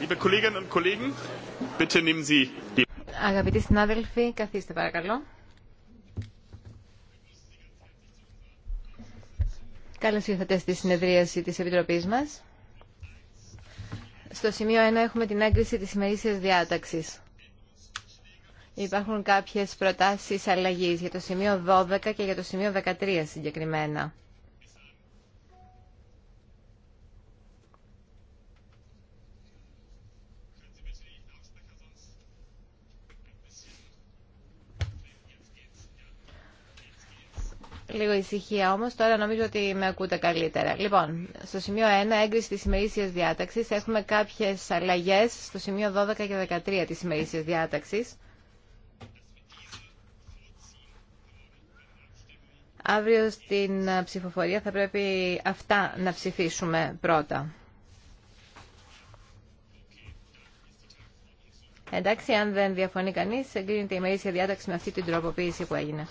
liebe Kolleginnen und Kollegen, bitte nehmen Sie die... Αγαπητοί συνάδελφοι, καθίστε παρακαλώ. Καλώς ήρθατε στη συνεδρίαση της Επιτροπής μας. Στο σημείο 1 έχουμε την έγκριση της ημερήσιας διάταξης. Υπάρχουν κάποιες προτάσεις αλλαγής για το σημείο 12 και για το σημείο 13 συγκεκριμένα. λίγο ησυχία όμω, τώρα νομίζω ότι με ακούτε καλύτερα. Λοιπόν, στο σημείο 1, έγκριση της ημερήσια διάταξης, έχουμε κάποιες αλλαγές στο σημείο 12 και 13 της ημερήσια διάταξης. Αύριο στην ψηφοφορία θα πρέπει αυτά να ψηφίσουμε πρώτα. Εντάξει, αν δεν διαφωνεί κανείς, εγκρίνεται η ημερήσια διάταξη με αυτή την τροποποίηση που έγινε.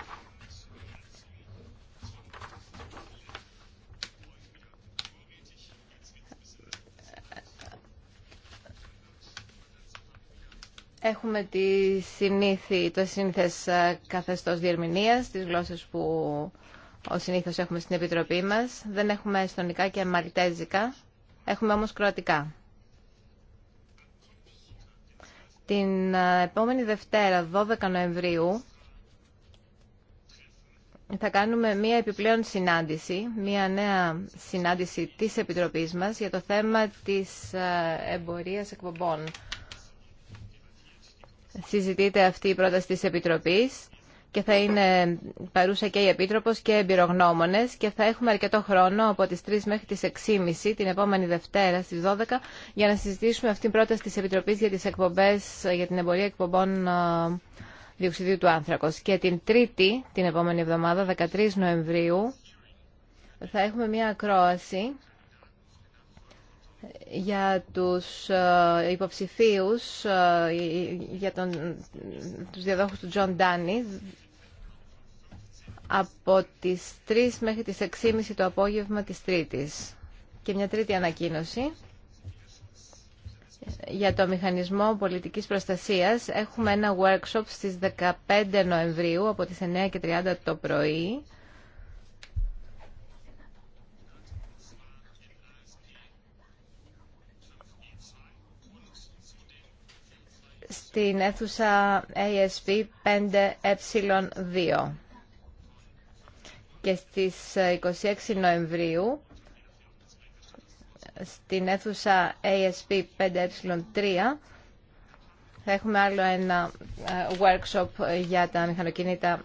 Έχουμε τη συνήθι, το συνήθες ε, καθεστώς διερμηνίας, τις γλώσσες που ο συνήθως έχουμε στην Επιτροπή μας. Δεν έχουμε εστονικά και μαλτέζικα. Έχουμε όμως κροατικά. Την ε, επόμενη Δευτέρα, 12 Νοεμβρίου, θα κάνουμε μία επιπλέον συνάντηση, μία νέα συνάντηση της Επιτροπής μας για το θέμα της ε, εμπορίας εκπομπών συζητείται αυτή η πρόταση της Επιτροπής και θα είναι παρούσα και η Επίτροπος και οι εμπειρογνώμονες και θα έχουμε αρκετό χρόνο από τις 3 μέχρι τις 6.30 την επόμενη Δευτέρα στις 12 για να συζητήσουμε αυτή την πρόταση της Επιτροπής για τις εκπομπές, για την εμπορία εκπομπών ε, διοξιδίου του άνθρακος. Και την Τρίτη, την επόμενη εβδομάδα, 13 Νοεμβρίου, θα έχουμε μια ακρόαση για τους ε, υποψηφίους, ε, για τον, τους διαδόχους του Τζον Ντάνι, από τις 3 μέχρι τις 6.30 το απόγευμα της Τρίτης. Και μια τρίτη ανακοίνωση για το Μηχανισμό Πολιτικής Προστασίας. Έχουμε ένα workshop στις 15 Νοεμβρίου από τις 9.30 το πρωί στην αίθουσα ASP 5Ε2 ε και στις 26 ε, Νοεμβρίου στην αίθουσα ASP 5Ε3 ε θα έχουμε άλλο ένα workshop για τα μηχανοκίνητα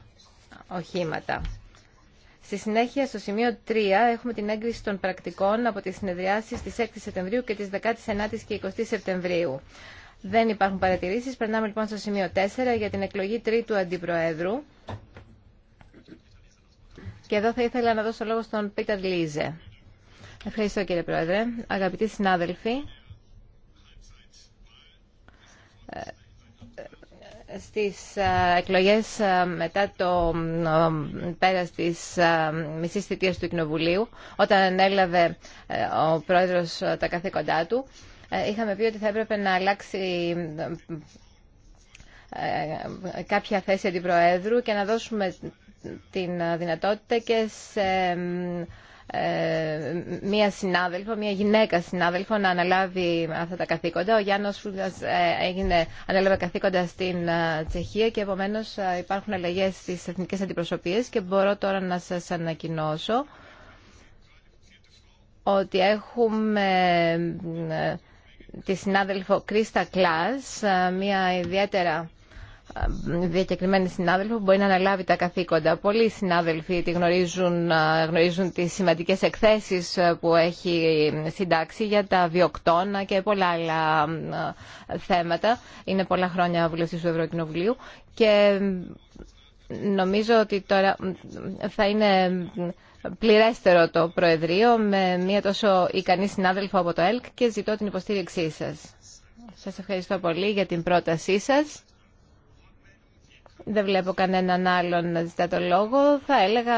οχήματα. Στη συνέχεια, στο σημείο 3, έχουμε την έγκριση των πρακτικών από τις συνεδριάσεις της 6 Σεπτεμβρίου και της 19 και 20 Σεπτεμβρίου. Δεν υπάρχουν παρατηρήσεις. Περνάμε λοιπόν στο σημείο 4 για την εκλογή τρίτου αντιπροέδρου. Και εδώ θα ήθελα να δώσω λόγο στον Πίτερ Λίζε. Ευχαριστώ κύριε Πρόεδρε. Αγαπητοί συνάδελφοι, ε, στις ε, εκλογές ε, μετά το πέρας της μισής θητείας του Κοινοβουλίου, όταν έλαβε ο Πρόεδρος τα καθήκοντά του, ε, είχαμε πει ότι θα έπρεπε να αλλάξει ε, ε, κάποια θέση αντιπροέδρου και να δώσουμε την δυνατότητα και σε μία συνάδελφο, μία γυναίκα συνάδελφο να αναλάβει αυτά τα καθήκοντα. Ο Γιάννος Φούρδας έγινε, ανέλαβε καθήκοντα στην Τσεχία και επομένως υπάρχουν αλλαγές στις εθνικές αντιπροσωπείες και μπορώ τώρα να σας ανακοινώσω ότι έχουμε τη συνάδελφο Κρίστα Κλάς, ε, μια ιδιαίτερα ε, διακεκριμένη συνάδελφο που μπορεί να αναλάβει τα καθήκοντα. Πολλοί συνάδελφοι τη γνωρίζουν, ε, γνωρίζουν τις σημαντικές εκθέσεις που έχει συντάξει για τα βιοκτώνα και πολλά άλλα θέματα. Είναι πολλά χρόνια βουλευτή του Ευρωκοινοβουλίου και νομίζω ότι τώρα θα είναι πληρέστερο το Προεδρείο με μια τόσο ικανή συνάδελφο από το ΕΛΚ και ζητώ την υποστήριξή σας. Σας ευχαριστώ πολύ για την πρότασή σας. Δεν βλέπω κανέναν άλλον να ζητά το λόγο. Θα έλεγα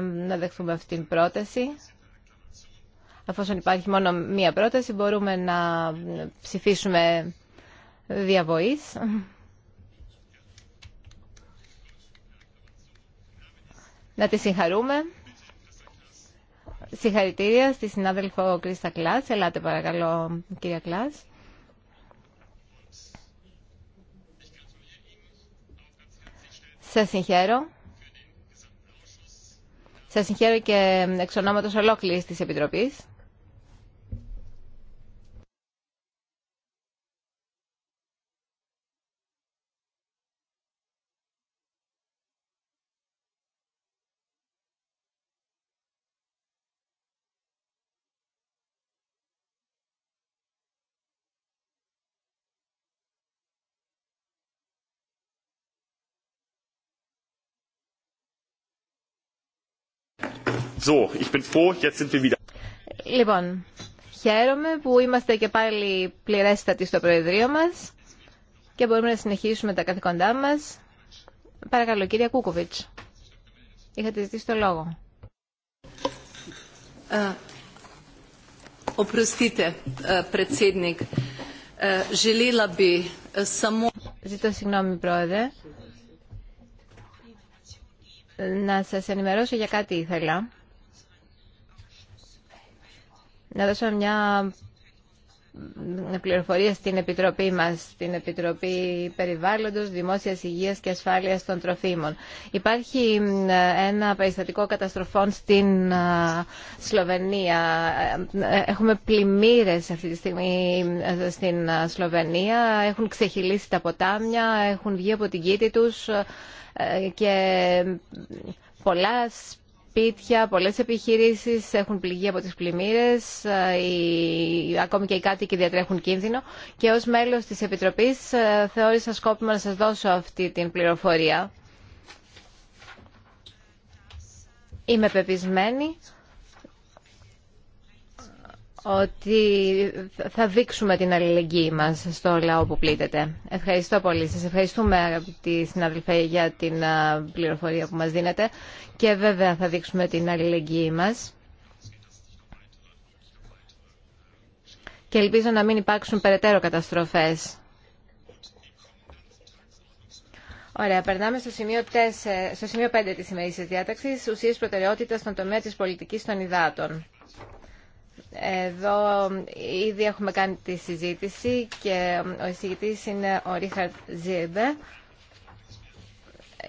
να δεχθούμε αυτή την πρόταση. Αφόσον υπάρχει μόνο μία πρόταση, μπορούμε να ψηφίσουμε διαβοής. Να τη συγχαρούμε. Συγχαρητήρια στη συνάδελφο Κρίστα Κλάς. Ελάτε παρακαλώ κυρία Κλάς. Σας συγχαίρω. Σας συγχαίρω και εξ ονόματος ολόκληρης της Επιτροπής. Λοιπόν, χαίρομαι που είμαστε και πάλι πληρέστατοι στο Προεδρείο μας και μπορούμε να συνεχίσουμε τα καθηκοντά μας. Παρακαλώ, κύριε Κούκοβιτς. Είχατε ζητήσει το λόγο. Ε, ε, ε, Ζητώ συγγνώμη, πρόεδρε. Να σας ενημερώσω για κάτι ήθελα να δώσω μια πληροφορία στην Επιτροπή μας, στην Επιτροπή Περιβάλλοντος, Δημόσιας Υγείας και Ασφάλειας των Τροφίμων. Υπάρχει ένα περιστατικό καταστροφών στην Σλοβενία. Έχουμε πλημμύρες αυτή τη στιγμή ε, στην Σλοβενία. Έχουν ξεχυλίσει τα ποτάμια, έχουν βγει από την κήτη τους ε, και πολλά σπίτια, πολλές επιχειρήσεις έχουν πληγεί από τις πλημμύρες, ε, ακόμη και οι κάτοικοι διατρέχουν κίνδυνο και ως μέλος της Επιτροπής ε, θεώρησα σκόπιμο να σας δώσω αυτή την πληροφορία. Είμαι πεπισμένη ότι θα δείξουμε την αλληλεγγύη μας στο λαό που πλήττεται. Ευχαριστώ πολύ. Σας ευχαριστούμε αγαπητοί συναδελφέ για την πληροφορία που μας δίνετε και βέβαια θα δείξουμε την αλληλεγγύη μας. Και ελπίζω να μην υπάρξουν περαιτέρω καταστροφές. Ωραία, περνάμε στο σημείο, 4, στο σημείο 5 της σημερινής διάταξης, ουσίες προτεραιότητας στον τομέα της πολιτικής των υδάτων. Εδώ ήδη έχουμε κάνει τη συζήτηση και ο εισηγητής είναι ο Ρίχαρτ Ζίμπε.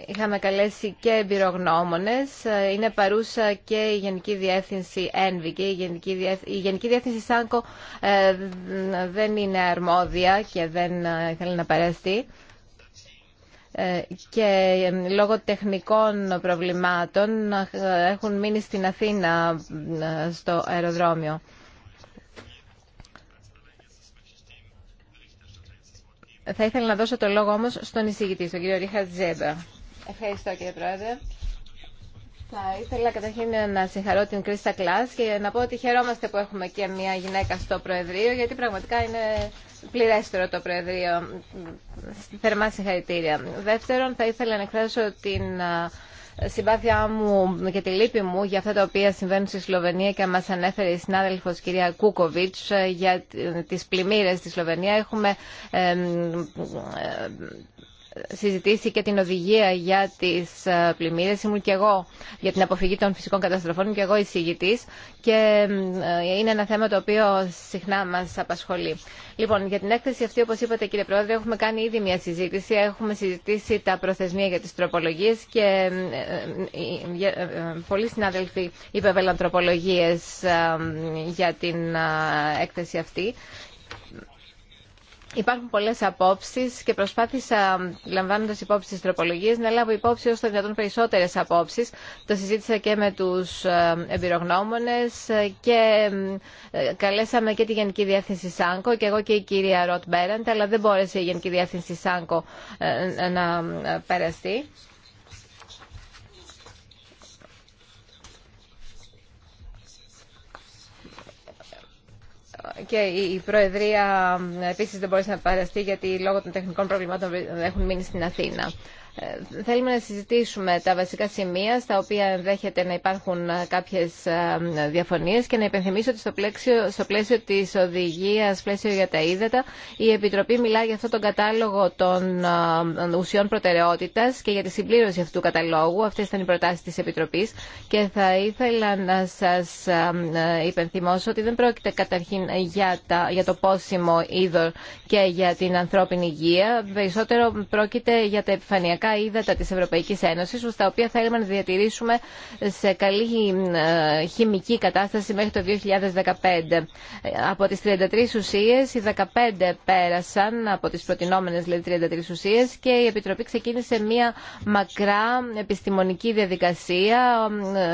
Είχαμε καλέσει και εμπειρογνώμονες. Είναι παρούσα και η Γενική Διεύθυνση ΕΝΒΙ και η Γενική Διεύθυνση, ΣΑΝΚΟ ε, δεν είναι αρμόδια και δεν ε, θέλει να παρέστη. Ε, και λόγω τεχνικών προβλημάτων ε, έχουν μείνει στην Αθήνα ε, στο αεροδρόμιο. Θα ήθελα να δώσω το λόγο όμως στον εισηγητή, στον κύριο Ρίχαρτ Ζέμπερ. Ευχαριστώ κύριε Πρόεδρε. Θα ήθελα καταρχήν να συγχαρώ την Κρίστα Κλάς και να πω ότι χαιρόμαστε που έχουμε και μια γυναίκα στο Προεδρείο γιατί πραγματικά είναι πληρέστερο το Προεδρείο. Θερμά συγχαρητήρια. Δεύτερον, θα ήθελα να εκφράσω την συμπάθειά μου και τη λύπη μου για αυτά τα οποία συμβαίνουν στη Σλοβενία και μας ανέφερε η συνάδελφος κυρία Κούκοβιτς ε, για τις πλημμύρες στη Σλοβενία. Έχουμε συζητήσει και την οδηγία για τις ε, πλημμύρες. Ήμουν και εγώ για την αποφυγή των φυσικών καταστροφών, και εγώ εισηγητής και ε, είναι ένα θέμα το οποίο συχνά μας απασχολεί. Λοιπόν, για την έκθεση αυτή, όπως είπατε κύριε Πρόεδρε, έχουμε κάνει ήδη μια συζήτηση. Έχουμε συζητήσει τα προθεσμία για τις τροπολογίες και ε, πολλοί συνάδελφοι υπέβαλαν τροπολογίες για την έκθεση αυτή Υπάρχουν πολλέ απόψει και προσπάθησα, λαμβάνοντα υπόψη τι τροπολογίε, να λάβω υπόψη όσο το δυνατόν περισσότερε απόψει. Το συζήτησα και με του ε, εμπειρογνώμονε και ε, καλέσαμε και τη Γενική Διεύθυνση ΣΑΝΚΟ και εγώ και η κυρία Ροτ Μπέραντ, αλλά δεν μπόρεσε η Γενική Διεύθυνση ΣΑΝΚΟ ε, να περαστεί. και η Προεδρία επίσης δεν μπορέσε να παραστεί γιατί λόγω των τεχνικών προβλημάτων έχουν μείνει στην Αθήνα. Θέλουμε να συζητήσουμε τα βασικά σημεία στα οποία ενδέχεται να υπάρχουν ε, κάποιες ε, διαφωνίες και να υπενθυμίσω ότι στο πλαίσιο, στο πλαίσιο της οδηγίας πλαίσιο για τα ύδατα η Επιτροπή μιλά για αυτόν τον κατάλογο των ε, ουσιών προτεραιότητας και για τη συμπλήρωση αυτού του καταλόγου. Αυτές ήταν οι προτάσεις της Επιτροπής και θα ήθελα να σας υπενθυμώσω ότι δεν πρόκειται καταρχήν για, τα, για το πόσιμο είδωρ και για την ανθρώπινη υγεία. Περισσότερο πρόκειται για τα επιφανειακά βασικά ύδατα της Ευρωπαϊκής Ένωσης, τα οποία θέλουμε να διατηρήσουμε σε καλή ε, χημική κατάσταση μέχρι το 2015. Από τις 33 ουσίες, οι 15 πέρασαν από τις προτινόμενες 33 δηλαδή, ουσίες και η Επιτροπή ξεκίνησε μία μακρά επιστημονική διαδικασία.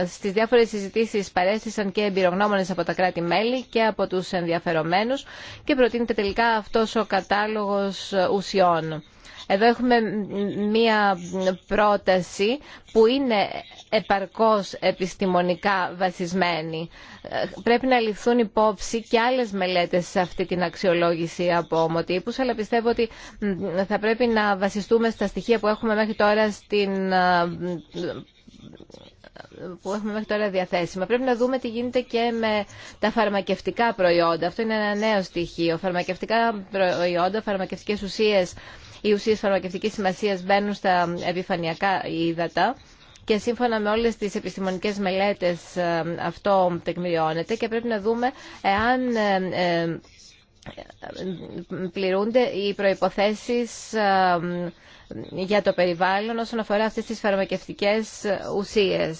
Στις διάφορες συζητήσεις παρέστησαν και εμπειρογνώμονες από τα κράτη-μέλη και από τους ενδιαφερομένους και προτείνεται τελικά αυτός ο κατάλογος ουσιών. Εδώ έχουμε μία πρόταση που είναι επαρκώς επιστημονικά βασισμένη. Ε, πρέπει να ληφθούν υπόψη και άλλες μελέτες σε αυτή την αξιολόγηση από ομοτύπους, αλλά πιστεύω ότι θα πρέπει να βασιστούμε στα στοιχεία που έχουμε μέχρι τώρα στην ε, που έχουμε μέχρι τώρα διαθέσιμα. Πρέπει να δούμε τι γίνεται και με τα φαρμακευτικά προϊόντα. Αυτό είναι ένα νέο στοιχείο. Φαρμακευτικά προϊόντα, φαρμακευτικές ουσίες οι ουσίες φαρμακευτικής σημασίας μπαίνουν στα επιφανειακά ύδατα και σύμφωνα με όλες τις επιστημονικές μελέτες ε, αυτό τεκμηριώνεται και πρέπει να δούμε εάν ε, ε, πληρούνται οι προϋποθέσεις για το περιβάλλον όσον αφορά αυτές τις φαρμακευτικές ουσίες.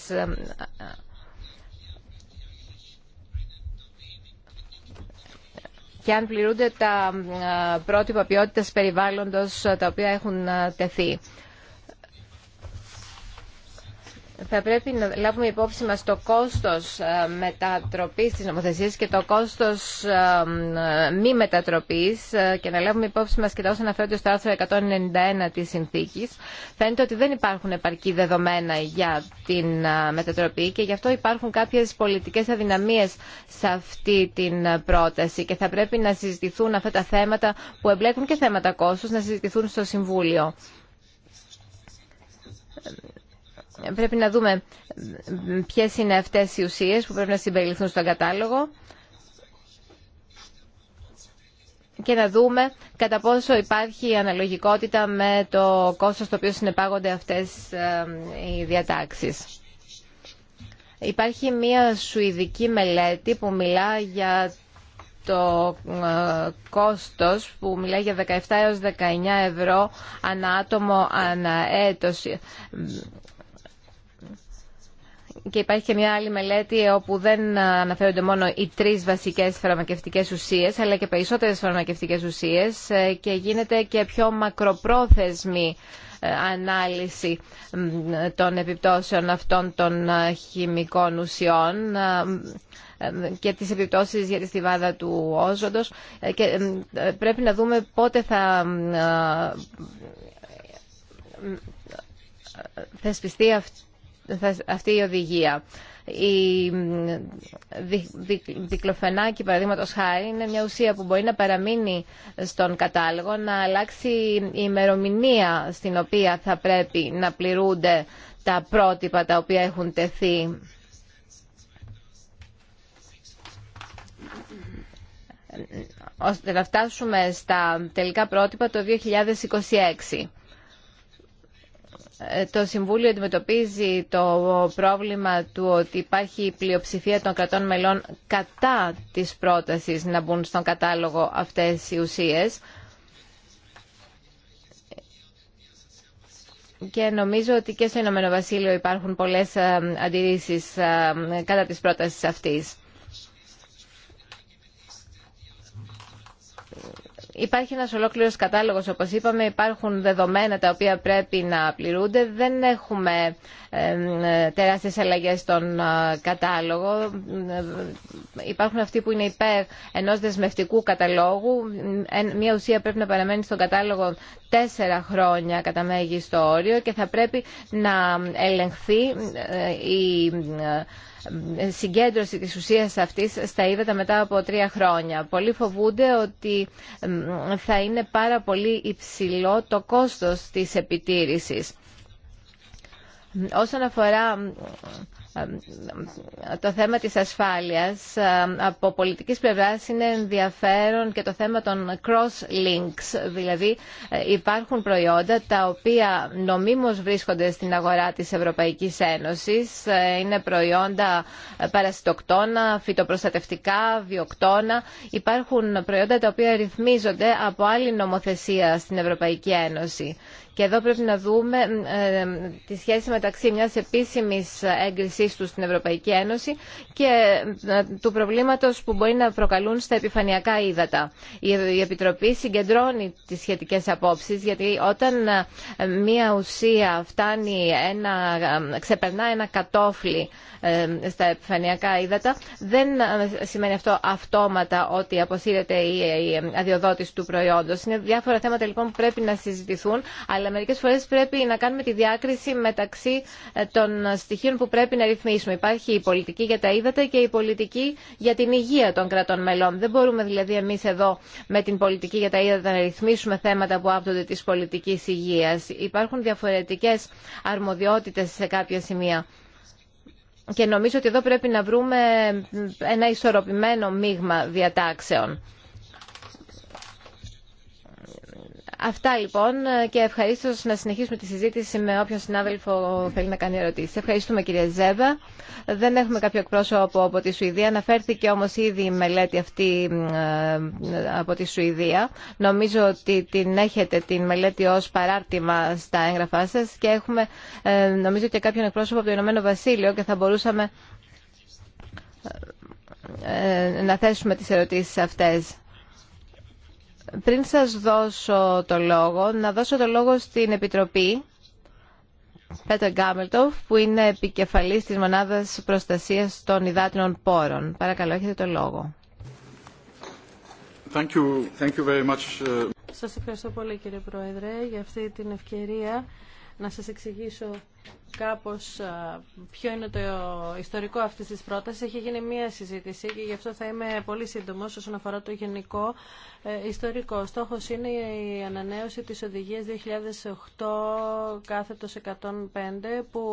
και αν πληρούνται τα ε, πρότυπα ποιότητας περιβάλλοντος ε, τα οποία έχουν ε, τεθεί θα πρέπει να λάβουμε υπόψη μας το κόστος ε, μετατροπής της νομοθεσίας και το κόστος ε, μη μετατροπής ε, και να λάβουμε υπόψη μας και τα όσα αναφέρονται στο άρθρο 191 της συνθήκης. Φαίνεται ότι δεν υπάρχουν επαρκή δεδομένα για την μετατροπή και γι' αυτό υπάρχουν κάποιες πολιτικές αδυναμίες σε αυτή την πρόταση και θα πρέπει να συζητηθούν αυτά τα θέματα που εμπλέκουν και θέματα κόστους να συζητηθούν στο Συμβούλιο πρέπει να δούμε ποιες είναι αυτές οι ουσίες που πρέπει να συμπεριληφθούν στον κατάλογο και να δούμε κατά πόσο υπάρχει αναλογικότητα με το κόστος το οποίο συνεπάγονται αυτές οι διατάξεις. Υπάρχει μία σουηδική μελέτη που μιλά για το ε, κόστος που μιλάει για 17 έως 19 ευρώ ανά άτομο ανά έτος και υπάρχει και μια άλλη μελέτη ε, όπου δεν ε, αναφέρονται μόνο οι τρεις βασικές φαρμακευτικές ουσίες αλλά και περισσότερες φαρμακευτικές ουσίες ε, και γίνεται και πιο μακροπρόθεσμη ανάλυση των επιπτώσεων αυτών των χημικών ουσιών και τις επιπτώσεις για τη στιβάδα του όζοντος και πρέπει να δούμε πότε θα θεσπιστεί αυτό αυτή η οδηγία. Η δικλοφενάκη, παραδείγματο χάρη, είναι μια ουσία που μπορεί να παραμείνει στον κατάλογο, να αλλάξει η ημερομηνία στην οποία θα πρέπει να πληρούνται τα πρότυπα τα οποία έχουν τεθεί. ώστε να φτάσουμε στα τελικά πρότυπα το 2026 το Συμβούλιο αντιμετωπίζει το πρόβλημα του ότι υπάρχει πλειοψηφία των κρατών μελών κατά της πρότασης να μπουν στον κατάλογο αυτές οι ουσίες. Και νομίζω ότι και στο Ηνωμένο Βασίλειο υπάρχουν πολλές ε, αντιρρήσεις ε, κατά της πρότασης αυτής. Υπάρχει ένας ολόκληρος κατάλογος, όπως είπαμε, υπάρχουν δεδομένα τα οποία πρέπει να πληρούνται. Δεν έχουμε τεράστιες αλλαγές στον κατάλογο. Υπάρχουν αυτοί που είναι υπέρ ενός δεσμευτικού καταλόγου. Μια ουσία πρέπει να παραμένει στον κατάλογο τέσσερα χρόνια κατά μέγιστο όριο και θα πρέπει να ελεγχθεί ε, η συγκέντρωση της ουσίας αυτής στα ύδατα μετά από τρία χρόνια. Πολλοί φοβούνται ότι θα είναι πάρα πολύ υψηλό το κόστος της επιτήρησης. Όσον αφορά ε, το θέμα της ασφάλειας ε, από πολιτικής πλευράς είναι ενδιαφέρον και το θέμα των cross-links, δηλαδή ε, υπάρχουν προϊόντα τα οποία νομίμως βρίσκονται στην αγορά της Ευρωπαϊκής Ένωσης, είναι προϊόντα παρασιτοκτόνα, φυτοπροστατευτικά, βιοκτόνα, υπάρχουν προϊόντα τα οποία ρυθμίζονται από άλλη νομοθεσία στην Ευρωπαϊκή Ένωση και εδώ πρέπει να δούμε ε, τη σχέση μεταξύ μιας επίσημης έγκρισής του στην Ευρωπαϊκή Ένωση και ε, του προβλήματος που μπορεί να προκαλούν στα επιφανειακά ύδατα. Η Επιτροπή συγκεντρώνει τις σχετικές απόψει, γιατί όταν ε, μια ουσία φτάνει ένα, ξεπερνά ένα κατόφλι στα επιφανειακά ύδατα δεν σημαίνει αυτό αυτόματα ότι αποσύρεται η αδειοδότηση του προϊόντο. Είναι διάφορα θέματα λοιπόν που πρέπει να συζητηθούν αλλά μερικές φορές πρέπει να κάνουμε τη διάκριση μεταξύ ε, των στοιχείων που πρέπει να ρυθμίσουμε. Υπάρχει η πολιτική για τα ύδατα και η πολιτική για την υγεία των κρατών μελών. Δεν μπορούμε δηλαδή εμείς εδώ με την πολιτική για τα ύδατα να ρυθμίσουμε θέματα που άπτονται της πολιτικής υγείας. Υπάρχουν διαφορετικές αρμοδιότητες σε κάποια σημεία. Και νομίζω ότι εδώ πρέπει να βρούμε ένα ισορροπημένο μείγμα διατάξεων. Αυτά λοιπόν και ευχαρίστω να συνεχίσουμε τη συζήτηση με όποιον συνάδελφο θέλει να κάνει ερωτήσει. Ευχαριστούμε κυρία Ζέβα. Δεν έχουμε κάποιο εκπρόσωπο από τη Σουηδία. Αναφέρθηκε όμω ήδη η μελέτη αυτή ε, από τη Σουηδία. Νομίζω ότι την έχετε την μελέτη ω παράρτημα στα έγγραφά σα και έχουμε ε, νομίζω και κάποιον εκπρόσωπο από το Ηνωμένο Βασίλειο και θα μπορούσαμε ε, να θέσουμε τι ερωτήσει αυτέ. Πριν σας δώσω το λόγο, να δώσω το λόγο στην Επιτροπή Πέτερ Γκάμελτοφ, που είναι επικεφαλής της Μονάδας Προστασίας των Ιδάτινων Πόρων. Παρακαλώ, έχετε το λόγο. Thank uh, Σας ευχαριστώ πολύ κύριε Πρόεδρε για αυτή την ευκαιρία να σας εξηγήσω κάπως ποιο είναι το ιστορικό αυτής της πρότασης. Έχει γίνει μία συζήτηση και γι' αυτό θα είμαι πολύ σύντομος όσον αφορά το γενικό ε, ιστορικό. Ο στόχος είναι η ανανέωση της οδηγίας 2008 κάθετος 105 που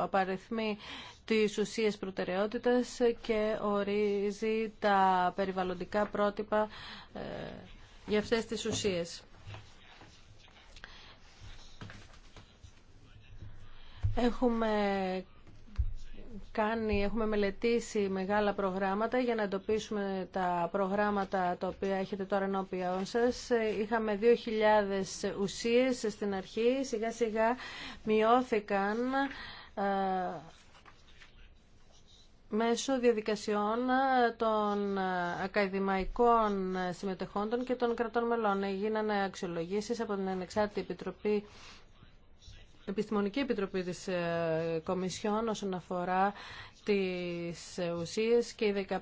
απαριθμεί τις ουσίες προτεραιότητας και ορίζει τα περιβαλλοντικά πρότυπα ε, για αυτές τις ουσίες. Έχουμε κάνει, έχουμε μελετήσει μεγάλα προγράμματα για να εντοπίσουμε τα προγράμματα τα οποία έχετε τώρα ενώπιον σα. Είχαμε 2.000 ουσίες στην αρχή, σιγά σιγά μειώθηκαν ε, μέσω διαδικασιών των ακαδημαϊκών συμμετεχόντων και των κρατών μελών. Έγιναν αξιολογήσεις από την Ενεξάρτητη Επιτροπή Επιστημονική Επιτροπή της ε, Κομισιόν όσον αφορά τις ε, ουσίες και οι 15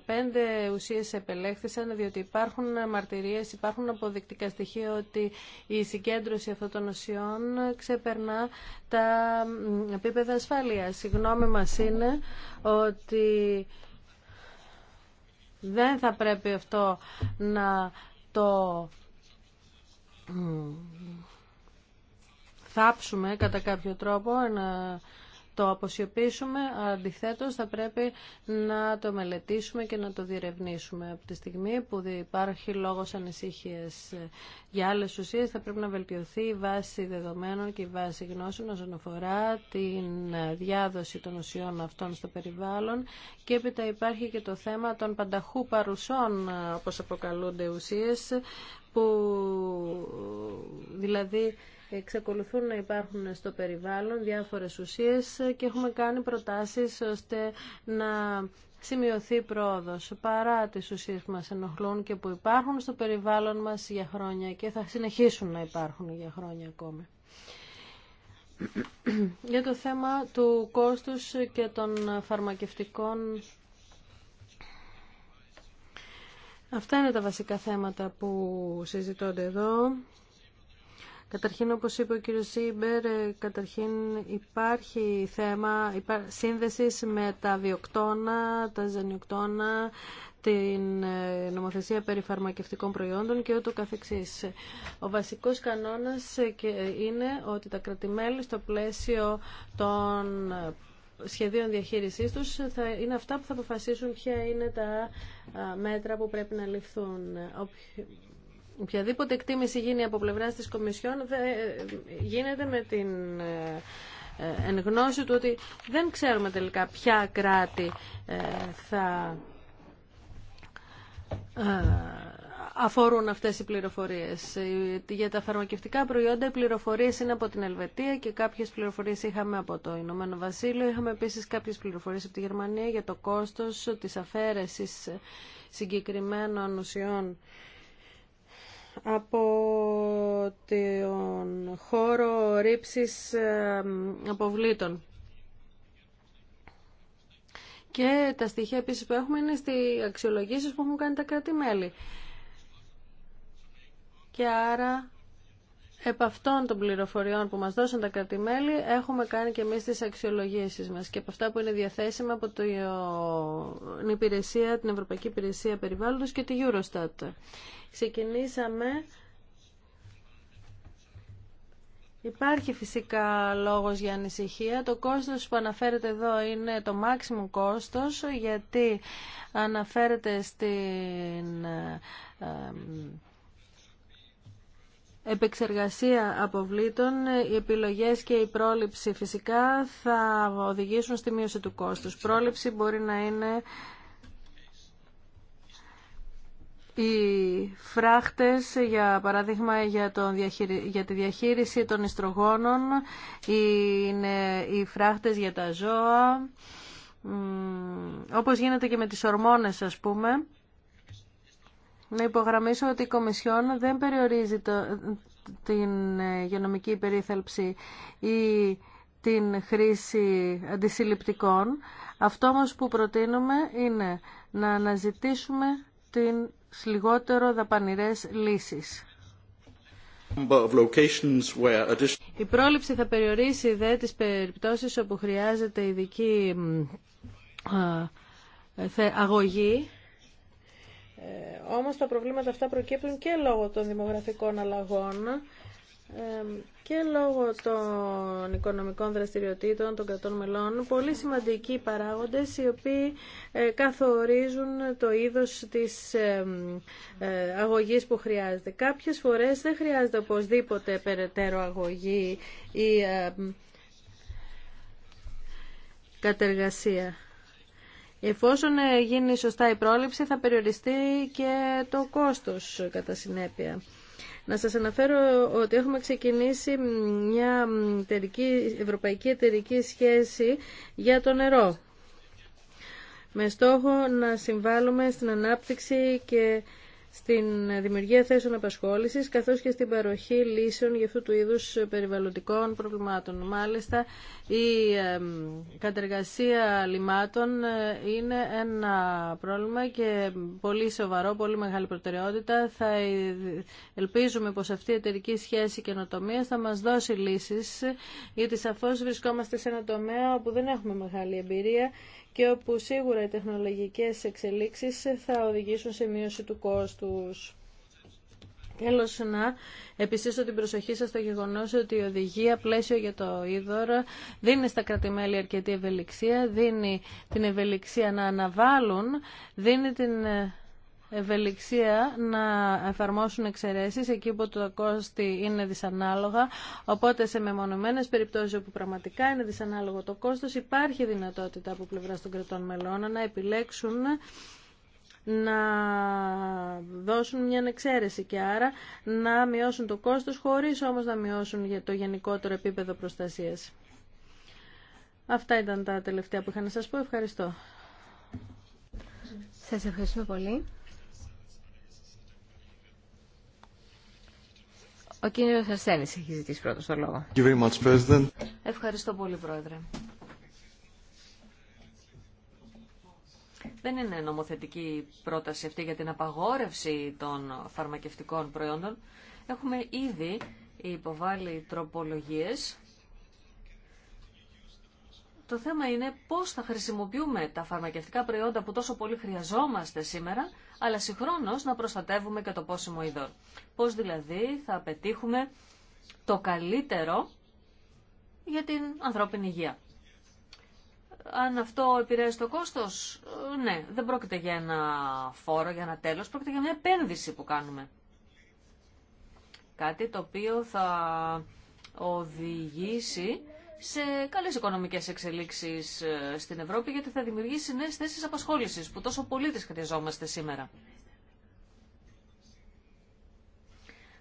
ουσίες επελέχθησαν διότι υπάρχουν μαρτυρίες, υπάρχουν αποδεικτικά στοιχεία ότι η συγκέντρωση αυτών των ουσιών ξεπερνά τα επίπεδα ασφάλειας. Η γνώμη μας είναι ότι δεν θα πρέπει αυτό να το θάψουμε κατά κάποιο τρόπο, να το αποσιωπήσουμε, αντιθέτως θα πρέπει να το μελετήσουμε και να το διερευνήσουμε. Από τη στιγμή που υπάρχει λόγος ανησυχίας για άλλες ουσίες, θα πρέπει να βελτιωθεί η βάση δεδομένων και η βάση γνώσεων όσον αφορά την διάδοση των ουσιών αυτών στο περιβάλλον και έπειτα υπάρχει και το θέμα των πανταχού παρουσών, όπως αποκαλούνται ουσίες, που δηλαδή Εξακολουθούν να υπάρχουν στο περιβάλλον διάφορες ουσίες και έχουμε κάνει προτάσεις ώστε να σημειωθεί πρόοδος παρά τις ουσίες που μας ενοχλούν και που υπάρχουν στο περιβάλλον μας για χρόνια και θα συνεχίσουν να υπάρχουν για χρόνια ακόμη. για το θέμα του κόστους και των φαρμακευτικών Αυτά είναι τα βασικά θέματα που συζητώνται εδώ. Καταρχήν, όπως είπε ο κύριος Σίμπερ, ε, καταρχήν υπάρχει θέμα υπά... σύνδεσης με τα βιοκτώνα, τα ζανιοκτώνα, την ε, νομοθεσία περί φαρμακευτικών προϊόντων και ούτω καθεξής. Ο βασικός κανόνας ε, είναι ότι τα κρατημέλη στο πλαίσιο των σχεδίων διαχείρισής τους θα είναι αυτά που θα αποφασίσουν ποια είναι τα μέτρα που πρέπει να ληφθούν. Οποιαδήποτε εκτίμηση γίνει από πλευρά της Κομισιόν ε, γίνεται με την εν ε, γνώση του ότι δεν ξέρουμε τελικά ποια κράτη ε, θα αφορούν αυτές οι πληροφορίες. Για τα φαρμακευτικά προϊόντα οι πληροφορίες είναι από την Ελβετία και κάποιες πληροφορίες είχαμε από το Ηνωμένο Βασίλειο. Είχαμε επίσης κάποιες πληροφορίες από τη Γερμανία για το κόστος της αφαίρεσης συγκεκριμένων ουσιών από τον χώρο ρήψης ε, αποβλήτων. Και τα στοιχεία επίσης που έχουμε είναι στι αξιολογήσεις που έχουν κάνει τα κράτη-μέλη. Και άρα Επ' αυτών των πληροφοριών που μας δώσαν τα κρατημέλη έχουμε κάνει και εμείς τις αξιολογήσεις μας και από αυτά που είναι διαθέσιμα από το, την, ε, υπηρεσία, την Ευρωπαϊκή Υπηρεσία Περιβάλλοντος και τη Eurostat. Ξεκινήσαμε... Υπάρχει φυσικά λόγος για ανησυχία. Το κόστος που αναφέρεται εδώ είναι το maximum κόστος γιατί αναφέρεται στην ε, ε, επεξεργασία αποβλήτων, οι επιλογές και η πρόληψη φυσικά θα οδηγήσουν στη μείωση του κόστους. Πρόληψη μπορεί να είναι οι φράχτες, για παράδειγμα για, τον τη διαχείριση των ιστρογόνων, είναι οι φράχτες για τα ζώα, όπως γίνεται και με τις ορμόνες ας πούμε να υπογραμμίσω ότι η Κομισιόν δεν περιορίζει την υγειονομική περίθαλψη ή την χρήση αντισυλληπτικών. Αυτό όμως που προτείνουμε είναι να αναζητήσουμε την λιγότερο δαπανηρές λύσεις. Η πρόληψη θα περιορίσει δε τις περιπτώσεις όπου χρειάζεται ειδική αγωγή ε, όμως τα προβλήματα αυτά προκύπτουν και λόγω των δημογραφικών αλλαγών ε, και λόγω των οικονομικών δραστηριοτήτων των κρατών μελών, πολύ σημαντικοί παράγοντες οι οποίοι ε, καθορίζουν το είδος της ε, αγωγής που χρειάζεται. Κάποιες φορές δεν χρειάζεται οπωσδήποτε περαιτέρω αγωγή ή κατεργασία. Εφόσον ε, γίνει σωστά η πρόληψη θα περιοριστεί και το κόστος κατά συνέπεια. Να σας αναφέρω ότι έχουμε ξεκινήσει μια ευρωπαϊκή εταιρική σχέση για το νερό με στόχο να συμβάλλουμε στην ανάπτυξη και στην δημιουργία θέσεων απασχόλησης καθώς και στην παροχή λύσεων για αυτού του είδους περιβαλλοντικών προβλημάτων. Μάλιστα, η κατεργασία λιμάτων ε, είναι ένα πρόβλημα και πολύ σοβαρό, πολύ μεγάλη προτεραιότητα. Θα ε, ελπίζουμε πως αυτή η εταιρική σχέση καινοτομία θα μας δώσει λύσεις, ε, γιατί σαφώς βρισκόμαστε σε ένα τομέα όπου δεν έχουμε μεγάλη εμπειρία και όπου σίγουρα οι τεχνολογικές εξελίξεις θα οδηγήσουν σε μείωση του κόστους. Τέλο, να επιστήσω την προσοχή σα στο γεγονό ότι η οδηγία πλαίσιο για το είδωρο δίνει στα κρατημέλη αρκετή ευελιξία, δίνει την ευελιξία να αναβάλουν, δίνει την ε, ευελιξία να εφαρμόσουν εξαιρέσεις εκεί που το κόστη είναι δυσανάλογα. Οπότε σε μεμονωμένες περιπτώσεις όπου πραγματικά είναι δυσανάλογο το κόστος υπάρχει δυνατότητα από πλευρά των κρατών μελών να επιλέξουν να δώσουν μια εξαίρεση και άρα να μειώσουν το κόστος χωρίς όμως να μειώσουν το γενικότερο επίπεδο προστασίας. Αυτά ήταν τα τελευταία που είχα να σας πω. Ευχαριστώ. Σας ευχαριστούμε πολύ. Ο κύριος Αρσένης έχει ζητήσει πρώτος το λόγο. Ευχαριστώ πολύ, Πρόεδρε. Δεν είναι νομοθετική πρόταση αυτή για την απαγόρευση των φαρμακευτικών προϊόντων. Έχουμε ήδη υποβάλει τροπολογίες το θέμα είναι πώς θα χρησιμοποιούμε τα φαρμακευτικά προϊόντα που τόσο πολύ χρειαζόμαστε σήμερα, αλλά συγχρόνω να προστατεύουμε και το πόσιμο είδωρ. Πώς δηλαδή θα πετύχουμε το καλύτερο για την ανθρώπινη υγεία. Αν αυτό επηρεάζει το κόστος, ε, ναι, δεν πρόκειται για ένα φόρο, για ένα τέλος, πρόκειται για μια επένδυση που κάνουμε. Κάτι το οποίο θα οδηγήσει σε καλές οικονομικές εξελίξεις ε, στην Ευρώπη γιατί θα δημιουργήσει νέες θέσεις απασχόλησης που τόσο πολύ τις χρειαζόμαστε σήμερα.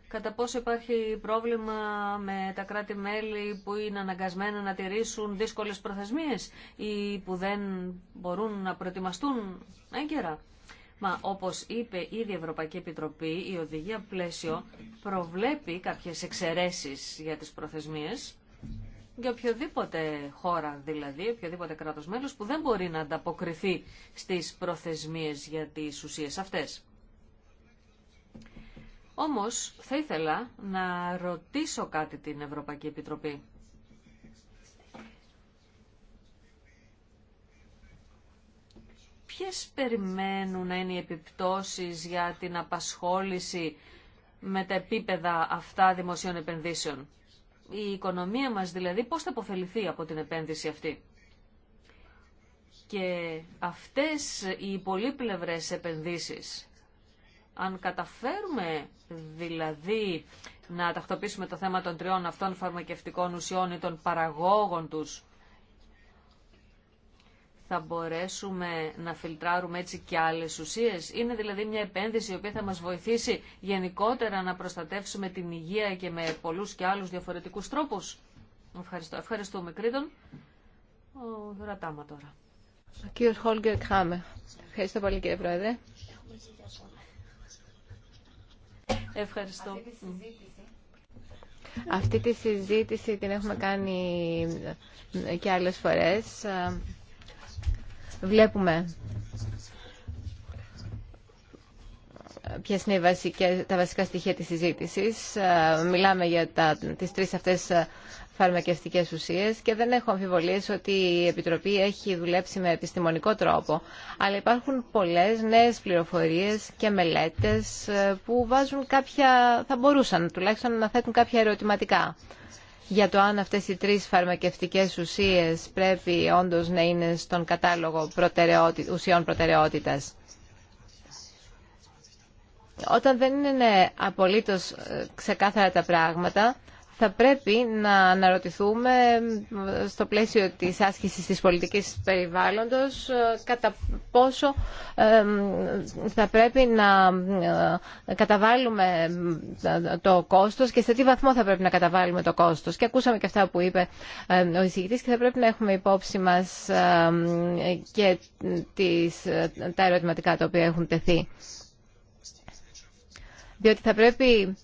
Κατά πόσο υπάρχει πρόβλημα με τα κράτη-μέλη που είναι αναγκασμένα να τηρήσουν δύσκολες προθεσμίες ή που δεν μπορούν να προετοιμαστούν έγκαιρα. Μα όπως είπε ήδη η Ευρωπαϊκή Επιτροπή, η οδηγία πλαίσιο προβλέπει κάποιες εξαιρέσεις για τις προθεσμίες για οποιοδήποτε χώρα δηλαδή, οποιοδήποτε κράτος μέλος που δεν μπορεί να ανταποκριθεί στις προθεσμίες για τις ουσίες αυτές. Όμως θα ήθελα να ρωτήσω κάτι την Ευρωπαϊκή Επιτροπή. Ποιες περιμένουν να είναι οι επιπτώσεις για την απασχόληση με τα επίπεδα αυτά δημοσίων επενδύσεων η οικονομία μας δηλαδή πώς θα αποφεληθεί από την επένδυση αυτή. Και αυτές οι πολύπλευρες επενδύσεις, αν καταφέρουμε δηλαδή να τακτοποιήσουμε το θέμα των τριών αυτών φαρμακευτικών ουσιών ή των παραγόγων τους, θα μπορέσουμε να φιλτράρουμε έτσι και άλλες ουσίες. Είναι δηλαδή μια επένδυση η οποία θα μας βοηθήσει γενικότερα να προστατεύσουμε την υγεία και με πολλούς και άλλους διαφορετικούς τρόπους. Ευχαριστώ. Ευχαριστούμε Κρήτον. Ο Ρατάμα τώρα. Ο κύριος Χόλγκερ Κάμερ. Ευχαριστώ πολύ κύριε Πρόεδρε. Ευχαριστώ. Αυτή τη συζήτηση την έχουμε κάνει και άλλες φορές βλέπουμε ποιες είναι βασικές, τα βασικά στοιχεία της συζήτησης. Ε, μιλάμε για τα, τις τρεις αυτές ε, φαρμακευτικές ουσίες και δεν έχω αμφιβολίες ότι η Επιτροπή έχει δουλέψει με επιστημονικό τρόπο. Αλλά υπάρχουν πολλές νέες πληροφορίες και μελέτες ε, που βάζουν κάποια, θα μπορούσαν τουλάχιστον να θέτουν κάποια ερωτηματικά για το αν αυτές οι τρεις φαρμακευτικές ουσίες πρέπει όντως να είναι στον κατάλογο ουσιών προτεραιότητας. Όταν δεν είναι απολύτως ε, ξεκάθαρα τα πράγματα, θα πρέπει να αναρωτηθούμε στο πλαίσιο της άσκησης της πολιτικής περιβάλλοντος ε, κατά πόσο ε, θα πρέπει να ε, καταβάλουμε το κόστος και σε τι βαθμό θα πρέπει να καταβάλουμε το κόστος. Και ακούσαμε και αυτά που είπε ο εισηγητής και θα πρέπει να έχουμε υπόψη μας και τις, τα ερωτηματικά τα οποία έχουν τεθεί. Διότι θα πρέπει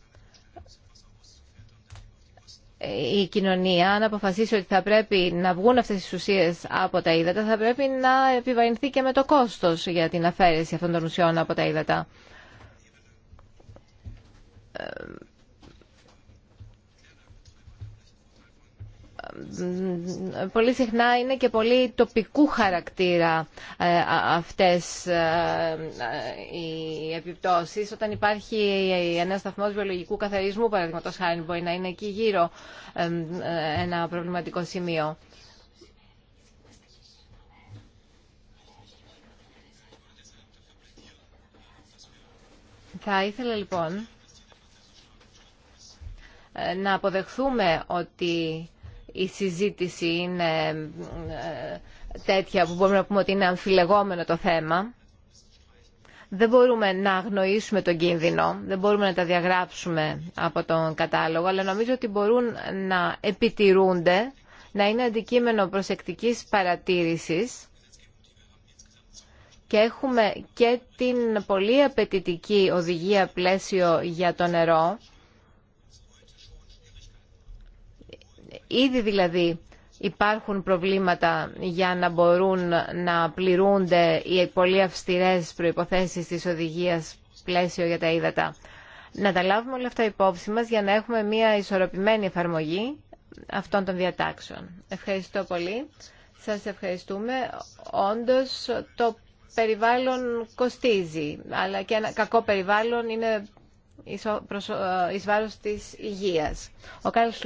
η κοινωνία, αν αποφασίσει ότι θα πρέπει να βγουν αυτές τις ουσίες από τα ύδατα, θα πρέπει να επιβαρυνθεί και με το κόστος για την αφαίρεση αυτών των ουσιών από τα ύδατα πολύ συχνά είναι και πολύ τοπικού χαρακτήρα ε, αυτές ε, ε, οι επιπτώσεις. Όταν υπάρχει ένα σταθμός βιολογικού καθαρισμού, παραδείγματος χάρη, μπορεί να είναι εκεί γύρω ένα προβληματικό σημείο. Θα ήθελα λοιπόν να αποδεχθούμε ότι η συζήτηση είναι ε, τέτοια που μπορούμε να πούμε ότι είναι αμφιλεγόμενο το θέμα. Δεν μπορούμε να αγνοήσουμε τον κίνδυνο, δεν μπορούμε να τα διαγράψουμε από τον κατάλογο, αλλά νομίζω ότι μπορούν να επιτηρούνται, να είναι αντικείμενο προσεκτικής παρατήρησης και έχουμε και την πολύ απαιτητική οδηγία πλαίσιο για το νερό, Ήδη δηλαδή υπάρχουν προβλήματα για να μπορούν να πληρούνται οι πολύ αυστηρές προϋποθέσεις της οδηγίας πλαίσιο για τα ύδατα. Να τα λάβουμε όλα αυτά υπόψη μας για να έχουμε μια ισορροπημένη εφαρμογή αυτών των διατάξεων. Ευχαριστώ πολύ. Σας ευχαριστούμε. Όντως το περιβάλλον κοστίζει, αλλά και ένα κακό περιβάλλον είναι εις βάρος της υγείας. Ο Κάρλος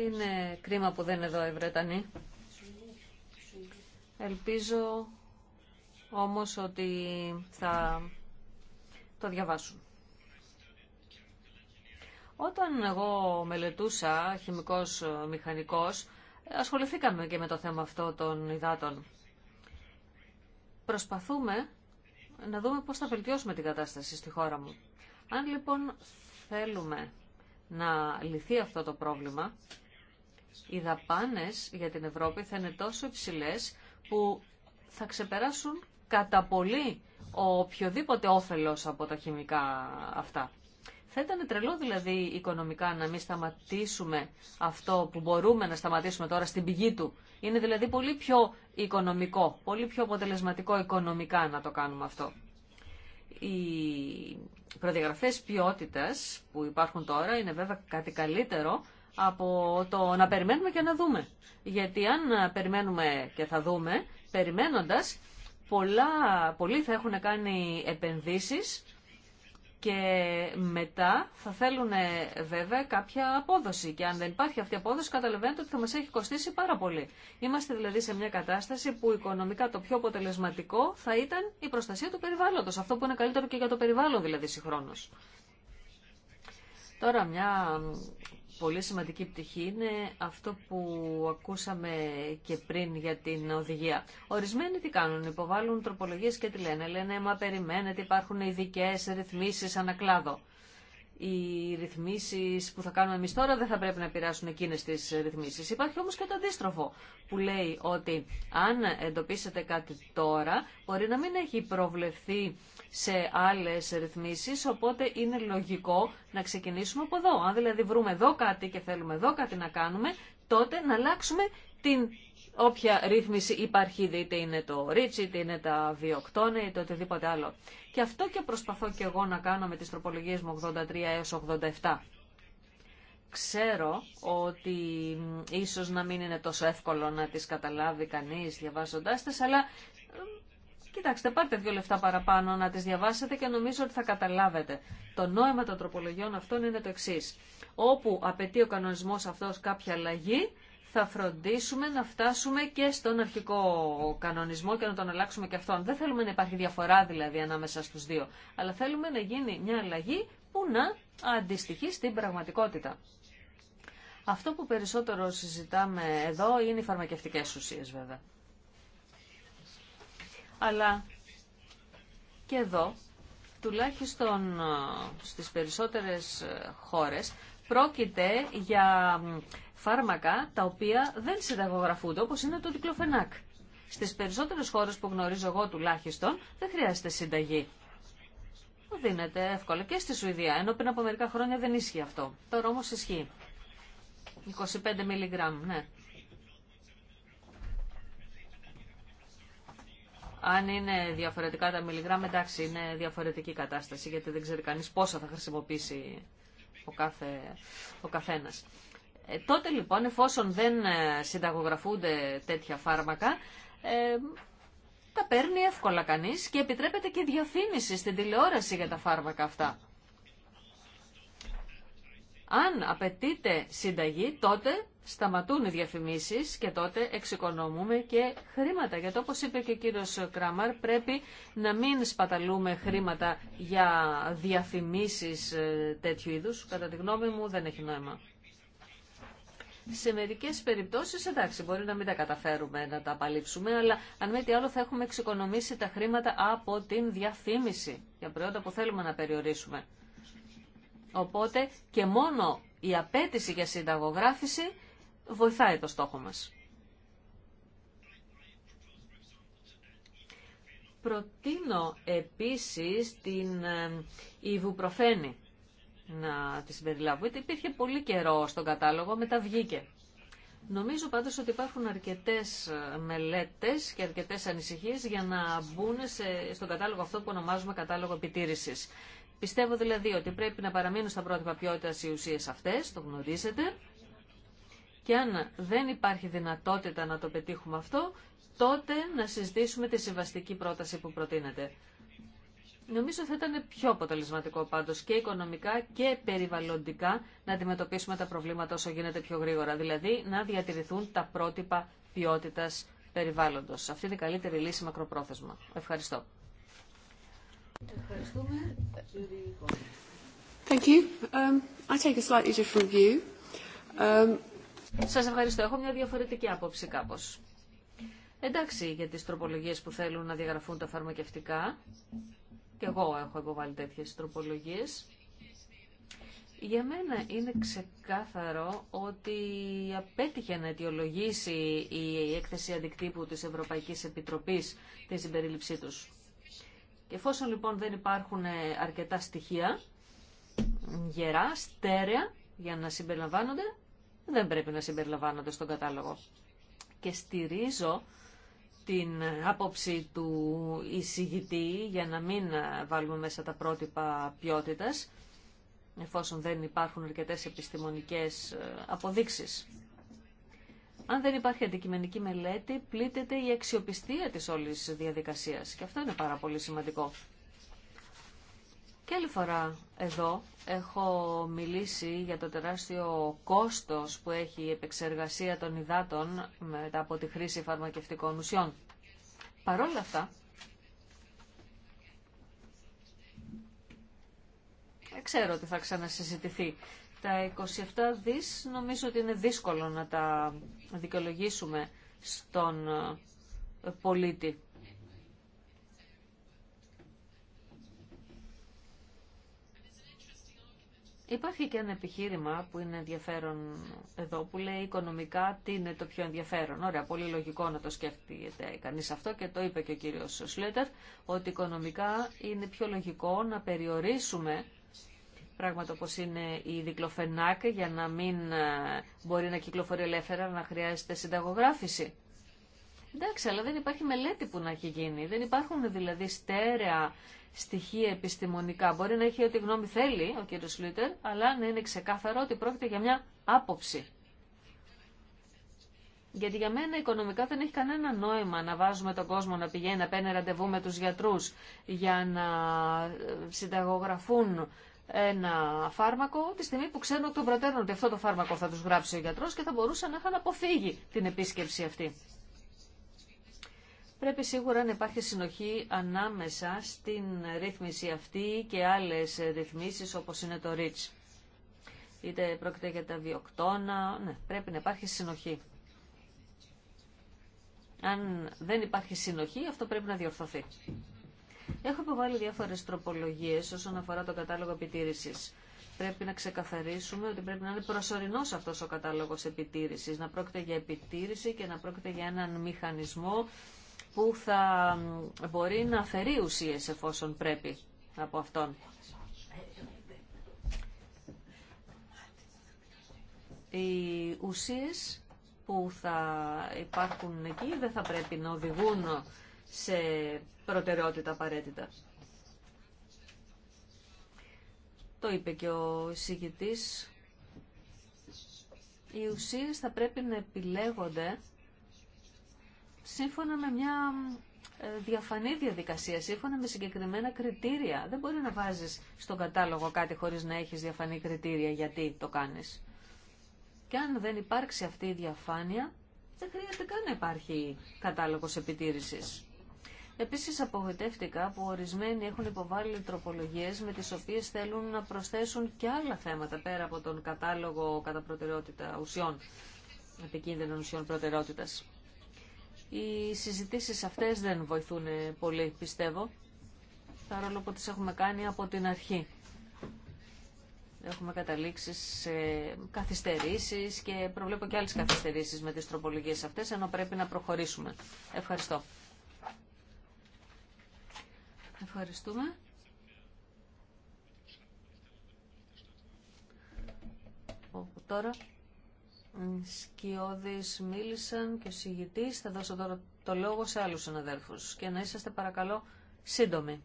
είναι κρίμα που δεν είναι εδώ οι Βρετανοί. Ελπίζω όμως ότι θα το διαβάσουν. Όταν εγώ μελετούσα χημικός μηχανικός, ασχοληθήκαμε και με το θέμα αυτό των υδάτων. Προσπαθούμε να δούμε πώς θα βελτιώσουμε την κατάσταση στη χώρα μου. Αν λοιπόν θέλουμε να λυθεί αυτό το πρόβλημα, οι δαπάνες για την Ευρώπη θα είναι τόσο υψηλές που θα ξεπεράσουν κατά πολύ ο οποιοδήποτε όφελος από τα χημικά αυτά. Θα ήταν τρελό δηλαδή οικονομικά να μην σταματήσουμε αυτό που μπορούμε να σταματήσουμε τώρα στην πηγή του. Είναι δηλαδή πολύ πιο οικονομικό, πολύ πιο αποτελεσματικό οικονομικά να το κάνουμε αυτό οι προδιαγραφές ποιότητας που υπάρχουν τώρα είναι βέβαια κάτι καλύτερο από το να περιμένουμε και να δούμε. Γιατί αν περιμένουμε και θα δούμε, περιμένοντας, πολλά, πολλοί θα έχουν κάνει επενδύσεις και μετά θα θέλουν ε, βέβαια κάποια απόδοση. Και αν δεν υπάρχει αυτή η απόδοση, καταλαβαίνετε ότι θα μα έχει κοστίσει πάρα πολύ. Είμαστε δηλαδή σε μια κατάσταση που οικονομικά το πιο αποτελεσματικό θα ήταν η προστασία του περιβάλλοντο. Αυτό που είναι καλύτερο και για το περιβάλλον δηλαδή συγχρόνω. Τώρα μια πολύ σημαντική πτυχή είναι αυτό που ακούσαμε και πριν για την οδηγία. Ορισμένοι τι κάνουν, υποβάλλουν τροπολογίες και τι λένε. Λένε, μα περιμένετε, υπάρχουν ειδικέ ρυθμίσεις ανακλάδο. Οι ρυθμίσεις που θα κάνουμε εμείς τώρα δεν θα πρέπει να πειράσουν εκείνες τις ρυθμίσεις. Υπάρχει όμως και το αντίστροφο που λέει ότι αν εντοπίσετε κάτι τώρα μπορεί να μην έχει προβλεφθεί σε άλλε ρυθμίσει, οπότε είναι λογικό να ξεκινήσουμε από εδώ. Αν δηλαδή βρούμε εδώ κάτι και θέλουμε εδώ κάτι να κάνουμε, τότε να αλλάξουμε την όποια ρύθμιση υπάρχει, είτε είναι το ρίτσι, είτε είναι τα βιοκτώνα, είτε οτιδήποτε άλλο. Και αυτό και προσπαθώ και εγώ να κάνω με τις τροπολογίες μου 83 έως 87. Ξέρω ότι ίσως να μην είναι τόσο εύκολο να τις καταλάβει κανείς διαβάζοντάς τις, αλλά Κοιτάξτε, πάρτε δύο λεφτά παραπάνω να τις διαβάσετε και νομίζω ότι θα καταλάβετε. Το νόημα των τροπολογιών αυτών είναι το εξή. Όπου απαιτεί ο κανονισμό αυτό κάποια αλλαγή, θα φροντίσουμε να φτάσουμε και στον αρχικό κανονισμό και να τον αλλάξουμε και αυτόν. Δεν θέλουμε να υπάρχει διαφορά δηλαδή ανάμεσα στου δύο, αλλά θέλουμε να γίνει μια αλλαγή που να αντιστοιχεί στην πραγματικότητα. Αυτό που περισσότερο συζητάμε εδώ είναι οι φαρμακευτικές ουσίες βέβαια αλλά και εδώ, τουλάχιστον ε, στις περισσότερες ε, χώρες, πρόκειται για φάρμακα τα οποία δεν συνταγογραφούνται, όπως είναι το τυκλοφενάκ. Στις περισσότερες χώρες που γνωρίζω εγώ τουλάχιστον, δεν χρειάζεται συνταγή. Δίνεται εύκολα και στη Σουηδία, ενώ πριν από μερικά χρόνια δεν ίσχυε αυτό. Τώρα όμως ισχύει. 25 μιλιγκράμμ, ναι. Αν είναι διαφορετικά τα μιλιγράμμα, εντάξει, είναι διαφορετική κατάσταση, γιατί δεν ξέρει κανείς πόσο θα χρησιμοποιήσει ο, κάθε, ο καθένας. Ε, τότε λοιπόν, εφόσον δεν ε, συνταγογραφούνται τέτοια φάρμακα, ε, τα παίρνει εύκολα κανείς και επιτρέπεται και διαφήμιση στην τηλεόραση για τα φάρμακα αυτά. Αν απαιτείται συνταγή, τότε σταματούν οι διαφημίσεις και τότε εξοικονομούμε και χρήματα. Γιατί όπως είπε και ο κύριος Κράμαρ, πρέπει να μην σπαταλούμε χρήματα για διαφημίσεις ε, τέτοιου είδους. Κατά τη γνώμη μου δεν έχει νόημα. Σε μερικέ περιπτώσει, εντάξει, μπορεί να μην τα καταφέρουμε να τα απαλείψουμε, αλλά αν μη τι άλλο θα έχουμε εξοικονομήσει τα χρήματα από την διαφήμιση για προϊόντα που θέλουμε να περιορίσουμε. Οπότε και μόνο η απέτηση για συνταγογράφηση βοηθάει το στόχο μας. Προτείνω επίσης την ε, Ιβουπροφένη να τη συμπεριλάβω. υπήρχε πολύ καιρό στον κατάλογο, μετά βγήκε. Νομίζω πάντως ότι υπάρχουν αρκετές ε, μελέτες και αρκετές ανησυχίες για να μπουν σε, στον κατάλογο αυτό που ονομάζουμε κατάλογο επιτήρησης. Πιστεύω δηλαδή ότι πρέπει να παραμείνουν στα πρότυπα ποιότητα οι ουσίε αυτέ, το γνωρίζετε. Και αν δεν υπάρχει δυνατότητα να το πετύχουμε αυτό, τότε να συζητήσουμε τη συμβαστική πρόταση που προτείνεται. Νομίζω θα ήταν πιο αποτελεσματικό πάντω και οικονομικά και περιβαλλοντικά να αντιμετωπίσουμε τα προβλήματα όσο γίνεται πιο γρήγορα. Δηλαδή να διατηρηθούν τα πρότυπα ποιότητα περιβάλλοντο. Αυτή είναι η καλύτερη λύση μακροπρόθεσμα. Ευχαριστώ. Thank you. Um, I take a slightly different view. Um... Σας ευχαριστώ. Έχω μια διαφορετική άποψη κάπως. Εντάξει για τις τροπολογίες που θέλουν να διαγραφούν τα φαρμακευτικά. Και εγώ έχω υποβάλει τέτοιες τροπολογίες. Για μένα είναι ξεκάθαρο ότι απέτυχε να αιτιολογήσει η έκθεση αντικτύπου της Ευρωπαϊκής Επιτροπής τη συμπερίληψή τους. Και Εφόσον λοιπόν δεν υπάρχουν ε, αρκετά στοιχεία γερά, στέρεα, για να συμπεριλαμβάνονται, δεν πρέπει να συμπεριλαμβάνονται στον κατάλογο. Και στηρίζω την άποψη του εισηγητή για να μην ε, βάλουμε μέσα τα πρότυπα ποιότητας, εφόσον δεν υπάρχουν αρκετές επιστημονικές ε, αποδείξεις. Αν δεν υπάρχει αντικειμενική μελέτη, πλήττεται η αξιοπιστία της όλης διαδικασίας. Και αυτό είναι πάρα πολύ σημαντικό. Και άλλη φορά εδώ έχω μιλήσει για το τεράστιο κόστος που έχει η επεξεργασία των υδάτων μετά από τη χρήση φαρμακευτικών ουσιών. Παρόλα αυτά, ξέρω ότι θα ξανασυζητηθεί τα 27 δις νομίζω ότι είναι δύσκολο να τα δικαιολογήσουμε στον ε, πολίτη. Υπάρχει και ένα επιχείρημα που είναι ενδιαφέρον εδώ που λέει οικονομικά τι είναι το πιο ενδιαφέρον. Ωραία, πολύ λογικό να το σκέφτεται κανείς αυτό και το είπε και ο κύριος Σλέτερ ότι οικονομικά είναι πιο λογικό να περιορίσουμε πράγματα όπως είναι η δικλοφενάκ για να μην ε, μπορεί να κυκλοφορεί ελεύθερα, να χρειάζεται συνταγογράφηση. Εντάξει, αλλά δεν υπάρχει μελέτη που να έχει γίνει. Δεν υπάρχουν δηλαδή στέρεα στοιχεία επιστημονικά. Μπορεί να έχει ό,τι γνώμη θέλει ο κ. Λίτερ, αλλά να είναι ξεκάθαρο ότι πρόκειται για μια άποψη. Γιατί για μένα οικονομικά δεν έχει κανένα νόημα να βάζουμε τον κόσμο να πηγαίνει να παίρνει ραντεβού με τους γιατρούς για να ε, συνταγογραφούν ένα φάρμακο τη στιγμή που ξέρουν εκ των προτέρων ότι αυτό το φάρμακο θα του γράψει ο γιατρός και θα μπορούσαν να είχαν αποφύγει την επίσκεψη αυτή. Πρέπει σίγουρα να υπάρχει συνοχή ανάμεσα στην ρύθμιση αυτή και άλλες ρυθμίσεις όπως είναι το REACH. Είτε πρόκειται για τα βιοκτώνα, ναι, πρέπει να υπάρχει συνοχή. Αν δεν υπάρχει συνοχή, αυτό πρέπει να διορθωθεί. Έχω υποβάλει διάφορε τροπολογίε όσον αφορά το κατάλογο επιτήρηση. Πρέπει να ξεκαθαρίσουμε ότι πρέπει να είναι προσωρινό αυτό ο κατάλογο επιτήρηση, να πρόκειται για επιτήρηση και να πρόκειται για έναν μηχανισμό που θα μπορεί να αφαιρεί ουσίε εφόσον πρέπει από αυτόν. Οι ουσίες που θα υπάρχουν εκεί δεν θα πρέπει να οδηγούν σε προτεραιότητα απαραίτητα. Το είπε και ο εισηγητής Οι ουσίες θα πρέπει να επιλέγονται σύμφωνα με μια ε, διαφανή διαδικασία, σύμφωνα με συγκεκριμένα κριτήρια. Δεν μπορεί να βάζεις στον κατάλογο κάτι χωρίς να έχεις διαφανή κριτήρια γιατί το κάνεις. Και αν δεν υπάρξει αυτή η διαφάνεια, δεν χρειάζεται καν να υπάρχει κατάλογος επιτήρησης. Επίσης απογοητεύτηκα που ορισμένοι έχουν υποβάλει τροπολογίες με τις οποίες θέλουν να προσθέσουν και άλλα θέματα πέρα από τον κατάλογο κατά προτεραιότητα ουσιών, επικίνδυνων ουσιών προτεραιότητας. Οι συζητήσεις αυτές δεν βοηθούν πολύ, πιστεύω, παρόλο που τι έχουμε κάνει από την αρχή. Έχουμε καταλήξει σε καθυστερήσει και προβλέπω και άλλε καθυστερήσει με τι τροπολογίε αυτέ, ενώ πρέπει να προχωρήσουμε. Ευχαριστώ. Ευχαριστούμε. Όπου τώρα σκιώδεις μίλησαν και ο συγητής. Θα δώσω τώρα το λόγο σε άλλους συναδέλφους και να είσαστε παρακαλώ σύντομοι.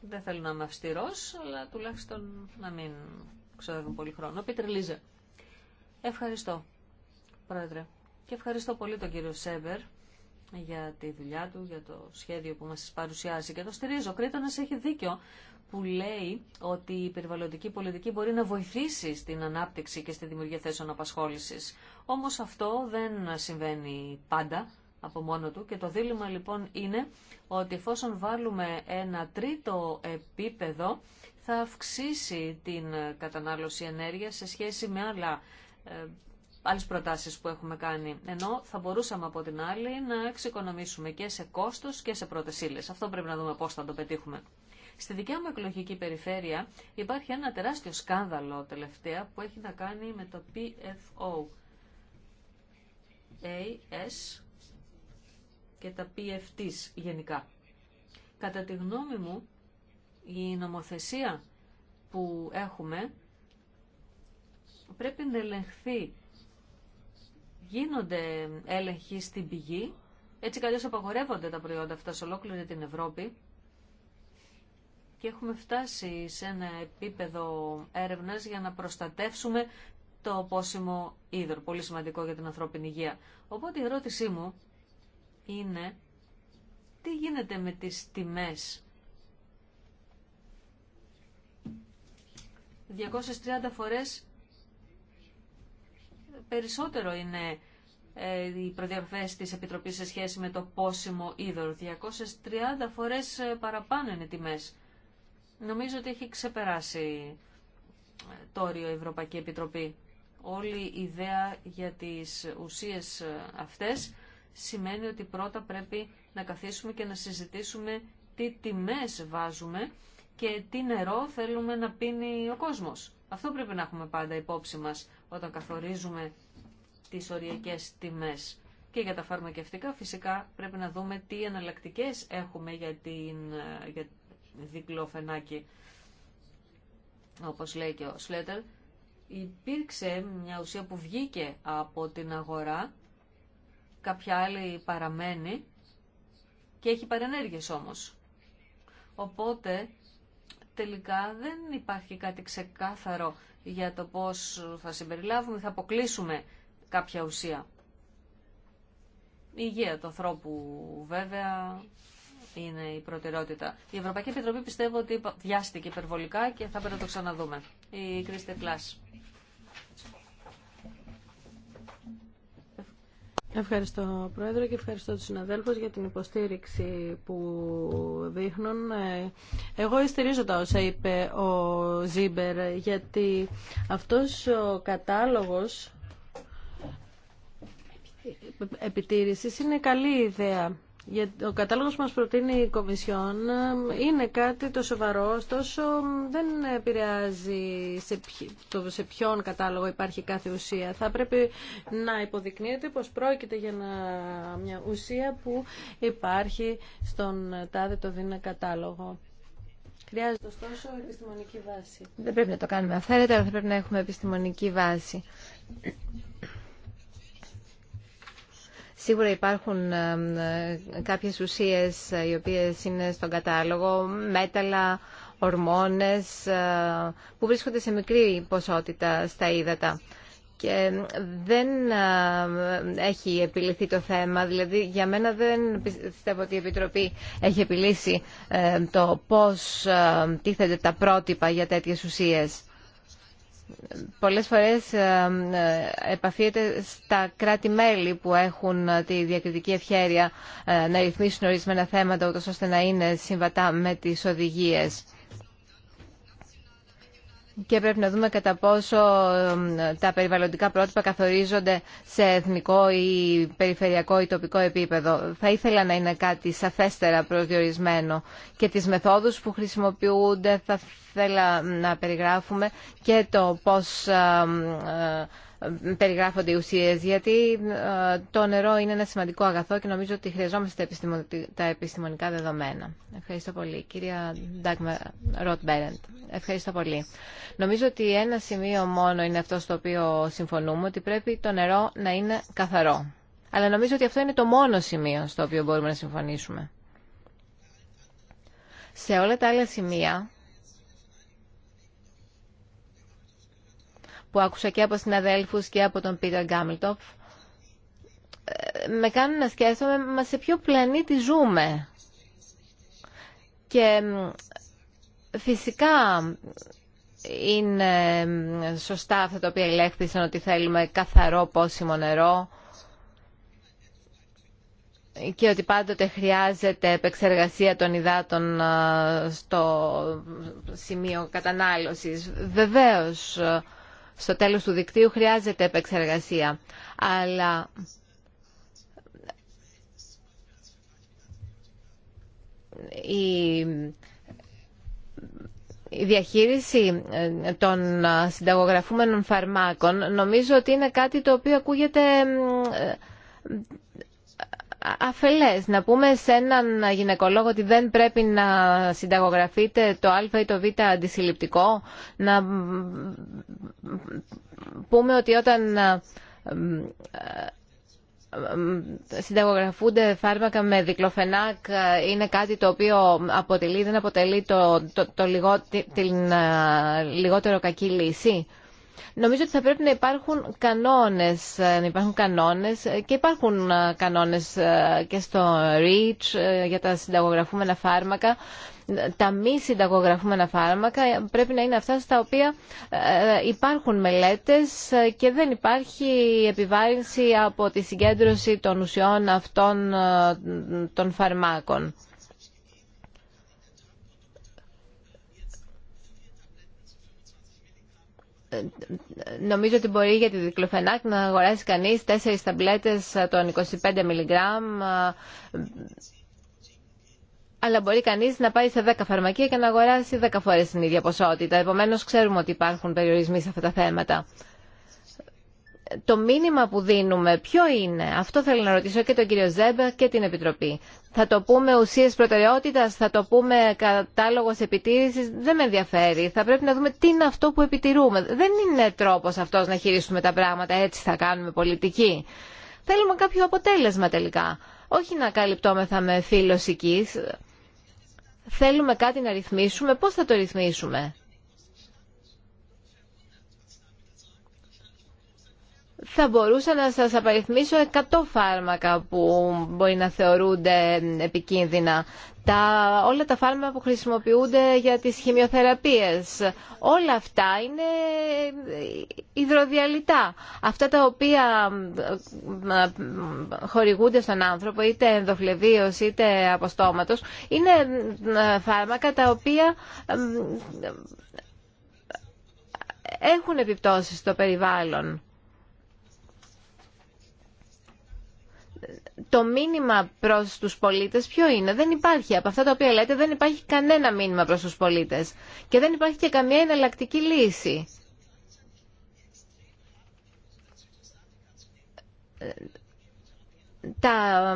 Δεν θέλω να είμαι αυστηρός, αλλά τουλάχιστον να μην ξοδεύουν πολύ χρόνο. Πίτρε Λίζε. Ευχαριστώ, Πρόεδρε. Και ευχαριστώ πολύ τον κύριο Σέμπερ για τη δουλειά του, για το σχέδιο που μας παρουσιάζει και το στηρίζω. Ο Κρήτονας έχει δίκιο που λέει ότι η περιβαλλοντική πολιτική μπορεί να βοηθήσει στην ανάπτυξη και στη δημιουργία θέσεων απασχόλησης. Όμως αυτό δεν συμβαίνει πάντα από μόνο του και το δίλημα λοιπόν είναι ότι εφόσον βάλουμε ένα τρίτο επίπεδο θα αυξήσει την κατανάλωση ενέργειας σε σχέση με άλλα ε, άλλες προτάσεις που έχουμε κάνει. Ενώ θα μπορούσαμε από την άλλη να εξοικονομήσουμε και σε κόστος και σε πρώτες ύλες. Αυτό πρέπει να δούμε πώς θα το πετύχουμε. Στη δικιά μου εκλογική περιφέρεια υπάρχει ένα τεράστιο σκάνδαλο τελευταία που έχει να κάνει με το PFO. AS και τα PFTs γενικά. Κατά τη γνώμη μου, η νομοθεσία που έχουμε πρέπει να ελεγχθεί γίνονται έλεγχοι στην πηγή, έτσι καλώ απαγορεύονται τα προϊόντα αυτά σε ολόκληρη την Ευρώπη και έχουμε φτάσει σε ένα επίπεδο έρευνας για να προστατεύσουμε το πόσιμο είδωρ, πολύ σημαντικό για την ανθρώπινη υγεία. Οπότε η ερώτησή μου είναι τι γίνεται με τις τιμές 230 φορές περισσότερο είναι ε, οι προδιαγραφέ τη Επιτροπής σε σχέση με το πόσιμο είδωρο. 230 φορές ε, παραπάνω είναι τιμέ. Νομίζω ότι έχει ξεπεράσει ε, το όριο η Ευρωπαϊκή Επιτροπή. Όλη η ιδέα για τις ουσίες αυτές σημαίνει ότι πρώτα πρέπει να καθίσουμε και να συζητήσουμε τι τιμές βάζουμε και τι νερό θέλουμε να πίνει ο κόσμος. Αυτό πρέπει να έχουμε πάντα υπόψη μας όταν καθορίζουμε τις οριακές τιμές. Και για τα φαρμακευτικά φυσικά πρέπει να δούμε τι εναλλακτικέ έχουμε για την για διπλό φενάκι. Όπως λέει και ο Σλέτερ, υπήρξε μια ουσία που βγήκε από την αγορά, κάποια άλλη παραμένει και έχει παρενέργειες όμως. Οπότε τελικά δεν υπάρχει κάτι ξεκάθαρο για το πώς θα συμπεριλάβουμε, θα αποκλείσουμε κάποια ουσία. Η υγεία του ανθρώπου βέβαια είναι η προτεραιότητα. Η Ευρωπαϊκή Επιτροπή πιστεύω ότι βιάστηκε υπερβολικά και θα πρέπει να το ξαναδούμε. Η Κρίστε Κλάς. Ευχαριστώ Πρόεδρε και ευχαριστώ τους συναδέλφους για την υποστήριξη που δείχνουν. Ε, εγώ στηρίζω τα όσα είπε ο Ζίμπερ γιατί αυτός ο κατάλογος επιτήρησης είναι καλή ιδέα ο κατάλογος που μας προτείνει η Κομισιόν ε, είναι κάτι το σοβαρό, ωστόσο δεν επηρεάζει σε, το, ποιον κατάλογο υπάρχει κάθε ουσία. Θα πρέπει να υποδεικνύεται πως πρόκειται για μια ουσία που υπάρχει στον τάδε το δίνα κατάλογο. Χρειάζεται ωστόσο επιστημονική βάση. Δεν πρέπει να το κάνουμε αυθαίρετα, αλλά θα πρέπει να έχουμε επιστημονική βάση. Σίγουρα υπάρχουν ε, ε, κάποιες ουσίες ε, οι οποίες είναι στον κατάλογο, μέταλλα, ορμόνες που βρίσκονται σε μικρή ποσότητα στα ύδατα. Και δεν έχει επιληθεί το θέμα, δηλαδή για μένα δεν πιστεύω ότι η Επιτροπή έχει επιλύσει το πώς τίθεται τα πρότυπα για τέτοιες ουσίες πολλές φορές ε, ε, επαφείται στα κράτη-μέλη που έχουν ε, τη διακριτική ευχέρεια να ρυθμίσουν ορισμένα θέματα ούτως ώστε να είναι συμβατά με τις οδηγίες και πρέπει να δούμε κατά πόσο τα περιβαλλοντικά πρότυπα καθορίζονται σε εθνικό ή περιφερειακό ή τοπικό επίπεδο. Θα ήθελα να είναι κάτι σαφέστερα προσδιορισμένο και τις μεθόδους που χρησιμοποιούνται θα ήθελα να περιγράφουμε και το πώς περιγράφονται οι ουσίες, γιατί ε, το νερό είναι ένα σημαντικό αγαθό και νομίζω ότι χρειαζόμαστε τα επιστημονικά δεδομένα. Ευχαριστώ πολύ. Κυρία Ντάγμα Ροτ Μπέρεντ, ευχαριστώ πολύ. Νομίζω ότι ένα σημείο μόνο είναι αυτό στο οποίο συμφωνούμε, ότι πρέπει το νερό να είναι καθαρό. Αλλά νομίζω ότι αυτό είναι το μόνο σημείο στο οποίο μπορούμε να συμφωνήσουμε. Σε όλα τα άλλα σημεία που άκουσα και από συναδέλφους και από τον Πίτερ Γκάμιλτοφ με κάνουν να σκέφτομαι μα σε ποιο πλανήτη ζούμε. Και φυσικά είναι σωστά αυτά τα οποία ελέγχθησαν ότι θέλουμε καθαρό πόσιμο νερό και ότι πάντοτε χρειάζεται επεξεργασία των υδάτων στο σημείο κατανάλωσης. Βεβαίως, στο τέλος του δικτύου χρειάζεται επεξεργασία. Αλλά η διαχείριση ε, των συνταγογραφούμενων φαρμάκων νομίζω ότι είναι κάτι το οποίο ακούγεται ε, αφελές. Να πούμε σε έναν γυναικολόγο ότι δεν πρέπει να συνταγογραφείτε το α ή το β αντισυλληπτικό. Να πούμε ότι όταν ε, ε, ε, συνταγογραφούνται φάρμακα με δικλοφενάκ είναι κάτι το οποίο αποτελεί, δεν αποτελεί το, το, την λιγότερο κακή λύση. Νομίζω ότι θα πρέπει να υπάρχουν κανόνες, ε, να υπάρχουν κανόνες και υπάρχουν ε, κανόνες ε, και στο REACH για τα συνταγογραφούμενα φάρμακα. Τα μη συνταγογραφούμενα φάρμακα πρέπει να είναι αυτά στα οποία υπάρχουν μελέτες και δεν υπάρχει επιβάρυνση από τη συγκέντρωση των ουσιών αυτών των φαρμάκων. νομίζω ότι μπορεί για τη δικλοφενάκ να αγοράσει κανείς τέσσερις ταμπλέτες των 25 μιλιγκράμμ αλλά μπορεί κανείς να πάει σε 10 φαρμακεία και να αγοράσει 10 φορές την ίδια ποσότητα. Επομένως ξέρουμε ότι υπάρχουν περιορισμοί σε αυτά τα θέματα το μήνυμα που δίνουμε ποιο είναι. Αυτό θέλω να ρωτήσω και τον κύριο Ζέμπερ και την Επιτροπή. Θα το πούμε ουσίες προτεραιότητα, θα το πούμε κατάλογος επιτήρηση, δεν με ενδιαφέρει. Θα πρέπει να δούμε τι είναι αυτό που επιτηρούμε. Δεν είναι τρόπος αυτός να χειρίσουμε τα πράγματα, έτσι θα κάνουμε πολιτική. Θέλουμε κάποιο αποτέλεσμα τελικά. Όχι να καλυπτόμεθα με φίλο οικεί. Θέλουμε κάτι να ρυθμίσουμε, πώ θα το ρυθμίσουμε. θα μπορούσα να σας απαριθμίσω 100 φάρμακα που μπορεί να θεωρούνται επικίνδυνα. Τα, όλα τα φάρμακα που χρησιμοποιούνται για τις χημειοθεραπείες. Όλα αυτά είναι υδροδιαλυτά. Αυτά τα οποία ε, ε, χορηγούνται στον άνθρωπο, είτε ενδοφλεβίως είτε αποστόματος είναι ε, φάρμακα τα οποία έχουν επιπτώσεις στο περιβάλλον. το μήνυμα προς τους πολίτες ποιο είναι. Δεν υπάρχει. Από αυτά τα οποία λέτε δεν υπάρχει κανένα μήνυμα προς τους πολίτες. Και δεν υπάρχει και καμία εναλλακτική λύση. Τα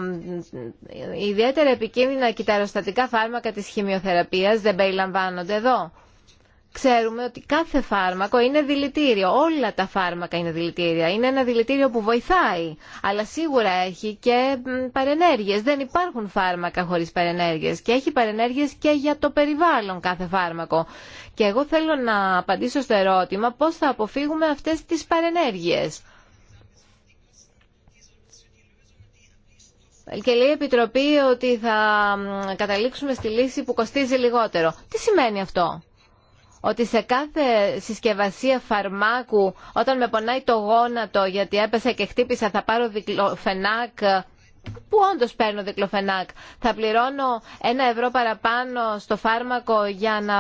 ε, ιδιαίτερα επικίνδυνα και τα αεροστατικά φάρμακα της χημειοθεραπείας δεν περιλαμβάνονται εδώ ξέρουμε ότι κάθε φάρμακο είναι δηλητήριο. Όλα τα φάρμακα είναι δηλητήρια. Είναι ένα δηλητήριο που βοηθάει, αλλά σίγουρα έχει και παρενέργειες. Δεν υπάρχουν φάρμακα χωρίς παρενέργειες και έχει παρενέργειες και για το περιβάλλον κάθε φάρμακο. Και εγώ θέλω να απαντήσω στο ερώτημα πώς θα αποφύγουμε αυτές τις παρενέργειες. Και λέει η Επιτροπή ότι θα καταλήξουμε στη λύση που κοστίζει λιγότερο. Τι σημαίνει αυτό? ότι σε κάθε συσκευασία φαρμάκου όταν με πονάει το γόνατο γιατί έπεσα και χτύπησα θα πάρω δικλοφενάκ που όντως παίρνω δικλοφενάκ θα πληρώνω ένα ευρώ παραπάνω στο φάρμακο για να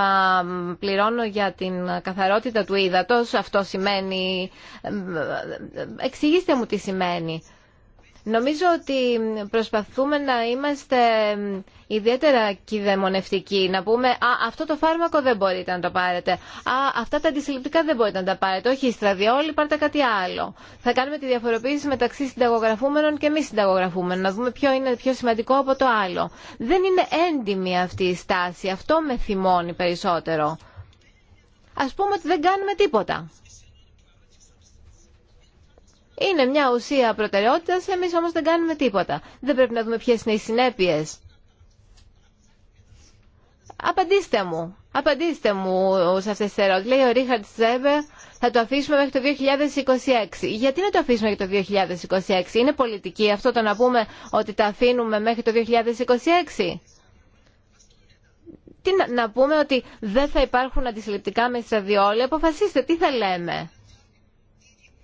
πληρώνω για την καθαρότητα του ύδατος αυτό σημαίνει ε, ε, ε, εξηγήστε μου τι σημαίνει Νομίζω ότι προσπαθούμε να είμαστε ιδιαίτερα κυδαιμονευτικοί, να πούμε «Α, αυτό το φάρμακο δεν μπορείτε να το πάρετε», «Α, αυτά τα αντισυλληπτικά δεν μπορείτε να τα πάρετε», «Όχι, στραδιόλοι, πάρτε κάτι άλλο». Θα κάνουμε τη διαφοροποίηση μεταξύ συνταγογραφούμενων και μη συνταγογραφούμενων, να δούμε ποιο είναι πιο σημαντικό από το άλλο. Δεν είναι έντιμη αυτή η στάση, αυτό με θυμώνει περισσότερο. Ας πούμε ότι δεν κάνουμε τίποτα. Είναι μια ουσία προτεραιότητα, εμείς όμως δεν κάνουμε τίποτα. Δεν πρέπει να δούμε ποιε είναι οι συνέπειε. Απαντήστε μου. Απαντήστε μου σε αυτέ τι Λέει ο Ρίχαρτ Σέβε, θα το αφήσουμε μέχρι το 2026. Γιατί να το αφήσουμε για το 2026. Είναι πολιτική αυτό το να πούμε ότι τα αφήνουμε μέχρι το 2026. Τι να, πούμε ότι δεν θα υπάρχουν αντισυλληπτικά μέσα διόλια, Αποφασίστε τι θα λέμε.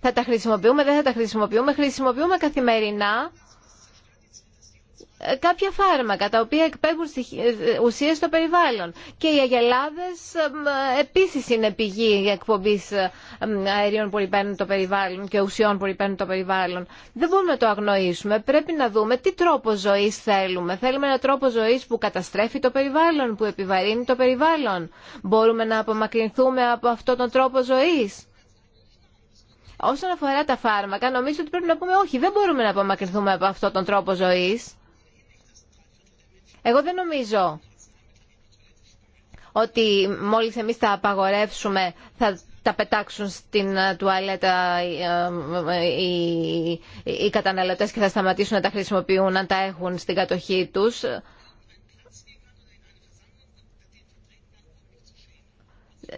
Θα τα χρησιμοποιούμε, δεν θα τα χρησιμοποιούμε. Χρησιμοποιούμε καθημερινά ε, κάποια φάρμακα τα οποία εκπέμπουν ε, ουσίες στο περιβάλλον. Και οι αγελάδες ε, επίσης είναι πηγή εκπομπής αερίων που ρηπαίνουν το περιβάλλον και ουσιών που ρηπαίνουν το περιβάλλον. Δεν μπορούμε να το αγνοήσουμε. Πρέπει να δούμε τι τρόπο ζωής θέλουμε. Θέλουμε ένα τρόπο ζωής που καταστρέφει το περιβάλλον, που επιβαρύνει το περιβάλλον. Μπορούμε να απομακρυνθούμε από αυτόν τον τρόπο ζωής. Όσον αφορά τα φάρμακα, νομίζω ότι πρέπει να πούμε όχι, δεν μπορούμε να απομακρυνθούμε από αυτόν τον τρόπο ζωής. Εγώ δεν νομίζω ότι μόλις εμείς τα απαγορεύσουμε θα τα πετάξουν στην ε, τουαλέτα ε, ε, οι καταναλωτές και θα σταματήσουν να τα χρησιμοποιούν αν τα έχουν στην κατοχή τους.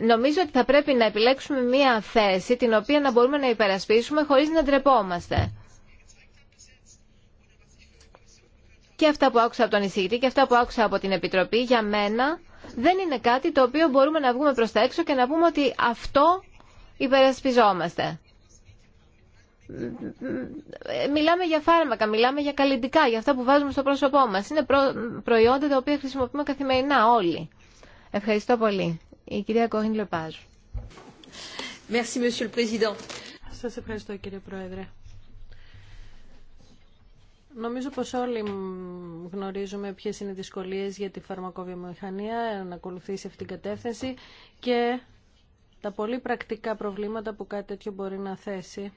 νομίζω ότι θα πρέπει να επιλέξουμε μία θέση την οποία να μπορούμε να υπερασπίσουμε χωρίς να ντρεπόμαστε. Και αυτά που άκουσα από τον εισηγητή και αυτά που άκουσα από την Επιτροπή για μένα δεν είναι κάτι το οποίο μπορούμε να βγούμε προς τα έξω και να πούμε ότι αυτό υπερασπιζόμαστε. Μιλάμε για φάρμακα, μιλάμε για καλλιντικά, για αυτά που βάζουμε στο πρόσωπό μας. Είναι προϊόντα τα οποία χρησιμοποιούμε καθημερινά όλοι. Ευχαριστώ πολύ. Η κυρία Κόχιν Σας ευχαριστώ κύριε Πρόεδρε. Νομίζω πως όλοι γνωρίζουμε ποιες είναι οι δυσκολίες για τη φαρμακοβιομηχανία να ακολουθήσει αυτήν την κατεύθυνση και τα πολύ πρακτικά προβλήματα που κάτι τέτοιο μπορεί να θέσει.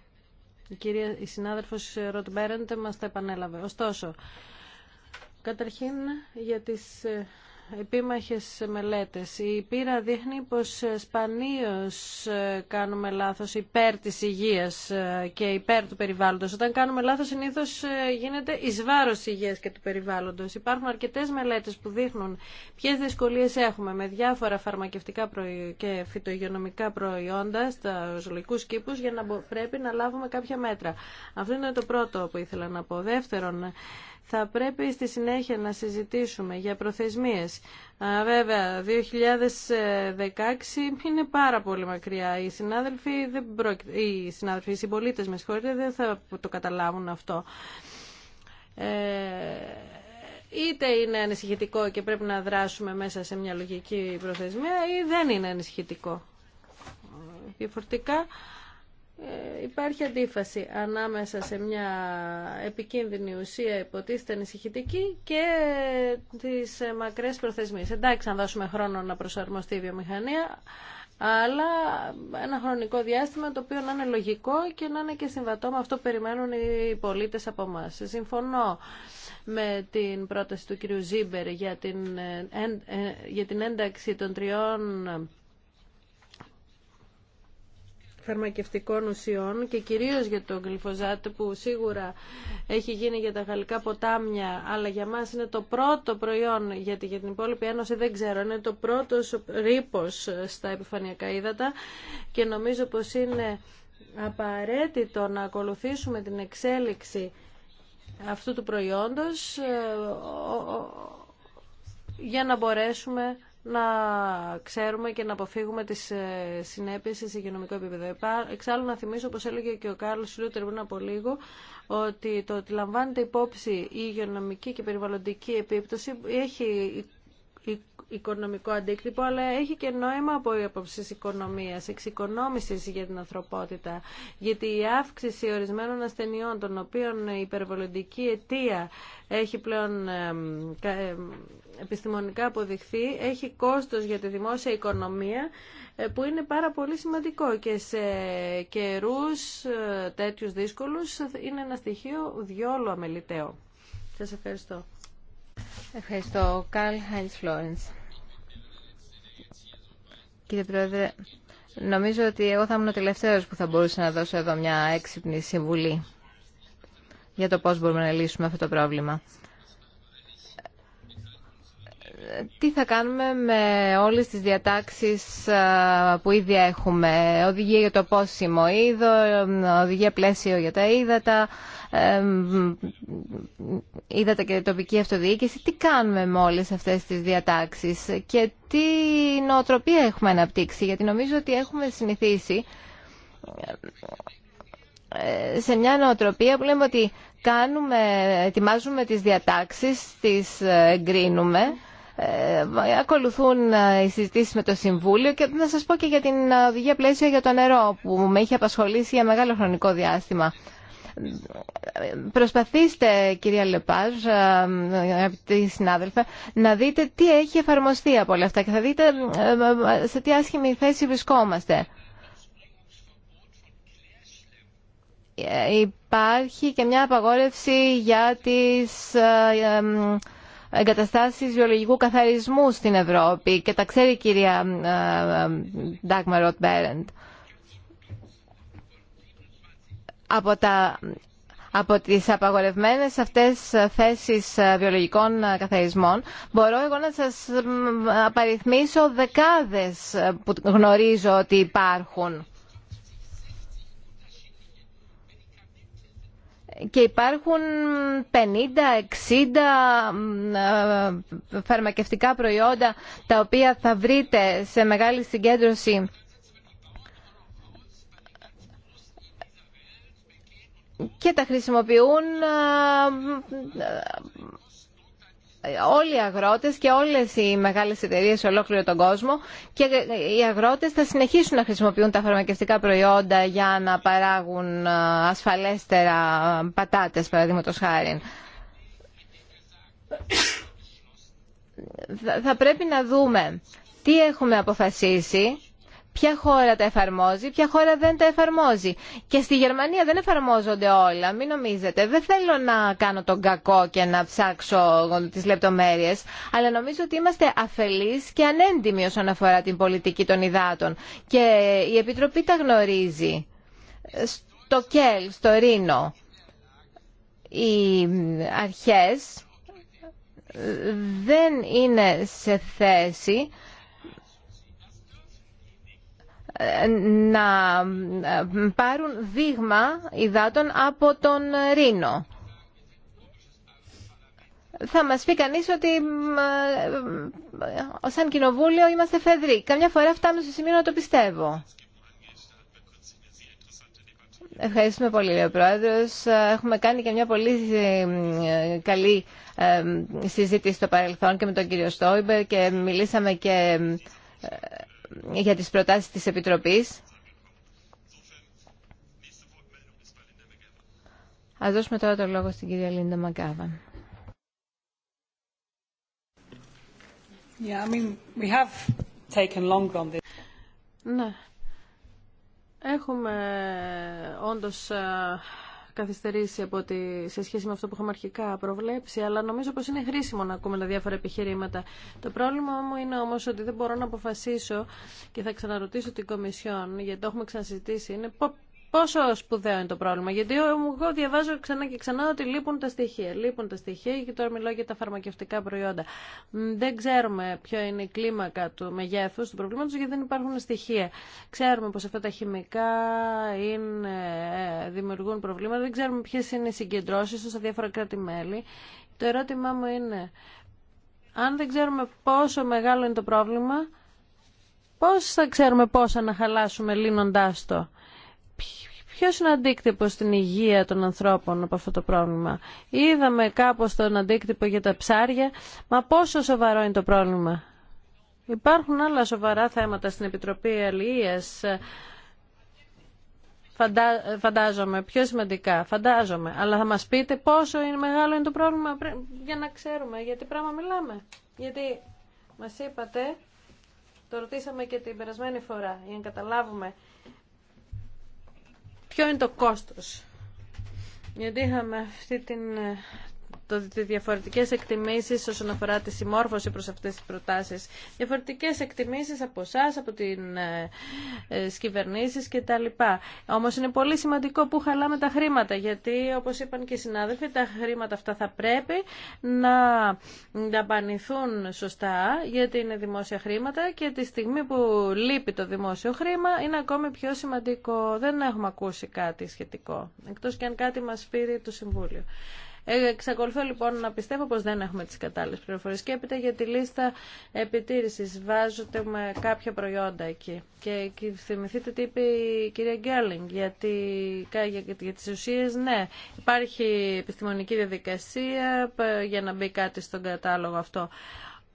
Η, κυρία, η συνάδελφος Ροτ Μπέρεντε μας τα επανέλαβε. Ωστόσο, καταρχήν για τις ε, επίμαχες μελέτες. Η πείρα δείχνει πως σπανίως ε, κάνουμε λάθος υπέρ της υγείας ε, και υπέρ του περιβάλλοντος. Όταν κάνουμε λάθος συνήθως ε, γίνεται εις βάρος υγείας και του περιβάλλοντος. Υπάρχουν αρκετές μελέτες που δείχνουν ποιες δυσκολίες έχουμε με διάφορα φαρμακευτικά και φυτογεωνομικά προϊόντα στα λογικού κήπους για να πρέπει να λάβουμε κάποια μέτρα. Αυτό είναι το πρώτο που ήθελα να πω. Δεύτερον, θα πρέπει στη συνέχεια να συζητήσουμε για προθεσμίες. Βέβαια, 2016 είναι πάρα πολύ μακριά. Οι συνάδελφοι, δεν οι, συνάδελφοι, συμπολίτες, με συγχωρείτε, δεν θα το καταλάβουν αυτό. Ε, είτε είναι ανησυχητικό και πρέπει να δράσουμε μέσα σε μια λογική προθεσμία ή δεν είναι ανησυχητικό. Ε, διαφορετικά ε, υπάρχει αντίφαση ανάμεσα σε μια επικίνδυνη ουσία υποτίθεται ανησυχητική και τις ε, μακρές προθεσμίες. Εντάξει, αν δώσουμε χρόνο να προσαρμοστεί η βιομηχανία, αλλά ένα χρονικό διάστημα το οποίο να είναι λογικό και να είναι και συμβατό με αυτό που περιμένουν οι πολίτες από εμά. Συμφωνώ με την πρόταση του κ. Ζίμπερ για την, ε, για την ένταξη των τριών φαρμακευτικών ουσιών και κυρίως για τον γλυφοζάτο που σίγουρα έχει γίνει για τα γαλλικά ποτάμια αλλά για μας είναι το πρώτο προϊόν γιατί για την υπόλοιπη ένωση δεν ξέρω είναι το πρώτο ρήπος στα επιφανειακά ύδατα και νομίζω πως είναι απαραίτητο να ακολουθήσουμε την εξέλιξη αυτού του προϊόντος ε, για να μπορέσουμε να ξέρουμε και να αποφύγουμε τις ε, συνέπειες σε υγειονομικό επίπεδο. Εξάλλου να θυμίσω, όπως έλεγε και ο Κάρλος Λούτερ πριν από λίγο, ότι το ότι λαμβάνεται υπόψη η υγειονομική και περιβαλλοντική επίπτωση έχει οικονομικό αντίκτυπο, αλλά έχει και νόημα από η άποψη οικονομία, εξοικονόμηση για την ανθρωπότητα. Γιατί η αύξηση ορισμένων ασθενειών, των οποίων η υπερβολοντική αιτία έχει πλέον επιστημονικά αποδειχθεί, έχει κόστος για τη δημόσια οικονομία ε, που είναι πάρα πολύ σημαντικό και σε καιρούς ε, τέτοιους δύσκολους είναι ένα στοιχείο διόλου αμεληταίο. Σας ευχαριστώ. Ευχαριστώ. Καλ Χάιντς Φλόρενς. Κύριε Πρόεδρε, νομίζω ότι εγώ θα ήμουν ο τελευταίος που θα μπορούσε να δώσω εδώ μια έξυπνη συμβουλή για το πώς μπορούμε να λύσουμε αυτό το πρόβλημα. Τι θα κάνουμε με όλες τις διατάξεις που ήδη έχουμε. Οδηγία για το πόσιμο είδο, οδηγία πλαίσιο για τα ύδατα, είδατε και τοπική αυτοδιοίκηση, τι κάνουμε με όλες αυτές τις διατάξεις και τι νοοτροπία έχουμε αναπτύξει, γιατί νομίζω ότι έχουμε συνηθίσει ε, σε μια νοοτροπία που λέμε ότι κάνουμε, ετοιμάζουμε τις διατάξεις, τις ε, εγκρίνουμε, ε, ακολουθούν οι συζητήσει με το Συμβούλιο και να σας πω και για την οδηγία πλαίσια για το νερό που με είχε απασχολήσει για μεγάλο χρονικό διάστημα. Προσπαθήστε, κυρία Λεπάζ, ε, αγαπητοί συνάδελφα, να δείτε τι έχει εφαρμοστεί από όλα αυτά και θα δείτε ε, σε τι άσχημη θέση βρισκόμαστε. Ε, υπάρχει και μια απαγόρευση για τις εγκαταστάσεις βιολογικού καθαρισμού στην Ευρώπη και τα ξέρει η κυρία Ντάγμα Ροτ Μπέρεντ από τα από τις απαγορευμένες αυτές θέσεις βιολογικών καθαρισμών μπορώ εγώ να σας απαριθμίσω δεκάδες που γνωρίζω ότι υπάρχουν. Και υπάρχουν 50-60 ε, φαρμακευτικά προϊόντα τα οποία θα βρείτε σε μεγάλη συγκέντρωση και τα χρησιμοποιούν όλοι οι αγρότες και όλες οι μεγάλες εταιρείες σε ολόκληρο τον κόσμο και οι αγρότες θα συνεχίσουν να χρησιμοποιούν τα φαρμακευτικά προϊόντα για να παράγουν ασφαλέστερα πατάτες παραδείγματο χάρη. Θα πρέπει να δούμε τι έχουμε αποφασίσει ποια χώρα τα εφαρμόζει, ποια χώρα δεν τα εφαρμόζει. Και στη Γερμανία δεν εφαρμόζονται όλα, μην νομίζετε. Δεν θέλω να κάνω τον κακό και να ψάξω τις λεπτομέρειες, αλλά νομίζω ότι είμαστε αφελείς και ανέντιμοι όσον αφορά την πολιτική των υδάτων. Και η Επιτροπή τα γνωρίζει. Στο ΚΕΛ, στο Ρήνο, οι αρχές δεν είναι σε θέση να ε, πάρουν δείγμα υδάτων από τον Ρήνο. Θα μας πει κανείς ότι ε, σαν κοινοβούλιο είμαστε φεδροί. Καμιά φορά φτάνω στο σημείο να το πιστεύω. Ευχαριστούμε πολύ, Λέω ο Πρόεδρος. Έχουμε κάνει και μια πολύ ε, καλή συζήτηση στο παρελθόν και με τον κύριο Στόιμπερ και μιλήσαμε και για τις προτάσεις της Επιτροπής. Ας δώσουμε τώρα το λόγο στην κυρία Λίντα Μακάβαν. Yeah, I mean, we have taken long on this. Ναι. Έχουμε όντως καθυστερήσει από τη... σε σχέση με αυτό που είχαμε αρχικά προβλέψει, αλλά νομίζω πως είναι χρήσιμο να ακούμε τα διάφορα επιχειρήματα. Το πρόβλημα μου είναι όμως ότι δεν μπορώ να αποφασίσω και θα ξαναρωτήσω την Κομισιόν, γιατί το έχουμε ξανασυζητήσει, είναι πόσο σπουδαίο είναι το πρόβλημα. Γιατί εγώ διαβάζω ξανά και ξανά ότι λείπουν τα στοιχεία. Λείπουν τα στοιχεία και τώρα μιλάω για τα φαρμακευτικά προϊόντα. Δεν ξέρουμε ποιο είναι η κλίμακα του μεγέθου του προβλήματο γιατί δεν υπάρχουν στοιχεία. Ξέρουμε πω αυτά τα χημικά είναι, ε, δημιουργούν προβλήματα. Δεν ξέρουμε ποιε είναι οι συγκεντρώσει του σε διάφορα κράτη-μέλη. Το ερώτημά μου είναι, αν δεν ξέρουμε πόσο μεγάλο είναι το πρόβλημα, πώς θα ξέρουμε πώς να χαλάσουμε λύνοντάς το. Ποιο είναι ο αντίκτυπος στην υγεία των ανθρώπων από αυτό το πρόβλημα. Είδαμε κάπως τον αντίκτυπο για τα ψάρια, μα πόσο σοβαρό είναι το πρόβλημα. Υπάρχουν άλλα σοβαρά θέματα στην Επιτροπή Αλληλείας. φαντάζομαι, πιο σημαντικά, φαντάζομαι. Αλλά θα μας πείτε πόσο είναι μεγάλο είναι το πρόβλημα για να ξέρουμε γιατί πράγμα μιλάμε. Γιατί μας είπατε, το ρωτήσαμε και την περασμένη φορά για να καταλάβουμε ποιο είναι το κόστος. Γιατί είχαμε αυτή την διαφορετικέ εκτιμήσει όσον αφορά τη συμμόρφωση προ αυτέ τι προτάσει, διαφορετικέ εκτιμήσει από εσά, από ε, ε, τι κυβερνήσει κτλ. Όμω είναι πολύ σημαντικό που χαλάμε τα χρήματα, γιατί όπω είπαν και οι συνάδελφοι, τα χρήματα αυτά θα πρέπει να δαπανηθούν σωστά, γιατί είναι δημόσια χρήματα και τη στιγμή που λείπει το δημόσιο χρήμα είναι ακόμη πιο σημαντικό. Δεν έχουμε ακούσει κάτι σχετικό, Εκτό και αν κάτι μα πήρε το Συμβούλιο. Εξακολουθώ λοιπόν να πιστεύω πως δεν έχουμε τις κατάλληλες πληροφορίες και έπειτα για τη λίστα επιτήρησης βάζονται με κάποια προϊόντα εκεί και θυμηθείτε τι είπε η κυρία Γκέρλινγκ για, τη, για, για τις ουσίες ναι υπάρχει επιστημονική διαδικασία για να μπει κάτι στον κατάλογο αυτό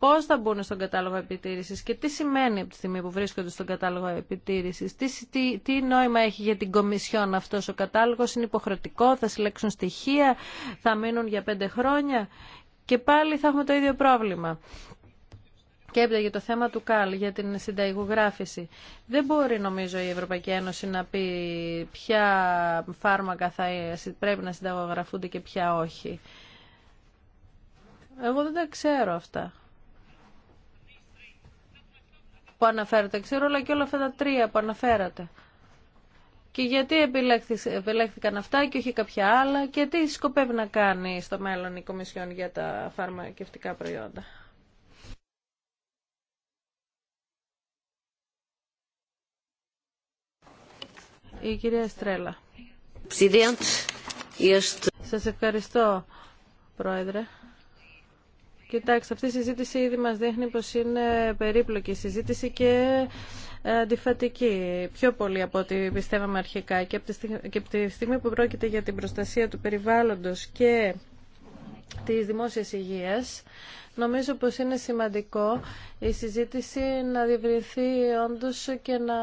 Πώ θα μπουν στον κατάλογο επιτήρηση και τι σημαίνει από τη στιγμή που βρίσκονται στον κατάλογο επιτήρηση, Τι, τι, νόημα έχει για την Κομισιόν αυτό, ο κατάλογο είναι υποχρεωτικό, θα συλλέξουν στοιχεία, θα μείνουν για πέντε χρόνια και πάλι θα έχουμε το ίδιο πρόβλημα. Και έπειτα για το θέμα του ΚΑΛ, για την συνταγογράφηση. Δεν μπορεί νομίζω η Ευρωπαϊκή Ένωση να πει ποια φάρμακα θα πρέπει να συνταγογραφούνται και ποια όχι. Εγώ δεν τα ξέρω αυτά που αναφέρατε. Ξέρω όλα και όλα αυτά τα τρία που αναφέρατε. Και γιατί επιλέχθηκαν αυτά και όχι κάποια άλλα και τι σκοπεύει να κάνει στο μέλλον η Κομισιόν για τα φαρμακευτικά προϊόντα. Η κυρία Στρέλα. Σας ευχαριστώ, Πρόεδρε. Κοιτάξτε, αυτή η συζήτηση ήδη μας δείχνει πως είναι περίπλοκη συζήτηση και αντιφατική, πιο πολύ από ό,τι πιστεύαμε αρχικά και από τη στιγμή που πρόκειται για την προστασία του περιβάλλοντος και της δημόσιας υγείας, νομίζω πως είναι σημαντικό η συζήτηση να διευρυνθεί όντως και να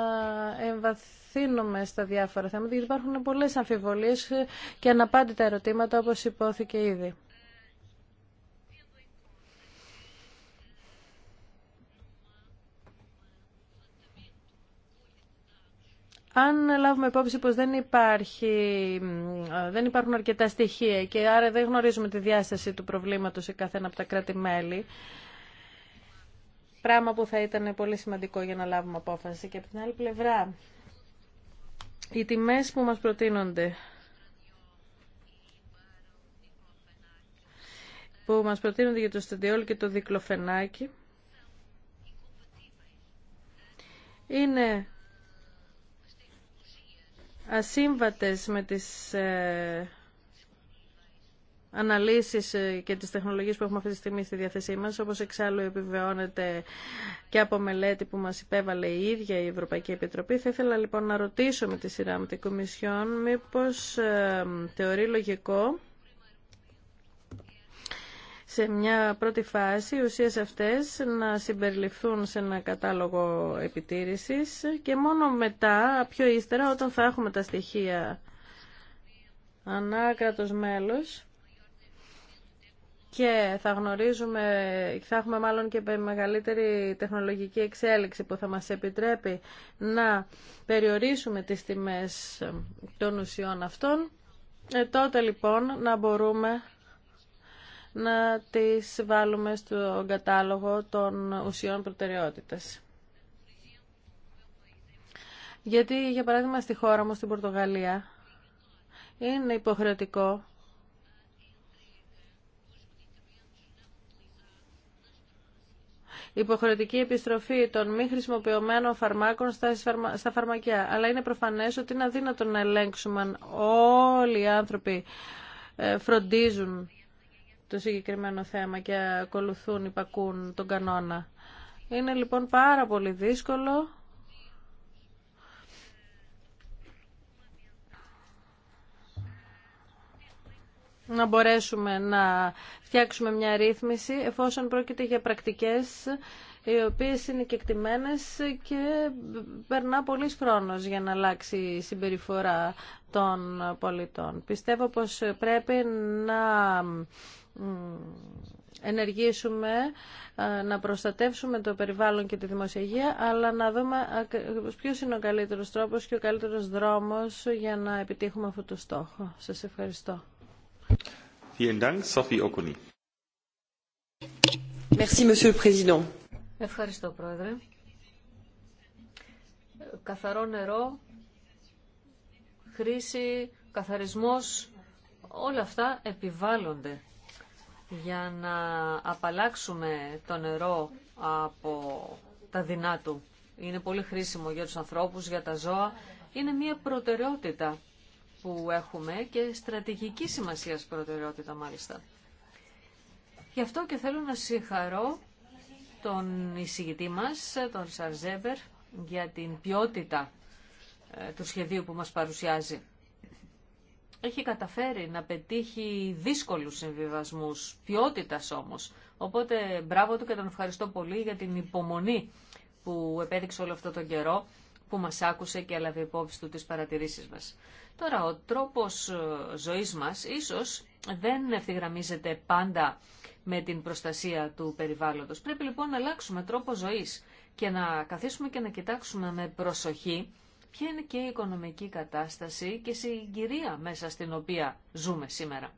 εμβαθύνουμε στα διάφορα θέματα, γιατί υπάρχουν πολλές αμφιβολίες και αναπάντητα ερωτήματα όπως υπόθηκε ήδη. Αν λάβουμε υπόψη πως δεν, υπάρχει, δεν υπάρχουν αρκετά στοιχεία και άρα δεν γνωρίζουμε τη διάσταση του προβλήματος σε καθένα από τα κράτη-μέλη, πράγμα που θα ήταν πολύ σημαντικό για να λάβουμε απόφαση. Και από την άλλη πλευρά, οι τιμές που μας προτείνονται που μας προτείνονται για το στεντιόλ και το δικλοφενάκι είναι ασύμβατες με τις ε, αναλύσεις ε, και τις τεχνολογίες που έχουμε αυτή τη στιγμή στη διάθεσή μας, όπως εξάλλου επιβεβαιώνεται και από μελέτη που μας υπέβαλε η ίδια η Ευρωπαϊκή Επιτροπή. Θα ήθελα λοιπόν να ρωτήσω με τη σειρά μου την Κομισιόν μήπως ε, θεωρεί λογικό σε μια πρώτη φάση οι ουσίες αυτές να συμπεριληφθούν σε ένα κατάλογο επιτήρησης και μόνο μετά, πιο ύστερα, όταν θα έχουμε τα στοιχεία ανάκρατος μέλος και θα γνωρίζουμε, θα έχουμε μάλλον και μεγαλύτερη τεχνολογική εξέλιξη που θα μας επιτρέπει να περιορίσουμε τις τιμές των ουσιών αυτών, ε, τότε λοιπόν να μπορούμε να τις βάλουμε στο κατάλογο των ουσιών προτεραιότητας. Γιατί, για παράδειγμα, στη χώρα μου, στην Πορτογαλία, είναι υποχρεωτικό υποχρεωτική επιστροφή των μη χρησιμοποιημένων φαρμάκων στα φαρμακιά. Αλλά είναι προφανές ότι είναι αδύνατο να ελέγξουμε αν όλοι οι άνθρωποι ε, φροντίζουν το συγκεκριμένο θέμα και ακολουθούν, υπακούν τον κανόνα. Είναι λοιπόν πάρα πολύ δύσκολο να μπορέσουμε να φτιάξουμε μια ρύθμιση εφόσον πρόκειται για πρακτικές οι οποίες είναι κεκτημένες και περνά πολύς χρόνος για να αλλάξει η συμπεριφορά των πολιτών. Πιστεύω πως πρέπει να ενεργήσουμε, ε, να προστατεύσουμε το περιβάλλον και τη υγεία αλλά να δούμε ποιος είναι ο καλύτερος τρόπος και ο καλύτερος δρόμος για να επιτύχουμε αυτό το στόχο. Σα ευχαριστώ. Ευχαριστώ, Πρόεδρε. Καθαρό νερό, χρήση, καθαρισμός, όλα αυτά επιβάλλονται για να απαλλάξουμε το νερό από τα δεινά του. Είναι πολύ χρήσιμο για τους ανθρώπους, για τα ζώα. Είναι μια προτεραιότητα που έχουμε και στρατηγική σημασίας προτεραιότητα μάλιστα. Γι' αυτό και θέλω να συγχαρώ τον εισηγητή μας, τον Σαρζέμπερ, για την ποιότητα ε, του σχεδίου που μας παρουσιάζει έχει καταφέρει να πετύχει δύσκολους συμβιβασμούς, ποιότητας όμως. Οπότε μπράβο του και τον ευχαριστώ πολύ για την υπομονή που επέδειξε όλο αυτό τον καιρό, που μας άκουσε και έλαβε υπόψη του τις παρατηρήσεις μας. Τώρα, ο τρόπος ε, ζωής μας ίσως δεν ευθυγραμμίζεται πάντα με την προστασία του περιβάλλοντος. Πρέπει λοιπόν να αλλάξουμε τρόπο ζωής και να καθίσουμε και να κοιτάξουμε με προσοχή ποια είναι και η οικονομική κατάσταση και η συγκυρία μέσα στην οποία ζούμε σήμερα.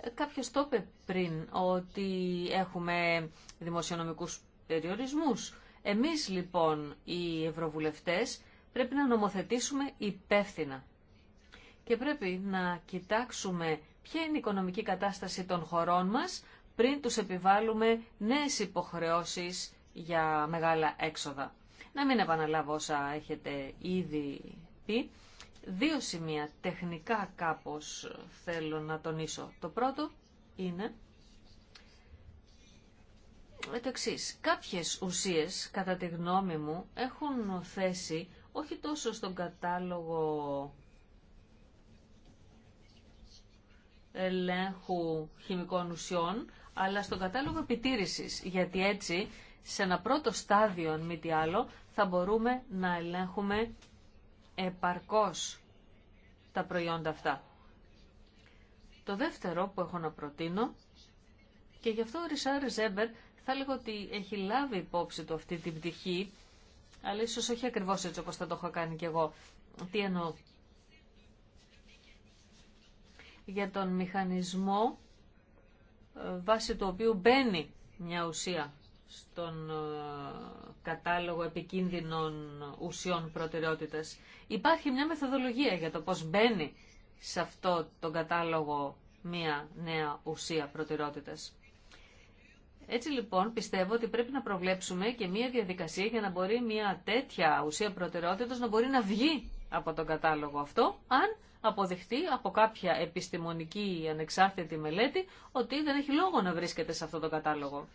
Ε, κάποιος το είπε πριν ότι έχουμε δημοσιονομικούς περιορισμούς. Εμείς λοιπόν οι ευρωβουλευτές πρέπει να νομοθετήσουμε υπεύθυνα και πρέπει να κοιτάξουμε ποια είναι η οικονομική κατάσταση των χωρών μας πριν τους επιβάλλουμε νέες υποχρεώσεις για μεγάλα έξοδα. Να μην επαναλάβω όσα έχετε ήδη πει. Δύο σημεία τεχνικά κάπως θέλω να τονίσω. Το πρώτο είναι το εξή. Κάποιες ουσίες, κατά τη γνώμη μου, έχουν θέση όχι τόσο στον κατάλογο ελέγχου χημικών ουσιών, αλλά στον κατάλογο επιτήρησης, γιατί έτσι σε ένα πρώτο στάδιο, αν μη τι άλλο, θα μπορούμε να ελέγχουμε επαρκώς τα προϊόντα αυτά. Το δεύτερο που έχω να προτείνω, και γι' αυτό ο Ρισάρ Ζέμπερ θα λέγω ότι έχει λάβει υπόψη του αυτή την πτυχή, αλλά ίσως όχι ακριβώς έτσι όπως θα το έχω κάνει κι εγώ. Τι εννοώ. Για τον μηχανισμό ε, βάσει του οποίου μπαίνει μια ουσία στον ε, κατάλογο επικίνδυνων ουσιών προτεραιότητας. Υπάρχει μια μεθοδολογία για το πώς μπαίνει σε αυτό τον κατάλογο μια νέα ουσία προτεραιότητας. Έτσι λοιπόν πιστεύω ότι πρέπει να προβλέψουμε και μια διαδικασία για να μπορεί μια τέτοια ουσία προτεραιότητας να μπορεί να βγει από τον κατάλογο αυτό, αν αποδειχτεί από κάποια επιστημονική ανεξάρτητη μελέτη ότι δεν έχει λόγο να βρίσκεται σε αυτό το κατάλογο.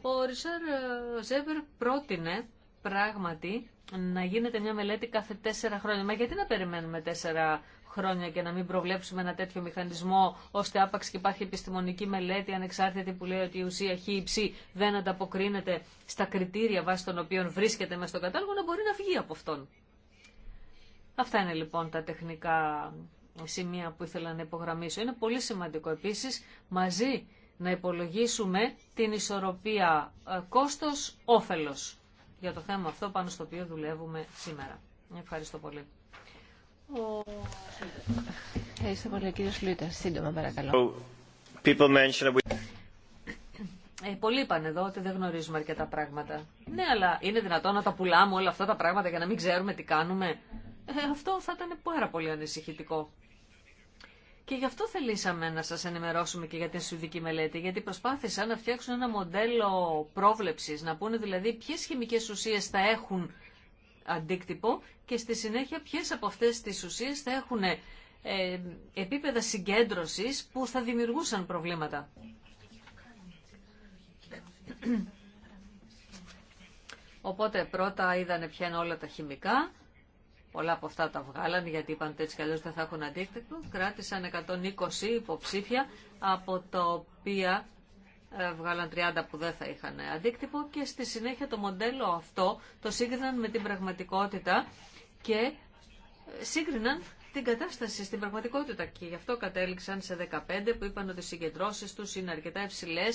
Ο Ρισάρ ε, Ζέβερ πρότεινε πράγματι να γίνεται μια μελέτη κάθε τέσσερα χρόνια. Μα γιατί να περιμένουμε τέσσερα χρόνια και να μην προβλέψουμε ένα τέτοιο μηχανισμό, ώστε άπαξ και υπάρχει επιστημονική μελέτη ανεξάρτητη που λέει ότι η ουσία ψ δεν ανταποκρίνεται στα κριτήρια βάσει των οποίων βρίσκεται μέσα στο κατάλογο, να μπορεί να βγει από αυτόν. Αυτά είναι λοιπόν τα τεχνικά σημεία που ήθελα να υπογραμμίσω. Είναι πολύ σημαντικό επίσης μαζί να υπολογίσουμε την ισορροπία ε, κόστος-όφελος για το θέμα αυτό πάνω στο οποίο δουλεύουμε σήμερα. Ευχαριστώ πολύ. Ευχαριστώ πολύ κύριε Σλούτα. Σύντομα παρακαλώ. Ε, πολλοί είπαν εδώ ότι δεν γνωρίζουμε αρκετά πράγματα. Ναι, αλλά είναι δυνατόν να τα πουλάμε όλα αυτά τα πράγματα για να μην ξέρουμε τι κάνουμε. Ε, αυτό θα ήταν πάρα πολύ ανησυχητικό. Και γι' αυτό θελήσαμε να σας ενημερώσουμε και για την σουηδική μελέτη, γιατί προσπάθησαν να φτιάξουν ένα μοντέλο πρόβλεψης, να πούνε δηλαδή ποιες χημικές ουσίες θα έχουν αντίκτυπο και στη συνέχεια ποιες από αυτές τις ουσίες θα έχουν ε, επίπεδα συγκέντρωσης που θα δημιουργούσαν προβλήματα. Οπότε πρώτα είδανε ποια είναι όλα τα χημικά, Πολλά από αυτά τα βγάλανε γιατί είπαν ότι έτσι κι αλλιώς δεν θα έχουν αντίκτυπο. Κράτησαν 120 υποψήφια από τα οποία ε, βγάλαν 30 που δεν θα είχαν αντίκτυπο και στη συνέχεια το μοντέλο αυτό το σύγκριναν με την πραγματικότητα και ε, σύγκριναν την κατάσταση στην πραγματικότητα και γι' αυτό κατέληξαν σε 15 που είπαν ότι οι συγκεντρώσεις τους είναι αρκετά υψηλέ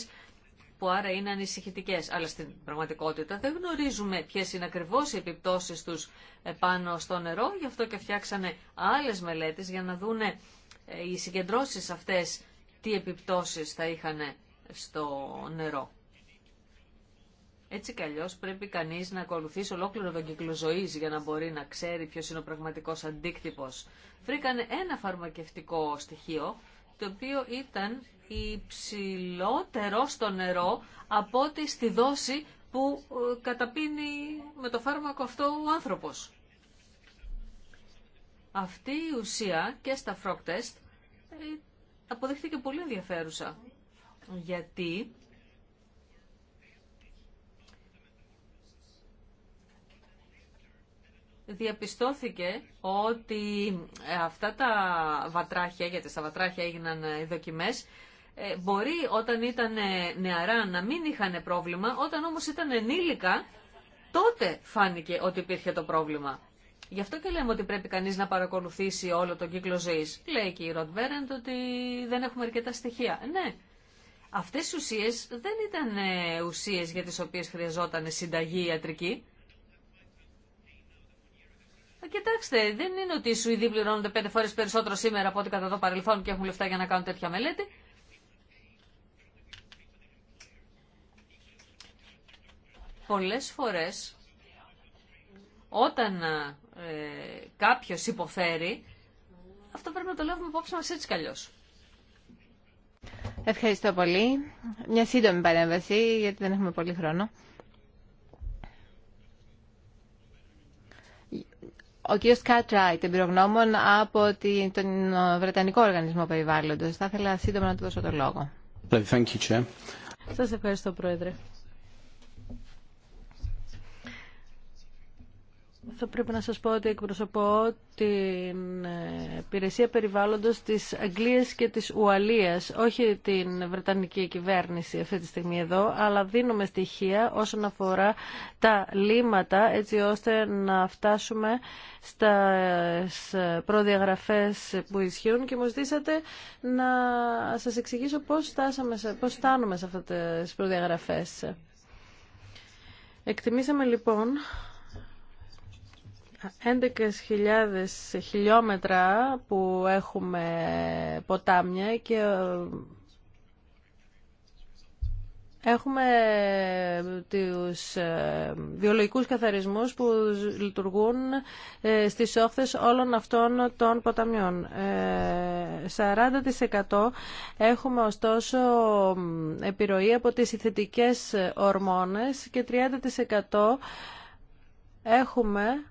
που άρα είναι ανησυχητικέ, Αλλά στην πραγματικότητα δεν γνωρίζουμε ποιε είναι ακριβώ οι επιπτώσεις τους ε, πάνω στο νερό, γι' αυτό και φτιάξανε άλλες μελέτες για να δούνε ε, οι συγκεντρώσεις αυτές τι επιπτώσεις θα είχαν στο νερό. Έτσι κι πρέπει κανείς να ακολουθήσει ολόκληρο τον κύκλο ζωής για να μπορεί να ξέρει ποιος είναι ο πραγματικός αντίκτυπος. Βρήκανε ένα φαρμακευτικό στοιχείο το οποίο ήταν υψηλότερο στο νερό από ότι στη δόση που ε, καταπίνει με το φάρμακο αυτό ο άνθρωπος. Αυτή η ουσία και στα frog test ε, αποδείχθηκε πολύ ενδιαφέρουσα. Γιατί διαπιστώθηκε ότι ε, αυτά τα βατράχια, γιατί στα βατράχια έγιναν οι ε, δοκιμές, ε, μπορεί όταν ήταν νεαρά να μην είχαν πρόβλημα, όταν όμως ήταν ενήλικα, τότε φάνηκε ότι υπήρχε το πρόβλημα. Γι' αυτό και λέμε ότι πρέπει κανείς να παρακολουθήσει όλο τον κύκλο ζωής. Λέει και η Ροτ ότι δεν έχουμε αρκετά στοιχεία. Ναι, αυτές οι ουσίες δεν ήταν ουσίες για τις οποίες χρειαζόταν συνταγή ιατρική. Ε, κοιτάξτε, δεν είναι ότι οι Σουηδοί πληρώνονται πέντε φορέ περισσότερο σήμερα από ό,τι κατά το παρελθόν και έχουν λεφτά για να κάνουν τέτοια μελέτη. Πολλέ φορές όταν ε, κάποιος υποφέρει, αυτό πρέπει να το λάβουμε υπόψη μα έτσι καλλιώς. Ευχαριστώ πολύ. Μια σύντομη παρέμβαση, γιατί δεν έχουμε πολύ χρόνο. Ο κ. Κάτράιτ, εμπειρογνώμων από τον Βρετανικό Οργανισμό Περιβάλλοντος. Θα ήθελα σύντομα να του δώσω το λόγο. Σα Σας ευχαριστώ, Πρόεδρε. Θα πρέπει να σας πω ότι εκπροσωπώ την ε, υπηρεσία περιβάλλοντος της Αγγλίας και της Ουαλίας, όχι την Βρετανική κυβέρνηση αυτή τη στιγμή εδώ, αλλά δίνουμε στοιχεία όσον αφορά τα λύματα, έτσι ώστε να φτάσουμε στα ε, προδιαγραφές που ισχύουν και μου ζητήσατε να σας εξηγήσω πώς, στάσαμε, πώς φτάνουμε σε αυτές τις προδιαγραφές. Εκτιμήσαμε λοιπόν 11.000 χιλιόμετρα που έχουμε ποτάμια και ε, Έχουμε τους ε, βιολογικούς καθαρισμούς που λειτουργούν ε, στις όχθες όλων αυτών των ποταμιών. 40% έχουμε ωστόσο επιρροή από τις ηθετικές ορμόνες και 30% έχουμε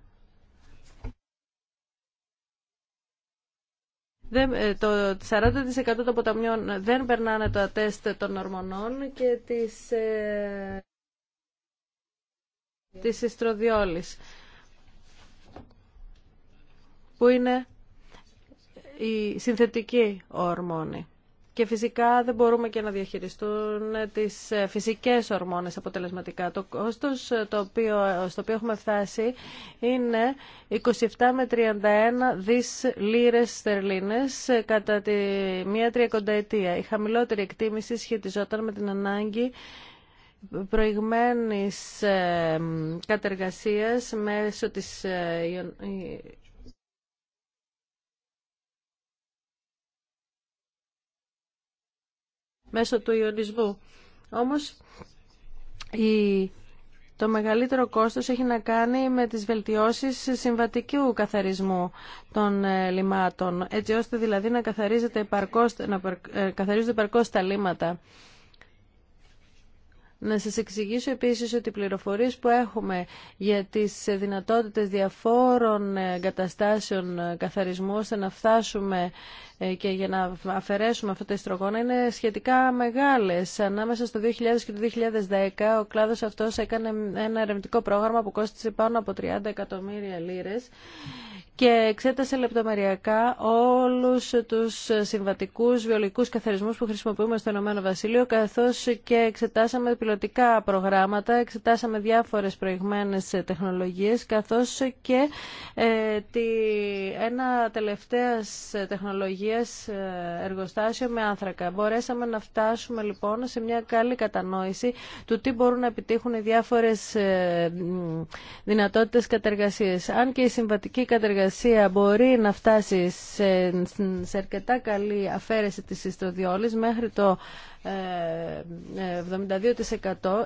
Ε, το 40% των ποταμιών δεν περνάνε το τεστ των ορμονών και της, ε, της ιστροδιόλης, που είναι η συνθετική ορμόνη. Και φυσικά δεν μπορούμε και να διαχειριστούν τις ε, φυσικές ορμόνες αποτελεσματικά. Το κόστος ε, το οποίο, ε, στο οποίο έχουμε φτάσει είναι 27 με 31 δις λίρες στερλίνες κατά τη μία τριακονταετία. Η χαμηλότερη εκτίμηση σχετιζόταν με την ανάγκη προηγμένης κατεργασίας μέσω της μέσω του ιονισμού. Όμως η... Το μεγαλύτερο κόστος έχει να κάνει με τις βελτιώσεις συμβατικού καθαρισμού των ε, λιμάτων, έτσι ώστε δηλαδή να, καθαρίζεται να ε, καθαρίζονται υπαρκώς τα λίματα. Να σας εξηγήσω επίσης ότι οι πληροφορίες που έχουμε για τις δυνατότητες διαφόρων καταστάσεων καθαρισμού ώστε να φτάσουμε ε, και για να αφαιρέσουμε αυτά τα ιστρογόνα είναι σχετικά μεγάλες. Ανάμεσα στο 2000 και το 2010 ο κλάδος αυτός έκανε ένα ερευνητικό πρόγραμμα που κόστησε πάνω από 30 εκατομμύρια λίρες και εξέτασε λεπτομεριακά όλους τους συμβατικούς βιολογικούς καθαρισμούς που χρησιμοποιούμε στο Ηνωμένο Βασίλειο καθώς και εξετάσαμε πιλωτικά προγράμματα, εξετάσαμε διάφορες προηγμένες τεχνολογίες καθώς και ε, τη, ένα τελευταίας τεχνολογία ε, εργοστάσιο με άνθρακα. Μπορέσαμε να φτάσουμε λοιπόν σε μια καλή κατανόηση του τι μπορούν να επιτύχουν οι διάφορες ε, δυνατότητες κατεργασίες. Αν και η συμβατική κατεργασία μπορεί να φτάσει σε, σε αρκετά καλή αφαίρεση της ιστοδιόλης μέχρι το 72%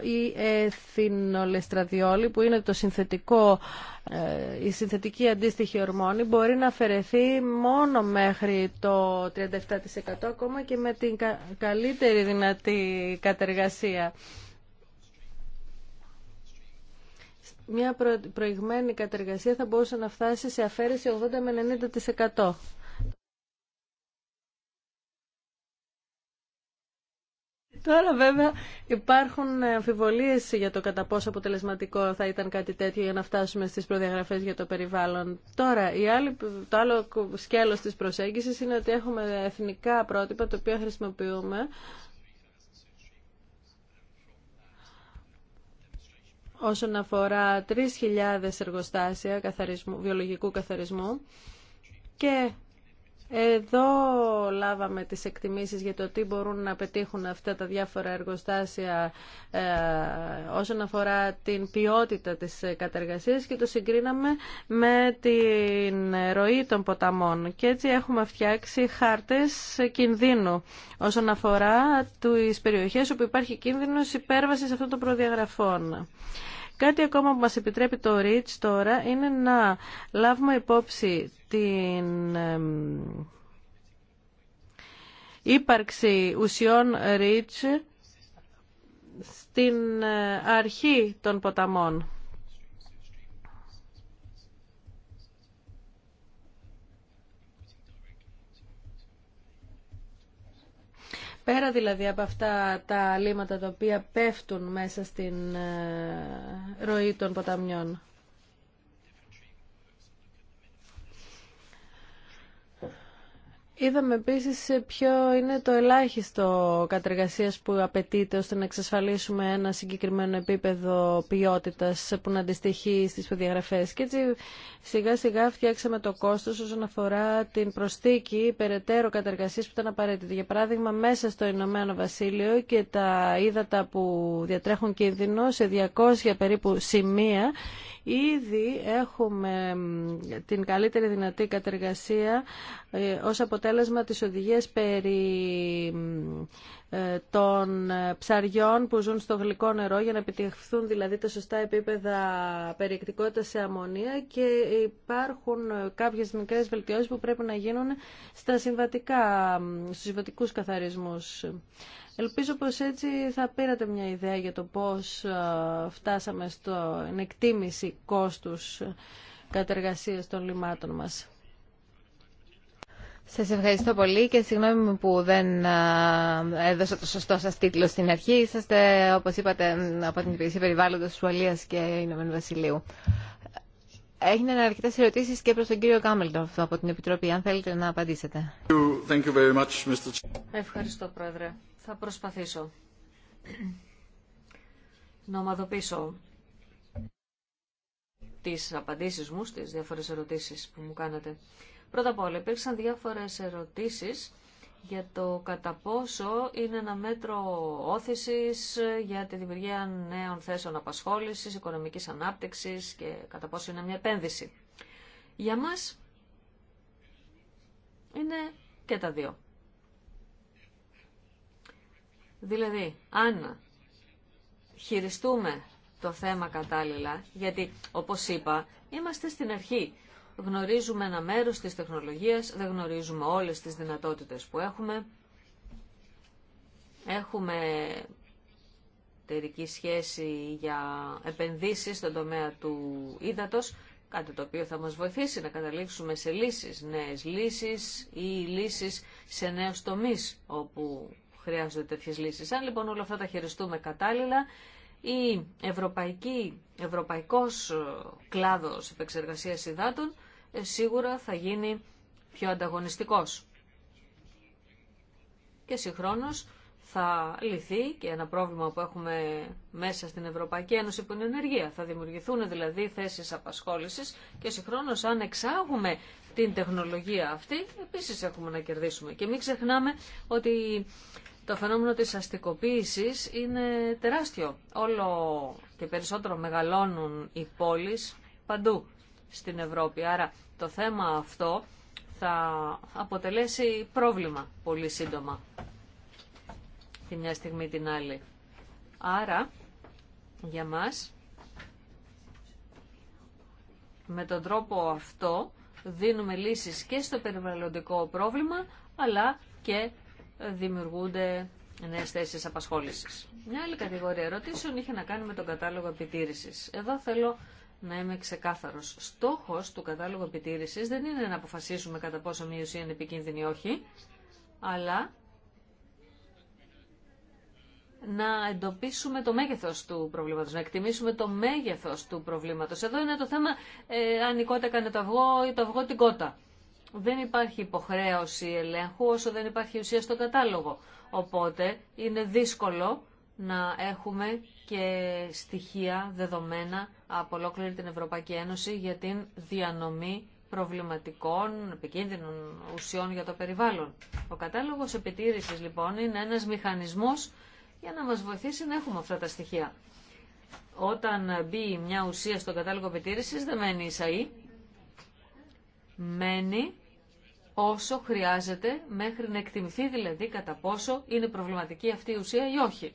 η εθινολεστραδιόλη που είναι το συνθετικό ε, η συνθετική αντίστοιχη ορμόνη μπορεί να αφαιρεθεί μόνο μέχρι το 37% ακόμα και με την καλύτερη δυνατή κατεργασία. Μια προηγμένη κατεργασία θα μπορούσε να φτάσει σε αφαίρεση 80 με 90%. Τώρα βέβαια υπάρχουν αμφιβολίες για το κατά πόσο αποτελεσματικό θα ήταν κάτι τέτοιο για να φτάσουμε στις προδιαγραφές για το περιβάλλον. Τώρα, η άλλη, το άλλο σκέλος της προσέγγισης είναι ότι έχουμε εθνικά πρότυπα τα οποία χρησιμοποιούμε όσον αφορά 3.000 εργοστάσια καθαρισμού, βιολογικού καθαρισμού και εδώ λάβαμε τις εκτιμήσεις για το τι μπορούν να πετύχουν αυτά τα διάφορα εργοστάσια ε, όσον αφορά την ποιότητα της κατεργασίας και το συγκρίναμε με την ροή των ποταμών. Και έτσι έχουμε φτιάξει χάρτες κινδύνου όσον αφορά τις περιοχές όπου υπάρχει κίνδυνος υπέρβασης αυτών των προδιαγραφών. Κάτι ακόμα που μας επιτρέπει το REACH τώρα είναι να λάβουμε υπόψη την ύπαρξη ουσιών REACH στην ε, αρχή των ποταμών. Πέρα δηλαδή από αυτά τα λίματα τα οποία πέφτουν μέσα στην ε, ροή των ποταμιών. Είδαμε επίση ποιο είναι το ελάχιστο κατεργασία που απαιτείται ώστε να εξασφαλίσουμε ένα συγκεκριμένο επίπεδο ποιότητας που να αντιστοιχεί στι προδιαγραφές. Και έτσι σιγά σιγά φτιάξαμε το κόστος όσον αφορά την προσθήκη περαιτέρω κατεργασία που ήταν απαραίτητη. Για παράδειγμα μέσα στο Ηνωμένο Βασίλειο και τα ύδατα που διατρέχουν κίνδυνο σε 200 περίπου σημεία Ήδη έχουμε την καλύτερη δυνατή κατεργασία ε, ως αποτέλεσμα της οδηγίας περί ε, των ε, ψαριών που ζουν στο γλυκό νερό για να επιτυχθούν δηλαδή τα σωστά επίπεδα περιεκτικότητας σε αμμονία και υπάρχουν κάποιες μικρές βελτιώσεις που πρέπει να γίνουν στα συμβατικά, στους συμβατικούς καθαρισμούς. Ελπίζω πως έτσι θα πήρατε μια ιδέα για το πώς φτάσαμε στο εκτίμηση κόστους κατεργασίας των λιμάτων μας. Σας ευχαριστώ πολύ και συγγνώμη που δεν έδωσα το σωστό σας τίτλο στην αρχή. Είσαστε, όπως είπατε, από την Υπηρεσία Περιβάλλοντος Σουαλίας και Ηνωμένου Βασιλείου. Έγιναν αρκετέ ερωτήσει και προ τον κύριο Κάμελτοφ από την Επιτροπή. Αν θέλετε να απαντήσετε. Ευχαριστώ, Πρόεδρε. Θα προσπαθήσω να ομαδοποιήσω τις απαντήσεις μου στις διάφορες ερωτήσεις που μου κάνατε. Πρώτα απ' όλα, υπήρξαν διάφορες ερωτήσεις για το κατά πόσο είναι ένα μέτρο όθησης για τη δημιουργία νέων θέσεων απασχόλησης, οικονομικής ανάπτυξης και κατά πόσο είναι μια επένδυση. Για μας είναι και τα δύο. Δηλαδή, αν χειριστούμε το θέμα κατάλληλα, γιατί όπως είπα, είμαστε στην αρχή. Γνωρίζουμε ένα μέρος της τεχνολογίας, δεν γνωρίζουμε όλες τις δυνατότητες που έχουμε. Έχουμε εταιρική σχέση για επενδύσεις στον τομέα του ύδατος, κάτι το οποίο θα μας βοηθήσει να καταλήξουμε σε λύσεις, νέες λύσεις ή λύσεις σε νέους τομείς όπου χρειάζονται τέτοιε λύσει. Αν λοιπόν όλα αυτά τα χειριστούμε κατάλληλα, η ευρωπαϊκή, ευρωπαϊκός ε, κλάδος επεξεργασίας υδάτων ε, σίγουρα θα γίνει πιο ανταγωνιστικός. Και συγχρόνως θα λυθεί και ένα πρόβλημα που έχουμε μέσα στην Ευρωπαϊκή Ένωση που είναι ενεργεία. Θα δημιουργηθούν δηλαδή θέσεις απασχόλησης και συγχρόνως αν εξάγουμε την τεχνολογία αυτή, επίσης έχουμε να κερδίσουμε. Και μην ξεχνάμε ότι το φαινόμενο της αστικοποίησης είναι τεράστιο. Όλο και περισσότερο μεγαλώνουν οι πόλεις παντού στην Ευρώπη. Άρα το θέμα αυτό θα αποτελέσει πρόβλημα πολύ σύντομα τη μια στιγμή την άλλη. Άρα για μας με τον τρόπο αυτό δίνουμε λύσεις και στο περιβαλλοντικό πρόβλημα αλλά και δημιουργούνται νέε θέσει απασχόλησης. Μια άλλη κατηγορία ερωτήσεων είχε να κάνει με τον κατάλογο επιτήρησης. Εδώ θέλω να είμαι ξεκάθαρος. Στόχος του κατάλογου επιτήρησης δεν είναι να αποφασίσουμε κατά πόσο μείωση είναι επικίνδυνη ή όχι, αλλά να εντοπίσουμε το μέγεθος του προβλήματος, να εκτιμήσουμε το μέγεθο του προβλήματο. Εδώ είναι το θέμα ε, αν η κότα έκανε το αυγό ή το αυγό την κότα δεν υπάρχει υποχρέωση ελέγχου όσο δεν υπάρχει ουσία στο κατάλογο. Οπότε είναι δύσκολο να έχουμε και στοιχεία δεδομένα από ολόκληρη την Ευρωπαϊκή Ένωση για την διανομή προβληματικών, επικίνδυνων ουσιών για το περιβάλλον. Ο κατάλογος επιτήρησης λοιπόν είναι ένας μηχανισμός για να μας βοηθήσει να έχουμε αυτά τα στοιχεία. Όταν μπει μια ουσία στον κατάλογο επιτήρησης δεν μένει ίσα μένει όσο χρειάζεται μέχρι να εκτιμηθεί δηλαδή κατά πόσο είναι προβληματική αυτή η ουσία ή όχι.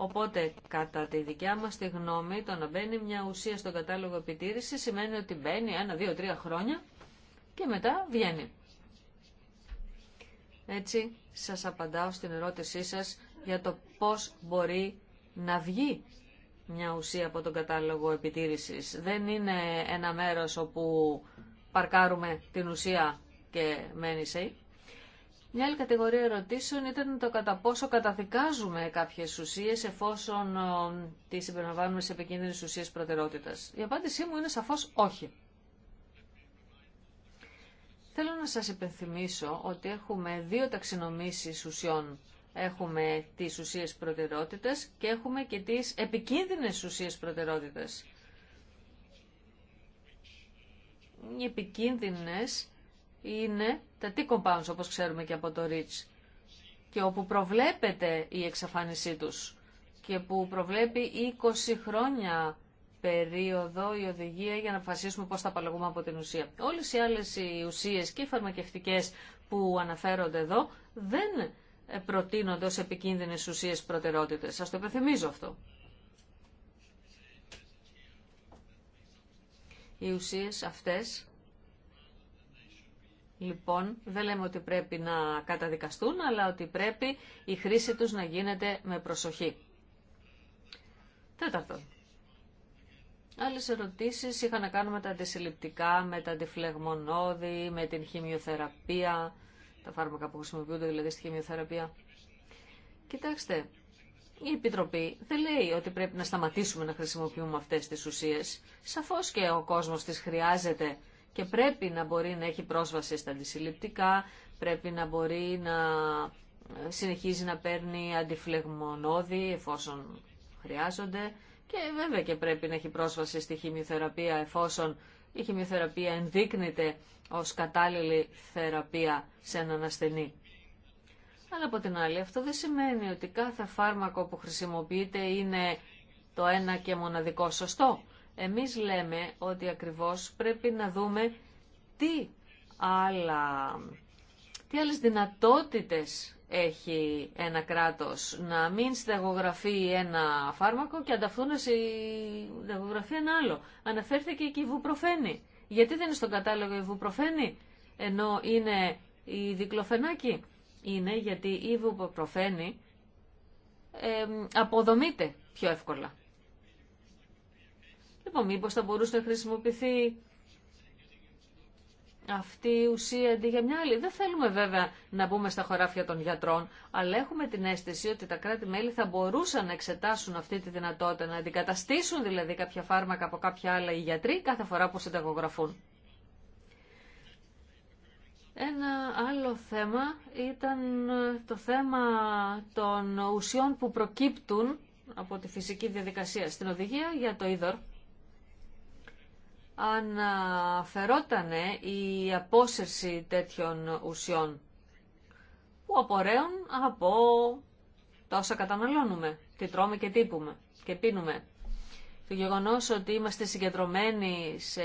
Οπότε, κατά τη δικιά μας τη γνώμη, το να μπαίνει μια ουσία στον κατάλογο επιτήρηση σημαίνει ότι μπαίνει ένα, δύο, τρία χρόνια και μετά βγαίνει. Έτσι, σας απαντάω στην ερώτησή σας για το πώς μπορεί να βγει μια ουσία από τον κατάλογο επιτήρησης. Δεν είναι ένα μέρος όπου παρκάρουμε την ουσία και ΜΕΝΙΣΕΙ. Μια άλλη κατηγορία ερωτήσεων ήταν το κατά πόσο καταδικάζουμε κάποιες ουσίε εφόσον ε, τις συμπεριλαμβάνουμε σε επικίνδυνε ουσίε προτεραιότητας. Η απάντησή μου είναι σαφώς όχι. Θέλω να σας υπενθυμίσω ότι έχουμε δύο ταξινομήσεις ουσιών. Έχουμε τις ουσίες προτεραιότητας και έχουμε και τις επικίνδυνες ουσίες προτεραιότητας. Οι επικίνδυνες είναι τα T-compounds όπως ξέρουμε και από το REACH και όπου προβλέπεται η εξαφάνισή τους και που προβλέπει 20 χρόνια περίοδο η οδηγία για να αποφασίσουμε πώς θα απαλλαγούμε από την ουσία. Όλες οι άλλες οι ουσίες και οι φαρμακευτικές που αναφέρονται εδώ δεν προτείνονται ως επικίνδυνες ουσίες προτεραιότητες. Σας το υπενθυμίζω αυτό. Οι ουσίες αυτές Λοιπόν, δεν λέμε ότι πρέπει να καταδικαστούν, αλλά ότι πρέπει η χρήση τους να γίνεται με προσοχή. Τέταρτον. Άλλες ερωτήσεις είχαν να κάνουν με τα αντισυλληπτικά, με τα αντιφλεγμονώδη, με την χημειοθεραπεία, τα φάρμακα που χρησιμοποιούνται δηλαδή στη χημειοθεραπεία. Κοιτάξτε, η Επιτροπή δεν λέει ότι πρέπει να σταματήσουμε να χρησιμοποιούμε αυτές τις ουσίες. Σαφώς και ο κόσμος τις χρειάζεται και πρέπει να μπορεί να έχει πρόσβαση στα αντισυλληπτικά, πρέπει να μπορεί να ε, συνεχίζει να παίρνει αντιφλεγμονώδη εφόσον χρειάζονται και βέβαια και πρέπει να έχει πρόσβαση στη χημιοθεραπεία εφόσον η χημιοθεραπεία ενδείκνεται ως κατάλληλη θεραπεία σε έναν ασθενή. Αλλά από την άλλη αυτό δεν σημαίνει ότι κάθε φάρμακο που χρησιμοποιείται είναι το ένα και μοναδικό σωστό. Εμείς λέμε ότι ακριβώς πρέπει να δούμε τι, άλλα, τι άλλες δυνατότητες έχει ένα κράτος να μην στεγογραφεί ένα φάρμακο και ανταυτού να στεγογραφεί ένα άλλο. Αναφέρθηκε και η βουπροφένη. Γιατί δεν είναι στον κατάλογο η βουπροφένη, ενώ είναι η δικλοφενάκη. Είναι γιατί η βουπροφένη ε, αποδομείται πιο εύκολα. Λοιπόν, μήπως θα μπορούσε να χρησιμοποιηθεί αυτή η ουσία αντί για μια άλλη. Δεν θέλουμε βέβαια να μπούμε στα χωράφια των γιατρών, αλλά έχουμε την αίσθηση ότι τα κράτη-μέλη θα μπορούσαν να εξετάσουν αυτή τη δυνατότητα, να αντικαταστήσουν δηλαδή κάποια φάρμακα από κάποια άλλα οι γιατροί κάθε φορά που συνταγογραφούν. Ένα άλλο θέμα ήταν ε, το θέμα των ουσιών που προκύπτουν από τη φυσική διαδικασία στην οδηγία για το είδωρ αναφερόταν η απόσυρση τέτοιων ουσιών που απορρέουν από τόσα καταναλώνουμε, τι τρώμε και τι πούμε και πίνουμε. Το γεγονός ότι είμαστε συγκεντρωμένοι σε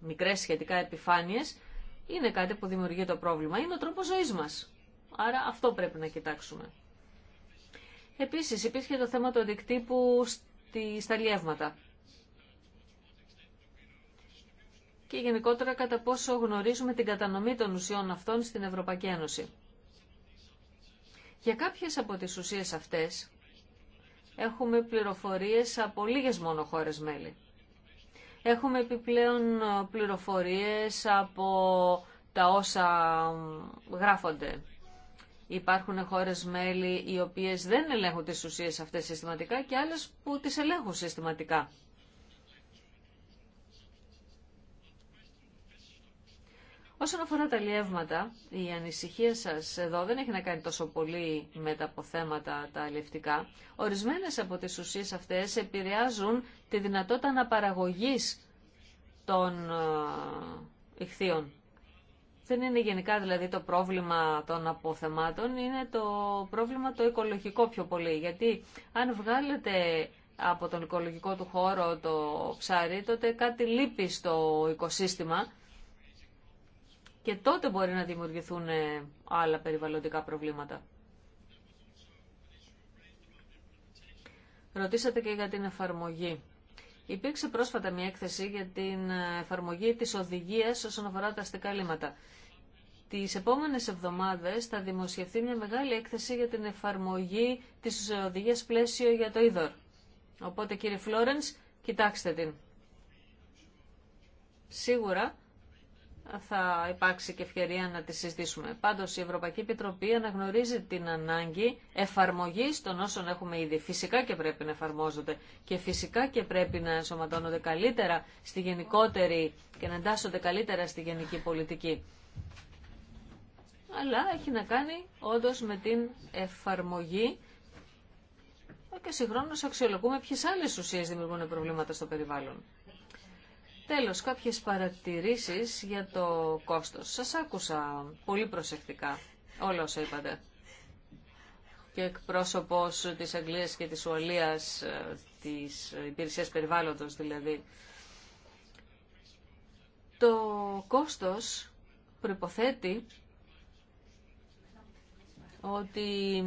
μικρές σχετικά επιφάνειες είναι κάτι που δημιουργεί το πρόβλημα. Είναι ο τρόπος ζωής μας. Άρα αυτό πρέπει να κοιτάξουμε. Επίσης υπήρχε το θέμα του αντικτύπου στα λιεύματα. και γενικότερα κατά πόσο γνωρίζουμε την κατανομή των ουσιών αυτών στην Ευρωπαϊκή Ένωση. Για κάποιες από τις ουσίες αυτές έχουμε πληροφορίες από λίγες μόνο χώρες μέλη. Έχουμε επιπλέον πληροφορίες από τα όσα γράφονται. Υπάρχουν χώρες μέλη οι οποίες δεν ελέγχουν τις ουσίες αυτές συστηματικά και άλλες που τις ελέγχουν συστηματικά. Όσον αφορά τα λιεύματα, η ανησυχία σας εδώ δεν έχει να κάνει τόσο πολύ με τα αποθέματα τα λιευτικά. Ορισμένες από τις ουσίες αυτές επηρεάζουν τη δυνατότητα αναπαραγωγής των ε, ηχθείων. Δεν είναι γενικά δηλαδή το πρόβλημα των αποθεμάτων, είναι το πρόβλημα το οικολογικό πιο πολύ. Γιατί αν βγάλετε από τον οικολογικό του χώρο το ψάρι, τότε κάτι λείπει στο οικοσύστημα και τότε μπορεί να δημιουργηθούν ε, άλλα περιβαλλοντικά προβλήματα. Ρωτήσατε και για την εφαρμογή. Υπήρξε πρόσφατα μια έκθεση για την ε, εφαρμογή της οδηγίας όσον αφορά τα αστικά λίματα. Τις επόμενες εβδομάδες θα δημοσιευθεί μια μεγάλη έκθεση για την εφαρμογή της ε, οδηγίας πλαίσιο για το είδωρ. Οπότε κύριε Φλόρενς, κοιτάξτε την. Σίγουρα θα υπάρξει και ευκαιρία να τη συζητήσουμε. Πάντως η Ευρωπαϊκή Επιτροπή αναγνωρίζει την ανάγκη εφαρμογή των όσων έχουμε ήδη. Φυσικά και πρέπει να εφαρμόζονται και φυσικά και πρέπει να ενσωματώνονται καλύτερα στη γενικότερη και να εντάσσονται καλύτερα στη γενική πολιτική. Αλλά έχει να κάνει όντω με την εφαρμογή και συγχρόνω αξιολογούμε ποιε άλλε ουσίε δημιουργούν προβλήματα στο περιβάλλον. Τέλος, κάποιες παρατηρήσεις για το κόστος. Σας άκουσα πολύ προσεκτικά όλα όσα είπατε. Και εκπρόσωπος της Αγγλίας και της Ουαλίας, ε, της υπηρεσίας περιβάλλοντος δηλαδή. Το κόστος προϋποθέτει ότι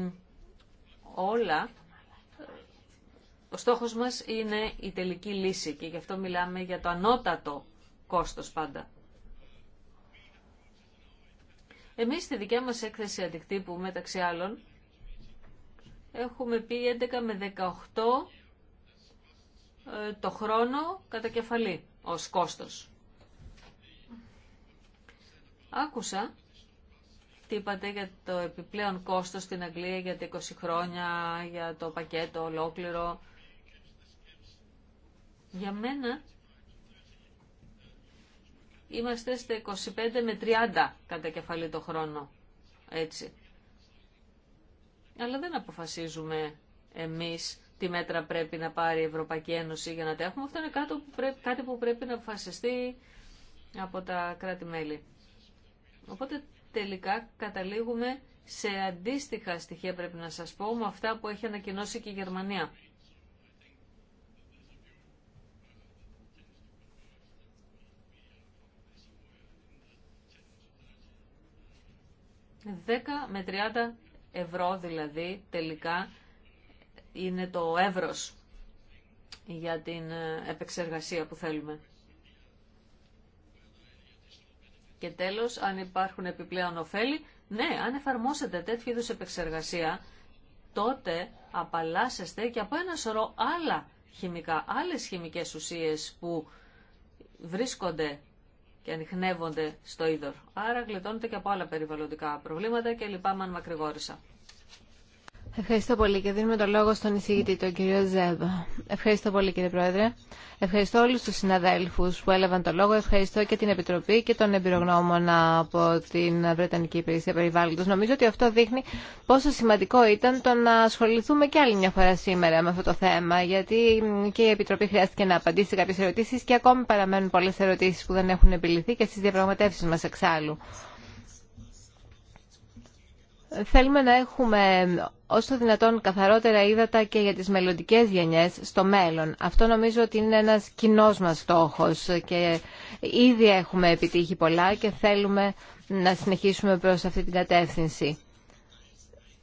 όλα ο στόχος μας είναι η τελική λύση και γι' αυτό μιλάμε για το ανώτατο κόστος πάντα. Εμείς στη δικιά μας έκθεση αντικτύπου μεταξύ άλλων έχουμε πει 11 με 18 ε, το χρόνο κατά κεφαλή ως κόστος. Άκουσα τι είπατε για το επιπλέον κόστος στην Αγγλία για τα 20 χρόνια, για το πακέτο ολόκληρο. Για μένα είμαστε στα 25 με 30 κατά κεφαλή το χρόνο. Έτσι. Αλλά δεν αποφασίζουμε εμείς τι μέτρα πρέπει να πάρει η Ευρωπαϊκή Ένωση για να τα έχουμε. Αυτό είναι κάτι που πρέπει, κάτι που πρέπει να αποφασιστεί από τα κράτη-μέλη. Οπότε τελικά καταλήγουμε σε αντίστοιχα στοιχεία πρέπει να σας πω με αυτά που έχει ανακοινώσει και η Γερμανία. 10 με 30 ευρώ δηλαδή τελικά είναι το εύρος για την ε, επεξεργασία που θέλουμε. Και τέλος, αν υπάρχουν επιπλέον ωφέλη, ναι, αν εφαρμόσετε τέτοιου είδους επεξεργασία, τότε απαλλάσσεστε και από ένα σωρό άλλα χημικά, άλλες χημικές ουσίες που βρίσκονται και ανοιχνεύονται στο είδωρ. Άρα γλιτώνεται και από άλλα περιβαλλοντικά προβλήματα και λυπάμαι αν μακρηγόρησα. Ευχαριστώ πολύ και δίνουμε το λόγο στον εισηγητή, τον κύριο Ζέβα. Ευχαριστώ πολύ κύριε Πρόεδρε. Ευχαριστώ όλους τους συναδέλφους που έλαβαν το λόγο. Ευχαριστώ και την Επιτροπή και τον εμπειρογνώμονα από την Βρετανική Υπηρεσία Περιβάλλοντος. Νομίζω ότι αυτό δείχνει πόσο σημαντικό ήταν το να ασχοληθούμε και άλλη μια φορά σήμερα με αυτό το θέμα, γιατί και η Επιτροπή χρειάστηκε να απαντήσει σε κάποιες ερωτήσεις και ακόμη παραμένουν πολλές ερωτήσεις που δεν έχουν επιληθεί και στις διαπραγματεύσεις μας εξάλλου. Θέλουμε να έχουμε όσο δυνατόν καθαρότερα ύδατα και για τις μελλοντικέ γενιές στο μέλλον. Αυτό νομίζω ότι είναι ένας κοινό μας στόχος και ήδη έχουμε επιτύχει πολλά και θέλουμε να συνεχίσουμε προς αυτή την κατεύθυνση.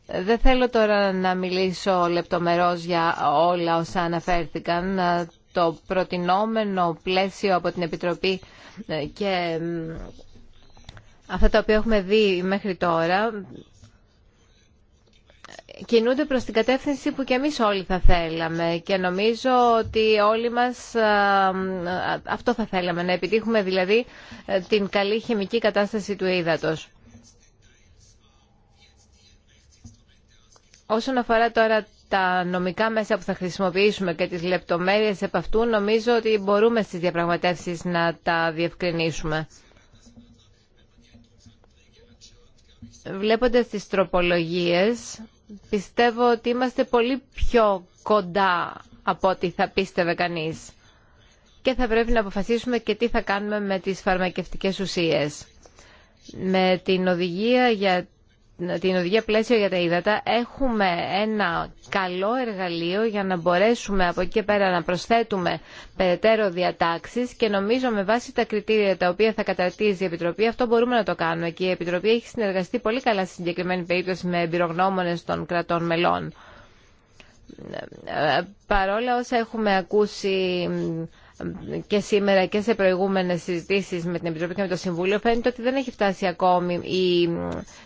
Δεν θέλω τώρα να μιλήσω λεπτομερώς για όλα όσα αναφέρθηκαν. Το προτινόμενο πλαίσιο από την Επιτροπή και αυτά τα οποία έχουμε δει μέχρι τώρα κινούνται προς την κατεύθυνση που και εμείς όλοι θα θέλαμε και νομίζω ότι όλοι μας ε, αυτό θα θέλαμε, να επιτύχουμε δηλαδή ε, την καλή χημική κατάσταση του ύδατος. Όσον αφορά τώρα τα νομικά μέσα που θα χρησιμοποιήσουμε και τις λεπτομέρειες επ' αυτού, νομίζω ότι μπορούμε στις διαπραγματεύσεις να τα διευκρινίσουμε. Βλέποντας τις τροπολογίες, πιστεύω ότι είμαστε πολύ πιο κοντά από ό,τι θα πίστευε κανείς. Και θα πρέπει να αποφασίσουμε και τι θα κάνουμε με τις φαρμακευτικές ουσίες. Με την οδηγία για την οδηγία πλαίσιο για τα ύδατα έχουμε ένα καλό εργαλείο για να μπορέσουμε από εκεί και πέρα να προσθέτουμε περαιτέρω διατάξεις και νομίζω με βάση τα κριτήρια τα οποία θα καταρτίζει η Επιτροπή αυτό μπορούμε να το κάνουμε και η Επιτροπή έχει συνεργαστεί πολύ καλά στη συγκεκριμένη περίπτωση με εμπειρογνώμονες των κρατών μελών. Ε, παρόλα όσα έχουμε ακούσει και σήμερα και σε προηγούμενες συζητήσεις με την Επιτροπή και με το Συμβούλιο φαίνεται ότι δεν έχει φτάσει ακόμη η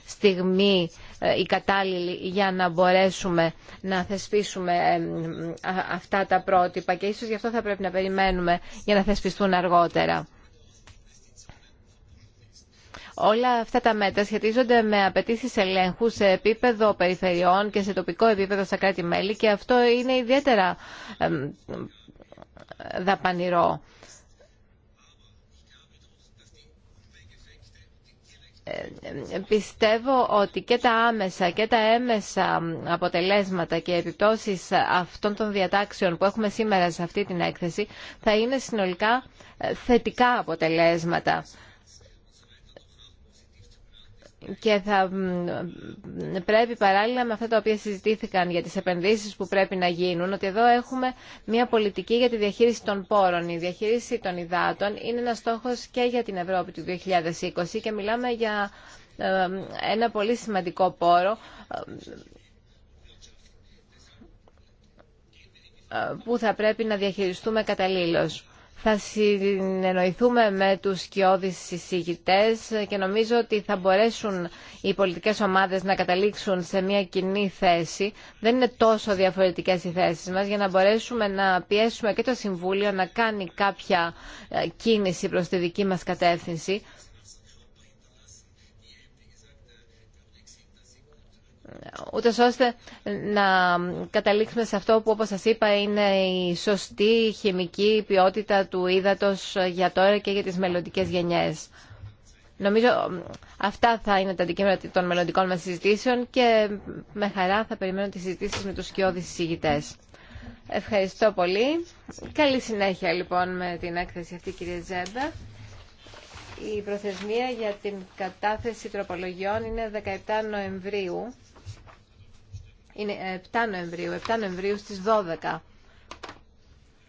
στιγμή ε, η κατάλληλη για να μπορέσουμε να θεσπίσουμε ε, αυτά τα πρότυπα και ίσως γι' αυτό θα πρέπει να περιμένουμε για να θεσπιστούν αργότερα. Όλα αυτά τα μέτρα σχετίζονται με απαιτήσει ελέγχου σε επίπεδο περιφερειών και σε τοπικό επίπεδο στα κράτη-μέλη και αυτό είναι ιδιαίτερα ε, δαπανηρό. Ε, πιστεύω ότι και τα άμεσα και τα έμεσα αποτελέσματα και επιπτώσεις αυτών των διατάξεων που έχουμε σήμερα σε αυτή την έκθεση θα είναι συνολικά ε, θετικά αποτελέσματα και θα πρέπει παράλληλα με αυτά τα οποία συζητήθηκαν για τις επενδύσεις που πρέπει να γίνουν ότι εδώ έχουμε μια πολιτική για τη διαχείριση των πόρων. Η διαχείριση των υδάτων είναι ένας στόχος και για την Ευρώπη του 2020 και μιλάμε για ε, ένα πολύ σημαντικό πόρο ε, που θα πρέπει να διαχειριστούμε καταλήλως θα συνεννοηθούμε με τους σκιώδεις συζητητές και νομίζω ότι θα μπορέσουν οι πολιτικές ομάδες να καταλήξουν σε μια κοινή θέση. Δεν είναι τόσο διαφορετικές οι θέσεις μας για να μπορέσουμε να πιέσουμε και το Συμβούλιο να κάνει κάποια ε, κίνηση προς τη δική μας κατεύθυνση ούτε ώστε να καταλήξουμε σε αυτό που όπως σας είπα είναι η σωστή χημική ποιότητα του ύδατος για τώρα και για τις μελλοντικέ γενιές. Νομίζω αυτά θα είναι τα αντικείμενα των μελλοντικών μας συζητήσεων και με χαρά θα περιμένω τις συζητήσεις με τους σκιώδεις συζητητές. Ευχαριστώ πολύ. Καλή συνέχεια λοιπόν με την έκθεση αυτή κυρία Ζέντα. Η προθεσμία για την κατάθεση τροπολογιών είναι 17 Νοεμβρίου είναι 7 ε, Νοεμβρίου, 7 Νοεμβρίου στις 12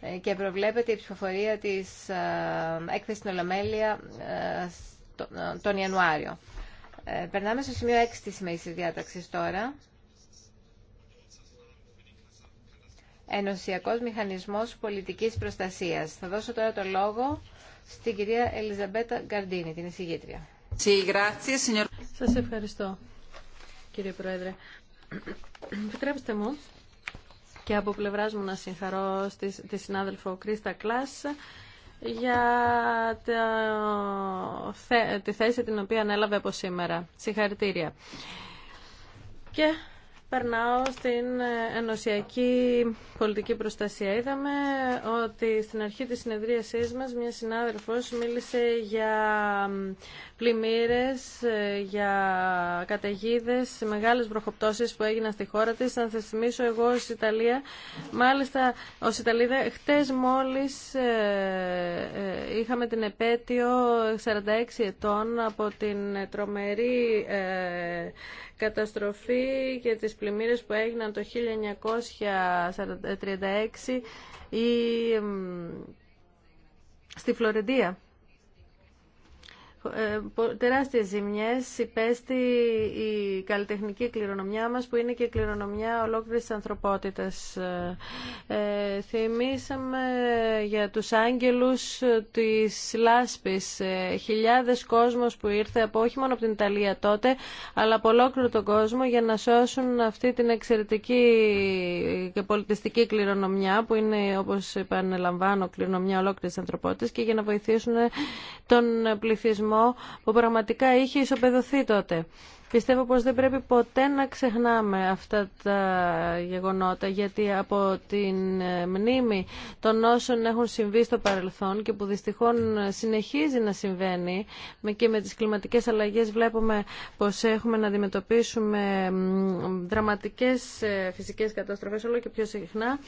ε, και προβλέπεται η ψηφοφορία της ε, έκθεσης στην Ολομέλεια τον Ιανουάριο. Περνάμε στο σημείο 6 της σημερινής διάταξης τώρα. Ενωσιακός Μηχανισμός Πολιτικής Προστασίας. Θα δώσω τώρα το λόγο στην κυρία Ελιζαμπέτα Γκαρντίνη, την εισηγήτρια. Σας ευχαριστώ, κύριε Πρόεδρε. Επιτρέψτε μου και από πλευρά μου να συγχαρώ τη συνάδελφο Κρίστα Κλάς για τη θέση την οποία ανέλαβε από σήμερα. Συγχαρητήρια. Και Περνάω στην ε, ενωσιακή πολιτική προστασία. Είδαμε ότι στην αρχή της συνεδρίασής μας μια συνάδελφος μίλησε για πλημμύρες, ε, για καταιγίδε, μεγάλες βροχοπτώσεις που έγιναν στη χώρα της. Αν σας θυμίσω εγώ ως Ιταλία, μάλιστα ως Ιταλίδα, χτες μόλις ε, είχαμε την επέτειο 46 ετών από την τρομερή καταστροφή και τις πλημμύρες που έγιναν το 1936 ή ε, στη Φλωρεντία. Ε, τεράστιες ζημιές υπέστη η καλλιτεχνική κληρονομιά μας που είναι και κληρονομιά ολόκληρης της ανθρωπότητας. Ε, ε, θυμήσαμε για τους άγγελους της Λάσπης. χιλιάδες κόσμος που ήρθε από όχι μόνο από την Ιταλία τότε αλλά από ολόκληρο τον κόσμο για να σώσουν αυτή την εξαιρετική και πολιτιστική κληρονομιά που είναι όπως επαναλαμβάνω κληρονομιά ολόκληρης της ανθρωπότητας και για να βοηθήσουν τον πληθυσμό που πραγματικά είχε ισοπεδωθεί τότε. Πιστεύω πως δεν πρέπει ποτέ να ξεχνάμε αυτά τα γεγονότα γιατί από την μνήμη των όσων έχουν συμβεί στο παρελθόν και που δυστυχώς συνεχίζει να συμβαίνει και με τις κλιματικές αλλαγές βλέπουμε πως έχουμε να αντιμετωπίσουμε δραματικές ε, φυσικές καταστροφές όλο και πιο συχνά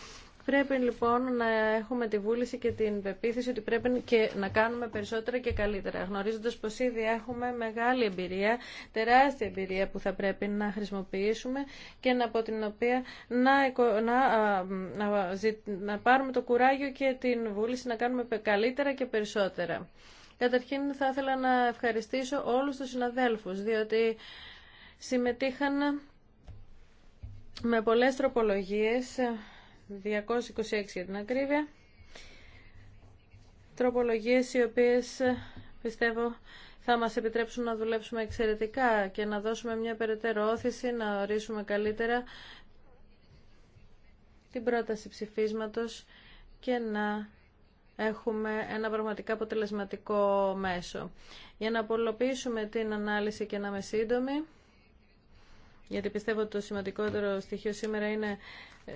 Πρέπει λοιπόν να έχουμε τη βούληση και την πεποίθηση ότι πρέπει και να κάνουμε περισσότερα και καλύτερα, γνωρίζοντας πως ήδη έχουμε μεγάλη εμπειρία, τεράστια εμπειρία που θα πρέπει να χρησιμοποιήσουμε και από την οποία να, να, να, να πάρουμε το κουράγιο και την βούληση να κάνουμε καλύτερα και περισσότερα. Καταρχήν θα ήθελα να ευχαριστήσω όλους τους συναδέλφους, διότι συμμετείχαν με πολλές τροπολογίες 226 για την ακρίβεια. Τροπολογίες οι οποίες ε, πιστεύω θα μας επιτρέψουν να δουλέψουμε εξαιρετικά και να δώσουμε μια περαιτέρω όθηση, να ορίσουμε καλύτερα την πρόταση ψηφίσματος και να έχουμε ένα πραγματικά αποτελεσματικό μέσο. Για να απολοποιήσουμε την ανάλυση και να είμαι σύντομη, γιατί πιστεύω ότι το σημαντικότερο στοιχείο σήμερα είναι ε,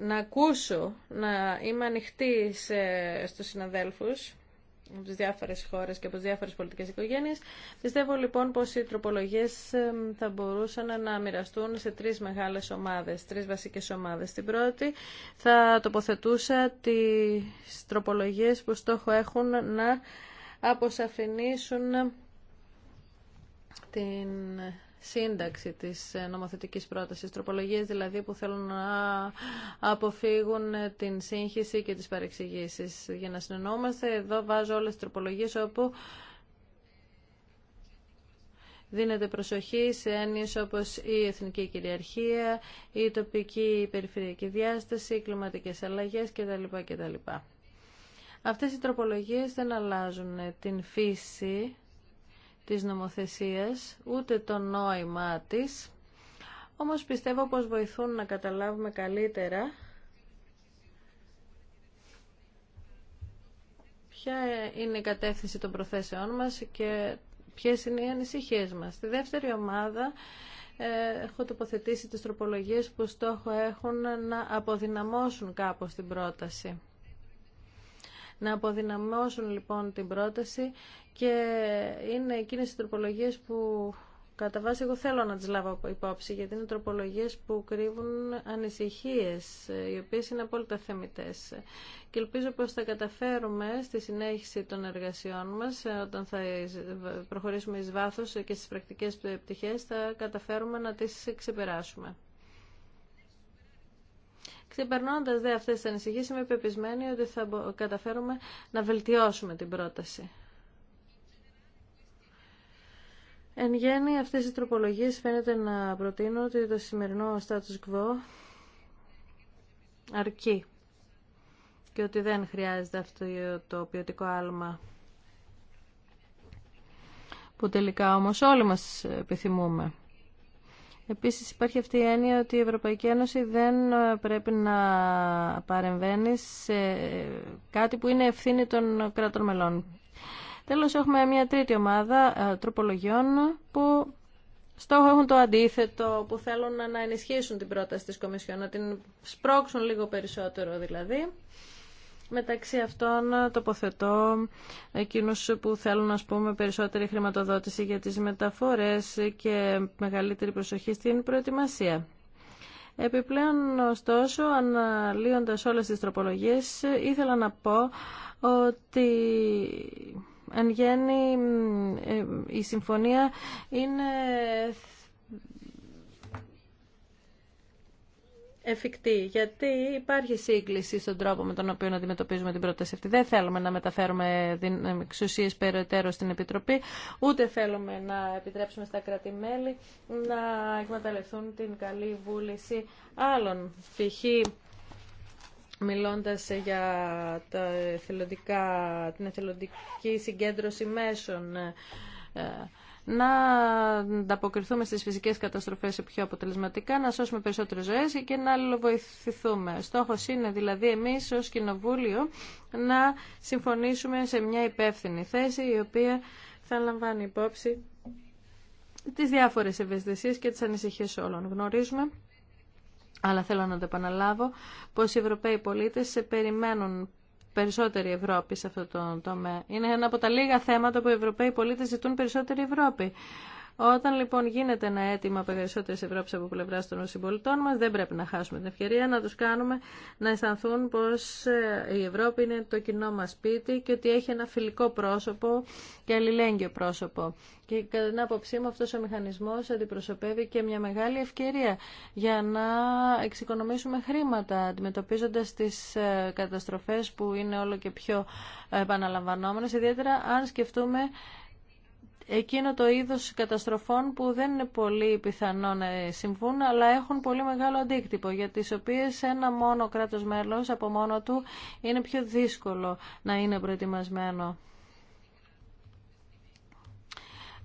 να ακούσω, να είμαι ανοιχτή στους συναδέλφους από τις διάφορες χώρες και από τις διάφορες πολιτικές οικογένειες. Πιστεύω λοιπόν πως οι τροπολογίες θα μπορούσαν να μοιραστούν σε τρεις μεγάλες ομάδες, τρεις βασικές ομάδες. Στην πρώτη θα τοποθετούσα τις τροπολογίες που στόχο έχουν να αποσαφηνίσουν την σύνταξη της ε, νομοθετικής πρότασης. Τροπολογίες δηλαδή που θέλουν να αποφύγουν ε, την σύγχυση και τις παρεξηγήσεις. Για να συνεννοούμαστε, εδώ βάζω όλες τις τροπολογίες όπου δίνεται προσοχή σε έννοιες όπως η εθνική κυριαρχία, η τοπική η περιφερειακή διάσταση, οι κλιματικές αλλαγές κτλ. κτλ. Αυτές οι τροπολογίες δεν αλλάζουν ε, την φύση της νομοθεσίας, ούτε το νόημά της. Όμως πιστεύω πως βοηθούν να καταλάβουμε καλύτερα ποια είναι η κατεύθυνση των προθέσεών μας και ποιες είναι οι ανησυχίες μας. Στη δεύτερη ομάδα ε, έχω τοποθετήσει τις τροπολογίες που στόχο έχουν να αποδυναμώσουν κάπως την πρόταση να αποδυναμώσουν λοιπόν την πρόταση και είναι εκείνες οι τροπολογίες που κατά βάση εγώ θέλω να τις λάβω υπόψη γιατί είναι τροπολογίες που κρύβουν ανησυχίες οι οποίες είναι απόλυτα θεμητές και ελπίζω πως θα καταφέρουμε στη συνέχιση των εργασιών μας ε, όταν θα προχωρήσουμε εις βάθος και στις πρακτικές πτυχές θα καταφέρουμε να τις ξεπεράσουμε. Ξεπερνώντα δε αυτέ τι ανησυχίε, είμαι πεπισμένη ότι θα καταφέρουμε να βελτιώσουμε την πρόταση. Εν γέννη, αυτές οι τροπολογίες φαίνεται να προτείνω ότι το σημερινό status quo αρκεί και ότι δεν χρειάζεται αυτό το ποιοτικό άλμα που τελικά όμως όλοι μας επιθυμούμε. Επίσης υπάρχει αυτή η έννοια ότι η Ευρωπαϊκή Ένωση δεν ε, πρέπει να παρεμβαίνει σε κάτι που είναι ευθύνη των κρατών μελών. Τέλος έχουμε μια τρίτη ομάδα ε, τροπολογιών που στόχο έχουν το αντίθετο, που θέλουν να ενισχύσουν την πρόταση της Κομισιόν, να την σπρώξουν λίγο περισσότερο δηλαδή. Μεταξύ αυτών τοποθετώ εκείνους που θέλουν να πούμε περισσότερη χρηματοδότηση για τις μεταφορές και μεγαλύτερη προσοχή στην προετοιμασία. Επιπλέον, ωστόσο, αναλύοντας όλες τις τροπολογίες, ήθελα να πω ότι αν γέννη ε, η συμφωνία είναι εφικτή, γιατί υπάρχει σύγκληση στον τρόπο με τον οποίο αντιμετωπίζουμε την πρόταση αυτή. Δεν θέλουμε να μεταφέρουμε εξουσίε περαιτέρω στην Επιτροπή, ούτε θέλουμε να επιτρέψουμε στα κράτη-μέλη να εκμεταλλευτούν την καλή βούληση άλλων. Π.χ. Μιλώντας για τα εθελοντικά, την εθελοντική συγκέντρωση μέσων, ε, να ανταποκριθούμε στις φυσικές καταστροφές πιο αποτελεσματικά, να σώσουμε περισσότερες ζωές και να αλληλοβοηθηθούμε. Στόχος είναι δηλαδή εμείς ως Κοινοβούλιο να συμφωνήσουμε σε μια υπεύθυνη θέση η οποία θα λαμβάνει υπόψη τις διάφορες ευαισθησίες και τις ανησυχίες όλων. Γνωρίζουμε αλλά θέλω να το επαναλάβω, πως οι Ευρωπαίοι πολίτες περιμένουν περισσότερη Ευρώπη σε αυτό το τομέα. Είναι ένα από τα λίγα θέματα που οι Ευρωπαίοι πολίτες ζητούν περισσότερη Ευρώπη. Όταν λοιπόν γίνεται ένα αίτημα περισσότερε Ευρώπη από πλευρά των συμπολιτών μα, δεν πρέπει να χάσουμε την ευκαιρία να του κάνουμε να αισθανθούν πω ε, η Ευρώπη είναι το κοινό μα σπίτι και ότι έχει ένα φιλικό πρόσωπο και αλληλέγγυο πρόσωπο. Και κατά την άποψή μου αυτό ο μηχανισμό αντιπροσωπεύει και μια μεγάλη ευκαιρία για να εξοικονομήσουμε χρήματα αντιμετωπίζοντα τι ε, καταστροφέ που είναι όλο και πιο ε, επαναλαμβανόμενε, ιδιαίτερα αν σκεφτούμε εκείνο το είδος καταστροφών που δεν είναι πολύ πιθανό να συμβούν αλλά έχουν πολύ μεγάλο αντίκτυπο για τις οποίες ένα μόνο κράτος μέλος από μόνο του είναι πιο δύσκολο να είναι προετοιμασμένο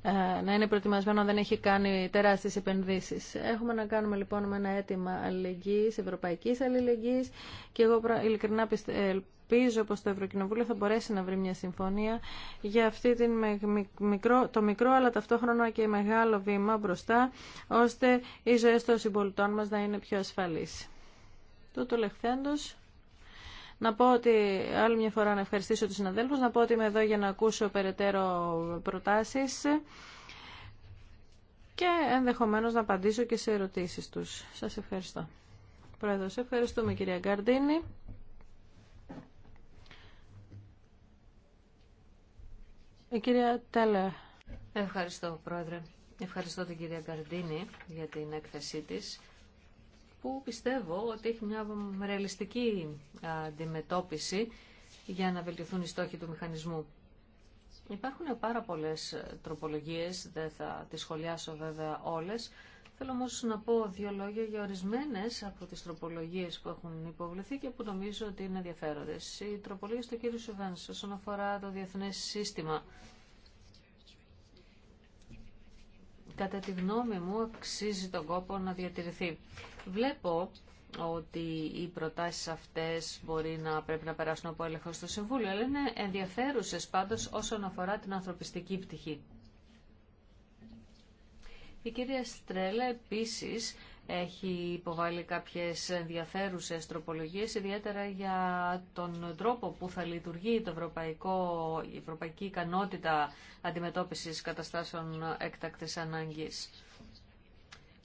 ε, να είναι προετοιμασμένο δεν έχει κάνει τεράστιες επενδύσεις. Έχουμε να κάνουμε λοιπόν με ένα αίτημα αλληλεγγύης, ευρωπαϊκής αλληλεγγύης και εγώ ειλικρινά ελπίζω πως το Ευρωκοινοβούλιο θα μπορέσει να βρει μια συμφωνία για αυτή την μικρό, το μικρό αλλά ταυτόχρονα και μεγάλο βήμα μπροστά ώστε οι ζωές των συμπολιτών μας να είναι πιο ασφαλείς. Τούτο λεχθέντος. Να πω ότι άλλη μια φορά να ευχαριστήσω τους συναδέλφους, να πω ότι είμαι εδώ για να ακούσω περαιτέρω προτάσεις και ενδεχομένως να απαντήσω και σε ερωτήσεις τους. Σας ευχαριστώ. Πρόεδρος, ευχαριστούμε κυρία Γκαρντίνη. Η ε, κυρία Τέλε. Ευχαριστώ, Πρόεδρε. Ευχαριστώ την κυρία Καρντίνη για την έκθεσή της, που πιστεύω ότι έχει μια ρεαλιστική αντιμετώπιση για να βελτιωθούν οι στόχοι του μηχανισμού. Υπάρχουν πάρα πολλές τροπολογίες, δεν θα τις σχολιάσω βέβαια όλες, Θέλω όμως να πω δύο λόγια για ορισμένες από τις τροπολογίες που έχουν υποβληθεί και που νομίζω ότι είναι ενδιαφέροντες. Οι τροπολογία του κύριο Σουβένς όσον αφορά το διεθνές σύστημα. Κατά τη γνώμη μου αξίζει τον κόπο να διατηρηθεί. Βλέπω ότι οι προτάσεις αυτές μπορεί να πρέπει να περάσουν από έλεγχο στο Συμβούλιο, αλλά είναι ενδιαφέρουσες πάντως όσον αφορά την ανθρωπιστική πτυχή. Η κυρία Στρέλα επίσης έχει υποβάλει κάποιες ενδιαφέρουσες τροπολογίες, ιδιαίτερα για τον τρόπο που θα λειτουργεί το ευρωπαϊκό, η ευρωπαϊκή ικανότητα αντιμετώπισης καταστάσεων έκτακτης ανάγκης.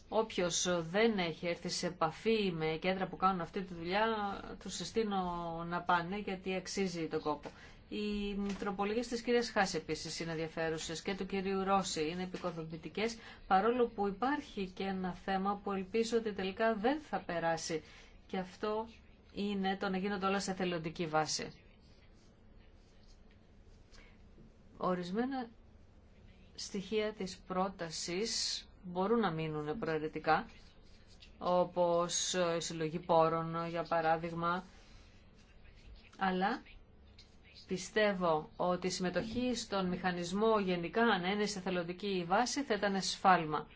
Όποιος δεν έχει έρθει σε επαφή με κέντρα που κάνουν αυτή τη δουλειά, του συστήνω να πάνε γιατί αξίζει τον κόπο. Οι τροπολογίε τη κυρία Χάση επίση είναι ενδιαφέρουσε και του κυρίου Ρώση είναι επικοδομητικέ, παρόλο που υπάρχει και ένα θέμα που ελπίζω ότι τελικά δεν θα περάσει. Και αυτό είναι το να γίνονται όλα σε θελοντική βάση. Ορισμένα στοιχεία της πρότασης μπορούν να μείνουν προαιρετικά, όπως η συλλογή πόρων, για παράδειγμα, αλλά πιστεύω ότι η συμμετοχή στον μηχανισμό γενικά αν ναι, είναι σε θελοντική βάση θα ήταν σφάλμα.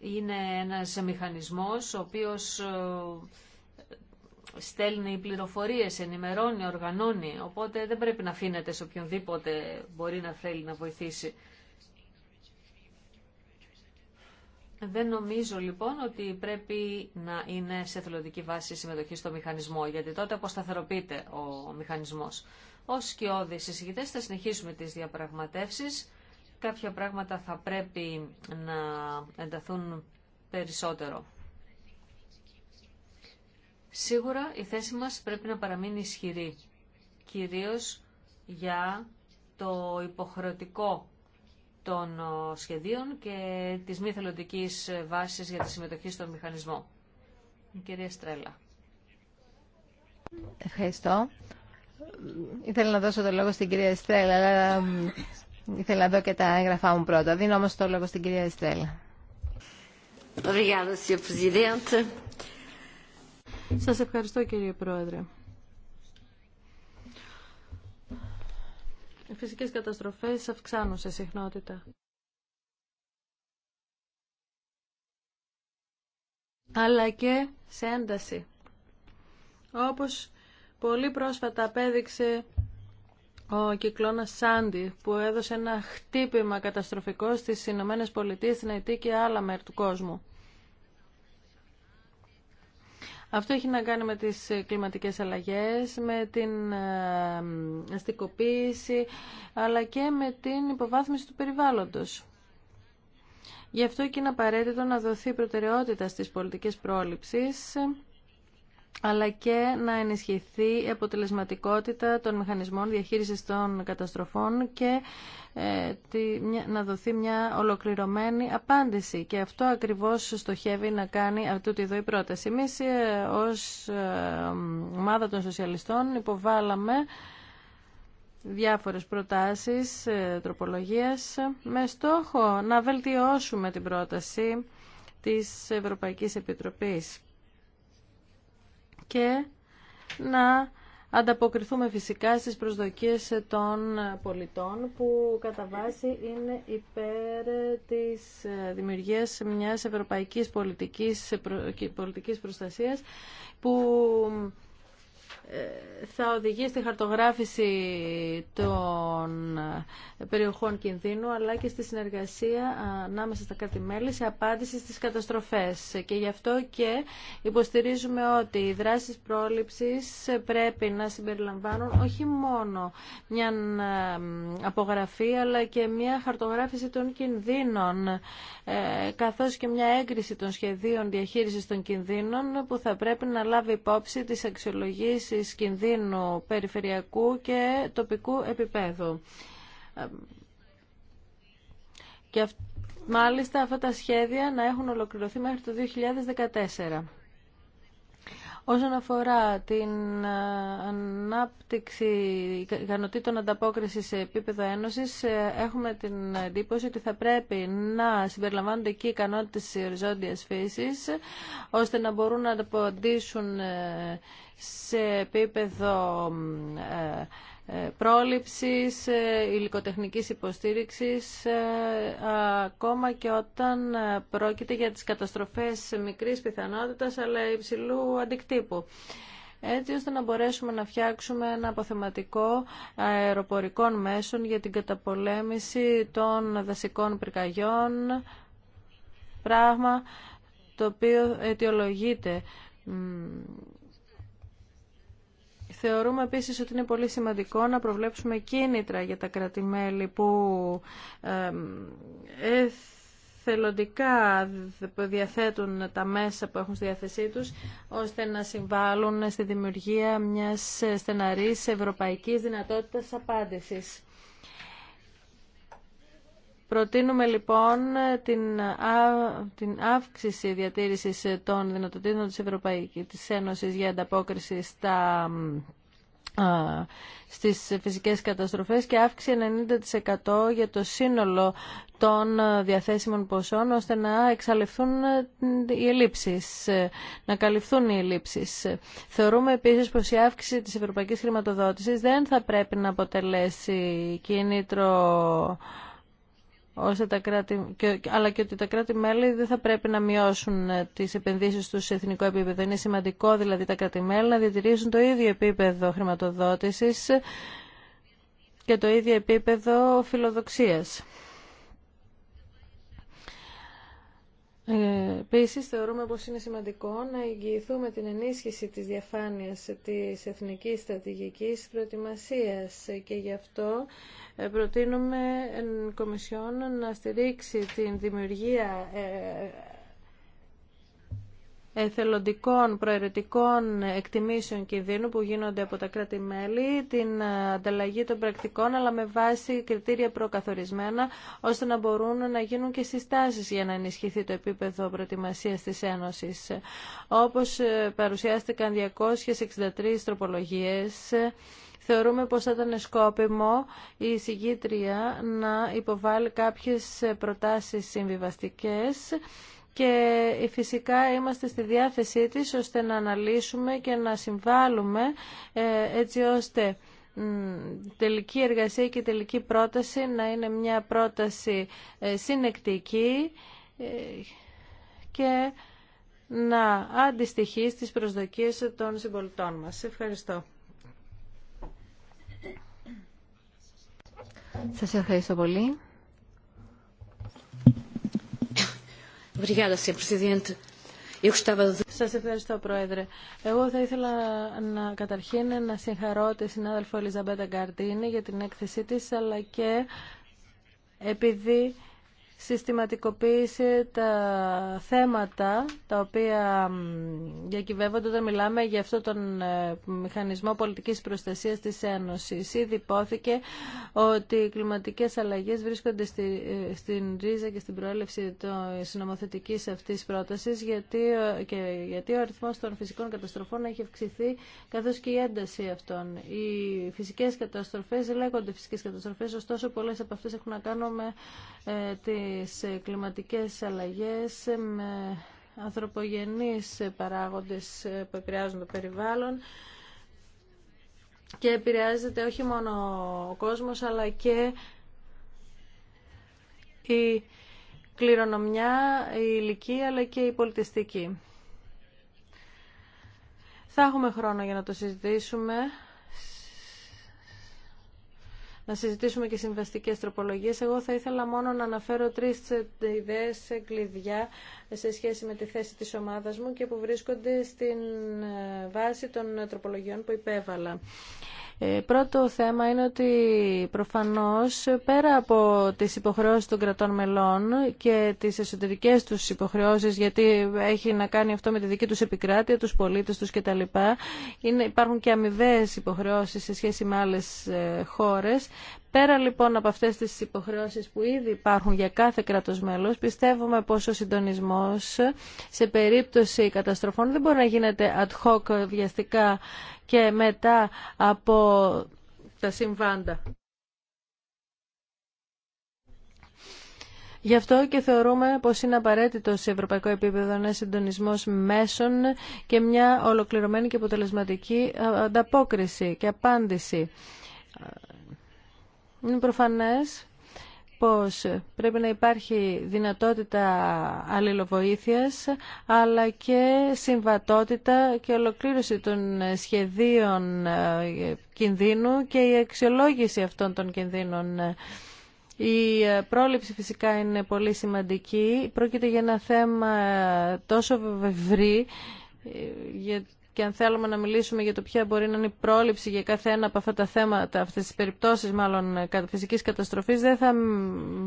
Είναι ένας μηχανισμός ο οποίος ε, στέλνει πληροφορίες, ενημερώνει, οργανώνει, οπότε δεν πρέπει να αφήνεται σε οποιονδήποτε μπορεί να θέλει να βοηθήσει. Δεν νομίζω λοιπόν ότι πρέπει να είναι σε θελοντική βάση συμμετοχή στο μηχανισμό, γιατί τότε αποσταθεροποιείται ο μηχανισμός. Ως σκιώδη εισηγητές θα συνεχίσουμε τις διαπραγματεύσεις. Κάποια πράγματα θα πρέπει να ενταθούν περισσότερο. Σίγουρα η θέση μας πρέπει να παραμείνει ισχυρή, κυρίως για το υποχρεωτικό των σχεδίων και της μη θελοντικής βάσης για τη συμμετοχή στον μηχανισμό. Η κυρία Στρέλα. Ευχαριστώ. Ήθελα να δώσω το λόγο στην κυρία Στρέλα, αλλά ήθελα να δω και τα έγγραφά μου πρώτα. Δίνω όμως το λόγο στην κυρία Στρέλα. Σας ευχαριστώ κύριε Πρόεδρε. Οι φυσικές καταστροφές αυξάνουν σε συχνότητα. αλλά και σε ένταση. Όπως πολύ πρόσφατα απέδειξε ο κυκλώνας Σάντι που έδωσε ένα χτύπημα καταστροφικό στις Ηνωμένε Πολιτείες, στην Αιτή και άλλα μέρη του κόσμου. Αυτό έχει να κάνει με τις ε, κλιματικές αλλαγές, με την ε, αστικοποίηση, αλλά και με την υποβάθμιση του περιβάλλοντος. Γι' αυτό και είναι απαραίτητο να δοθεί προτεραιότητα στις πολιτικές πρόληψεις αλλά και να ενισχυθεί η αποτελεσματικότητα των μηχανισμών διαχείρισης των καταστροφών και ε, να δοθεί μια ολοκληρωμένη απάντηση. Και αυτό ακριβώς στοχεύει να κάνει αυτού τη η πρόταση. Εμείς ε, ως ε, ομάδα των σοσιαλιστών υποβάλαμε διάφορες προτάσεις τροπολογίας με στόχο να βελτιώσουμε την πρόταση της Ευρωπαϊκής Επιτροπής και να ανταποκριθούμε φυσικά στις προσδοκίες των πολιτών που κατά βάση είναι υπέρ της δημιουργίας μιας ευρωπαϊκής πολιτικής, πολιτικής προστασίας που θα οδηγεί στη χαρτογράφηση των περιοχών κινδύνου αλλά και στη συνεργασία ανάμεσα στα κράτη-μέλη σε απάντηση στις καταστροφές. Και γι' αυτό και υποστηρίζουμε ότι οι δράσεις πρόληψης πρέπει να συμπεριλαμβάνουν όχι μόνο μια απογραφή αλλά και μια χαρτογράφηση των κινδύνων ε, καθώς και μια έγκριση των σχεδίων διαχείρισης των κινδύνων που θα πρέπει να λάβει υπόψη τις αξιολογήσεις ανάλυσης κινδύνου περιφερειακού και τοπικού επίπεδου. Και μάλιστα αυτά τα σχέδια να έχουν ολοκληρωθεί μέχρι το 2014. Όσον αφορά την ε, ανάπτυξη ικανοτήτων ανταπόκρισης σε επίπεδο ένωσης, ε, έχουμε την εντύπωση ότι θα πρέπει να συμπεριλαμβάνονται εκεί οι ικανότητες της οριζόντιας ώστε να μπορούν να ανταποντήσουν ε, σε επίπεδο ε, πρόληψης, ε, υλικοτεχνικής υποστήριξης, ε, ακόμα και όταν πρόκειται για τις καταστροφές μικρής πιθανότητας αλλά υψηλού αντικτύπου έτσι ώστε να μπορέσουμε να φτιάξουμε ένα αποθεματικό αεροπορικών μέσων για την καταπολέμηση των δασικών πυρκαγιών, πράγμα το οποίο αιτιολογείται Θεωρούμε επίσης ότι είναι πολύ σημαντικό να προβλέψουμε κίνητρα για τα κρατημέλη που θελοντικά διαθέτουν τα μέσα που έχουν στη διάθεσή τους ώστε να συμβάλλουν στη δημιουργία μιας στεναρής ευρωπαϊκής δυνατότητας απάντησης. Προτείνουμε λοιπόν την, α, την αύξηση διατήρησης των δυνατοτήτων της Ευρωπαϊκής της Ένωσης για ανταπόκριση στα στις φυσικές καταστροφές και αύξηση 90% για το σύνολο των διαθέσιμων ποσών ώστε να εξαλειφθούν οι ελλείψεις, να καλυφθούν οι ελλείψεις. Θεωρούμε επίσης πως η αύξηση της ευρωπαϊκής χρηματοδότησης δεν θα πρέπει να αποτελέσει κίνητρο τα κράτη, αλλά και ότι τα κράτη-μέλη δεν θα πρέπει να μειώσουν ε, τις επενδύσεις τους σε εθνικό επίπεδο. Είναι σημαντικό δηλαδή τα κράτη-μέλη να διατηρήσουν το ίδιο επίπεδο χρηματοδότησης και το ίδιο επίπεδο φιλοδοξίας. Επίση, θεωρούμε πως είναι σημαντικό να εγγυηθούμε την ενίσχυση της διαφάνειας της εθνικής στρατηγικής προετοιμασίας και γι' αυτό ε, προτείνουμε ε, Κομισιόν να στηρίξει την δημιουργία ε, εθελοντικών προαιρετικών εκτιμήσεων κινδύνου που γίνονται από τα κράτη-μέλη, την ανταλλαγή των πρακτικών, αλλά με βάση κριτήρια προκαθορισμένα, ώστε να μπορούν να γίνουν και συστάσεις για να ενισχυθεί το επίπεδο προετοιμασίας της Ένωσης. Όπως ε, παρουσιάστηκαν 263 τροπολογίες, θεωρούμε πως θα ήταν σκόπιμο η συγκήτρια να υποβάλει κάποιες προτάσεις συμβιβαστικές και φυσικά είμαστε στη διάθεσή της ώστε να αναλύσουμε και να συμβάλλουμε ε, έτσι ώστε τελική εργασία και τελική πρόταση να είναι μια πρόταση ε, συνεκτική ε, και να αντιστοιχεί στις προσδοκίες των συμπολιτών μας. Ευχαριστώ. Σας ευχαριστώ πολύ. Σας ευχαριστώ, Πρόεδρε. Εγώ θα ήθελα να, καταρχήν να συγχαρώ τη συνάδελφο Ελιζαμπέτα Γκαρντίνη για την έκθεσή της, αλλά και επειδή συστηματικοποίησε τα θέματα τα οποία διακυβεύονται όταν μιλάμε για αυτό τον ε, μηχανισμό πολιτικής προστασίας της Ένωσης. Ήδη υπόθηκε ότι οι κλιματικές αλλαγές βρίσκονται στη, ε, στην ρίζα και στην προέλευση της νομοθετικής αυτής πρότασης γιατί, ε, και, γιατί ο αριθμός των φυσικών καταστροφών έχει αυξηθεί καθώς και η ένταση αυτών. Οι φυσικές καταστροφές λέγονται φυσικές καταστροφές, ωστόσο πολλές από αυτές έχουν να κάνουν με τις ε, κλιματικές αλλαγές ε, με ανθρωπογενείς ε, παράγοντες που επηρεάζουν το περιβάλλον και επηρεάζεται όχι μόνο ο κόσμος αλλά και η κληρονομιά, η ηλικία αλλά και η πολιτιστική. Θα έχουμε χρόνο για να το συζητήσουμε να συζητήσουμε και συμβαστικές τροπολογίες. Εγώ θα ήθελα μόνο να αναφέρω τρεις ιδέες κλειδιά σε σχέση με τη θέση της ομάδας μου και που βρίσκονται στην ε, βάση των τροπολογιών που υπέβαλα. Ε, πρώτο θέμα είναι ότι προφανώς πέρα από τις υποχρεώσεις των κρατών μελών και τις εσωτερικές τους υποχρεώσεις γιατί έχει να κάνει αυτό με τη δική τους επικράτεια, τους πολίτες τους κτλ. Είναι, υπάρχουν και αμοιβέ υποχρεώσεις σε σχέση με άλλες ε, χώρες. Πέρα λοιπόν από αυτές τις υποχρεώσεις που ήδη υπάρχουν για κάθε κράτος μέλος, πιστεύουμε πως ο συντονισμός σε περίπτωση καταστροφών δεν μπορεί να γίνεται ad hoc βιαστικά και μετά από τα συμβάντα. Γι' αυτό και θεωρούμε πως είναι απαραίτητο σε ευρωπαϊκό επίπεδο ένα συντονισμός μέσων και μια ολοκληρωμένη και αποτελεσματική ανταπόκριση και απάντηση. Είναι προφανές πως πρέπει να υπάρχει δυνατότητα αλληλοβοήθειας αλλά και συμβατότητα και ολοκλήρωση των σχεδίων ε, κινδύνου και η αξιολόγηση αυτών των κινδύνων. Η ε, πρόληψη φυσικά είναι πολύ σημαντική. Πρόκειται για ένα θέμα ε, τόσο βευρύ και αν θέλουμε να μιλήσουμε για το ποια μπορεί να είναι η πρόληψη για κάθε ένα από αυτά τα θέματα, αυτές τις περιπτώσεις μάλλον ε, φυσικής καταστροφής, δεν θα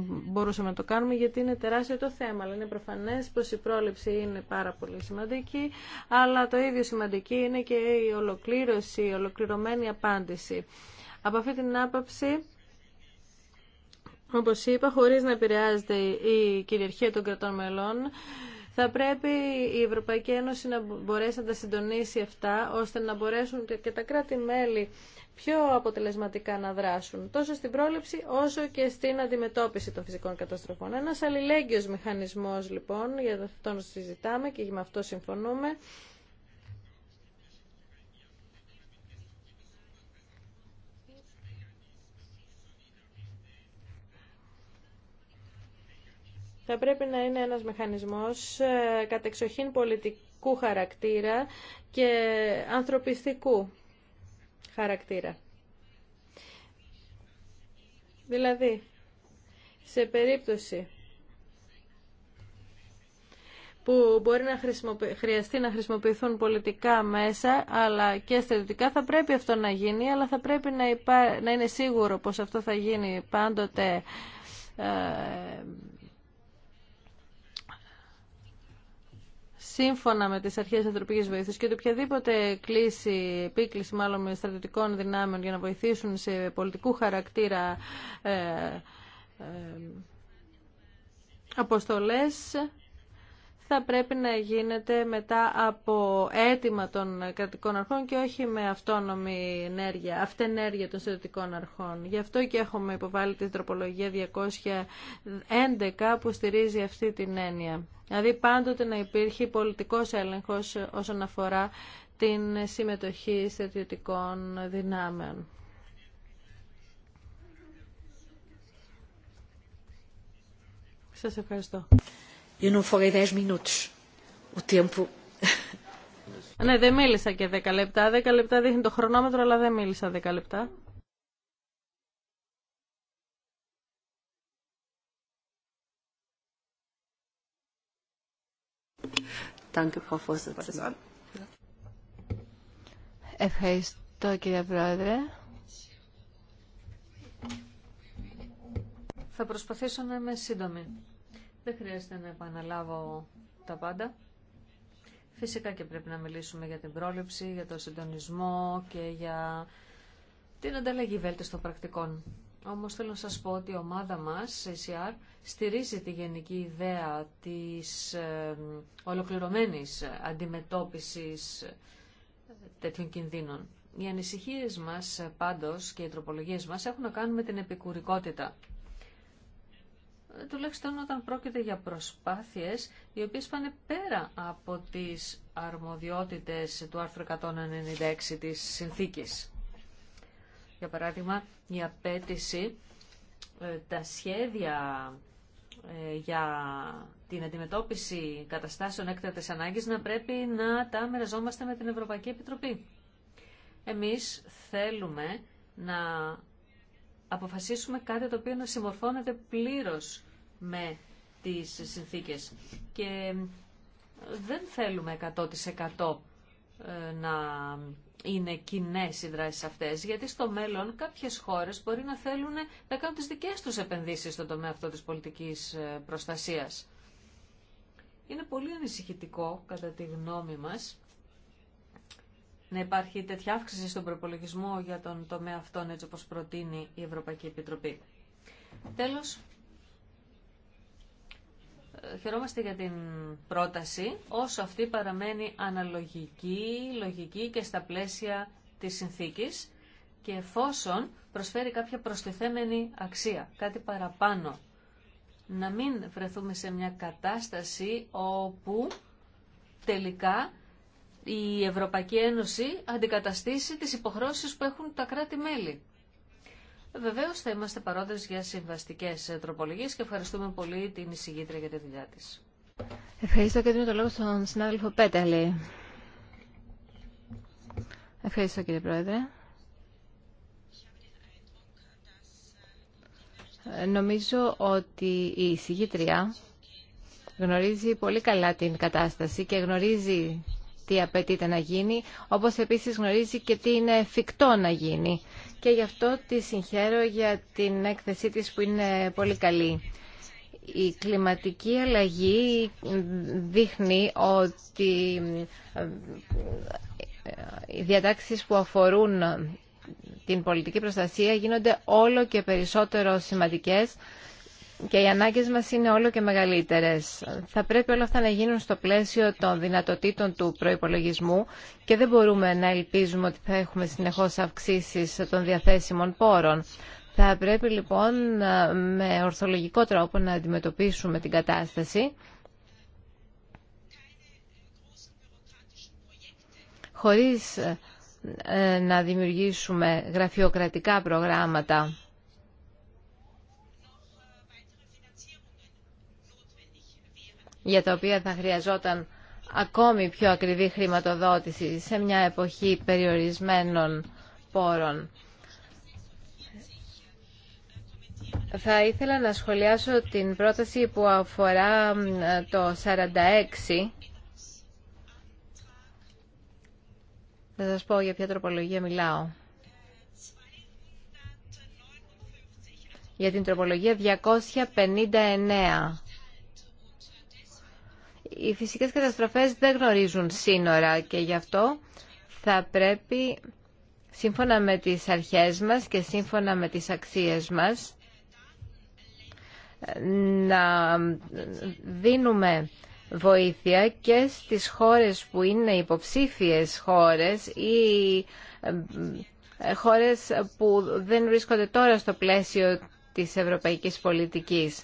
μπορούσαμε να το κάνουμε γιατί είναι τεράστιο το θέμα. Αλλά είναι προφανές πως η πρόληψη είναι πάρα πολύ σημαντική, αλλά το ίδιο σημαντική είναι και η ολοκλήρωση, η ολοκληρωμένη απάντηση. Από αυτή την άποψη, όπως είπα, χωρίς να επηρεάζεται η κυριαρχία των κρατών μελών, θα πρέπει η Ευρωπαϊκή Ένωση να μπορέσει να τα συντονίσει αυτά, ώστε να μπορέσουν και τα κράτη-μέλη πιο αποτελεσματικά να δράσουν, τόσο στην πρόληψη όσο και στην αντιμετώπιση των φυσικών καταστροφών. Ένας αλληλέγγυος μηχανισμός, λοιπόν, για αυτόν συζητάμε και με αυτό συμφωνούμε, θα πρέπει να είναι ένας μηχανισμός ε, κατεξοχήν πολιτικού χαρακτήρα και ανθρωπιστικού χαρακτήρα. Δηλαδή, σε περίπτωση που μπορεί να χρειαστεί να χρησιμοποιηθούν πολιτικά μέσα αλλά και στρατιωτικά θα πρέπει αυτό να γίνει αλλά θα πρέπει να, να είναι σίγουρο πως αυτό θα γίνει πάντοτε ε, σύμφωνα με τις αρχές ανθρωπικής βοήθειας και ότι οποιαδήποτε κλίση, επίκληση μάλλον με στρατιωτικών δυνάμεων για να βοηθήσουν σε πολιτικού χαρακτήρα ε, ε αποστολές πρέπει να γίνεται μετά από αίτημα των κρατικών αρχών και όχι με αυτόνομη ενέργεια, αυτενέργεια των στρατιωτικών αρχών. Γι' αυτό και έχουμε υποβάλει την τροπολογία 211 που στηρίζει αυτή την έννοια. Δηλαδή πάντοτε να υπήρχε πολιτικός έλεγχος όσον αφορά την συμμετοχή στρατιωτικών δυνάμεων. Σας ευχαριστώ. Eu Ναι, δεν μίλησα και 10 λεπτά. 10 λεπτά δείχνει το χρονόμετρο, αλλά δεν μίλησα 10 λεπτά. Ευχαριστώ, κύριε Πρόεδρε. Θα προσπαθήσω να είμαι σύντομη. Δεν χρειάζεται να επαναλάβω τα πάντα. Φυσικά και πρέπει να μιλήσουμε για την πρόληψη, για το συντονισμό και για την ανταλλαγή των πρακτικών. Όμως θέλω να σας πω ότι η ομάδα μας, CCR, στηρίζει τη γενική ιδέα της ολοκληρωμένης αντιμετώπισης ε, τέτοιων κινδύνων. Οι ανησυχίες μας ε, πάντως και οι τροπολογίες μας έχουν να κάνουν με την επικουρικότητα τουλάχιστον όταν πρόκειται για προσπάθειες οι οποίες πάνε πέρα από τις αρμοδιότητες του άρθρου 196 της συνθήκης. Για παράδειγμα, η απέτηση, ε, τα σχέδια ε, για την αντιμετώπιση καταστάσεων έκτακτης ανάγκης να πρέπει να τα μοιραζόμαστε με την Ευρωπαϊκή Επιτροπή. Εμείς θέλουμε να αποφασίσουμε κάτι το οποίο να συμμορφώνεται πλήρως με τις συνθήκες. Και δεν θέλουμε 100% ε, να είναι κοινέ οι δράσει αυτέ, γιατί στο μέλλον κάποιε χώρε μπορεί να θέλουν να κάνουν τι δικέ του επενδύσει στον τομέα αυτό τη πολιτική ε, προστασία. Είναι πολύ ανησυχητικό, κατά τη γνώμη μας, να υπάρχει τέτοια αύξηση στον προπολογισμό για τον τομέα αυτόν έτσι όπως προτείνει η Ευρωπαϊκή Επιτροπή. Τέλος, ε, χαιρόμαστε για την πρόταση όσο αυτή παραμένει αναλογική, λογική και στα πλαίσια της συνθήκης και εφόσον προσφέρει κάποια προστιθέμενη αξία, κάτι παραπάνω. Να μην βρεθούμε σε μια κατάσταση όπου τελικά η Ευρωπαϊκή Ένωση αντικαταστήσει τις υποχρώσεις που έχουν τα κράτη-μέλη. Βεβαίως θα είμαστε παρόντες για συμβαστικές τροπολογίες και ευχαριστούμε πολύ την εισηγήτρια για τη δουλειά της. Ευχαριστώ και δίνω το λόγο στον συνάδελφο Πέταλη. Ευχαριστώ κύριε Πρόεδρε. Νομίζω ότι η εισηγήτρια γνωρίζει πολύ καλά την κατάσταση και γνωρίζει τι απαιτείται να γίνει, όπως επίσης γνωρίζει και τι είναι εφικτό να γίνει. Και γι' αυτό τη συγχαίρω για την έκθεσή της που είναι πολύ καλή. Η κλιματική αλλαγή δείχνει ότι ε, οι διατάξεις που αφορούν την πολιτική προστασία γίνονται όλο και περισσότερο σημαντικές και οι ανάγκε μας είναι όλο και μεγαλύτερες. Θα πρέπει όλα αυτά να γίνουν στο πλαίσιο των δυνατοτήτων του προπολογισμού και δεν μπορούμε να ελπίζουμε ότι θα έχουμε συνεχώς αυξήσεις των διαθέσιμων πόρων. Θα πρέπει λοιπόν με ορθολογικό τρόπο να αντιμετωπίσουμε την κατάσταση χωρίς ε, να δημιουργήσουμε γραφειοκρατικά προγράμματα για τα οποία θα χρειαζόταν ακόμη πιο ακριβή χρηματοδότηση σε μια εποχή περιορισμένων πόρων. Θα ήθελα να σχολιάσω την πρόταση που αφορά το 46. Θα σας πω για ποια τροπολογία μιλάω. Για την τροπολογία 259 οι φυσικές καταστροφές δεν γνωρίζουν σύνορα και γι' αυτό θα πρέπει σύμφωνα με τις αρχές μας και σύμφωνα με τις αξίες μας να δίνουμε βοήθεια και στις χώρες που είναι υποψήφιες χώρες ή ε, χώρες που δεν βρίσκονται τώρα στο πλαίσιο της ευρωπαϊκής πολιτικής.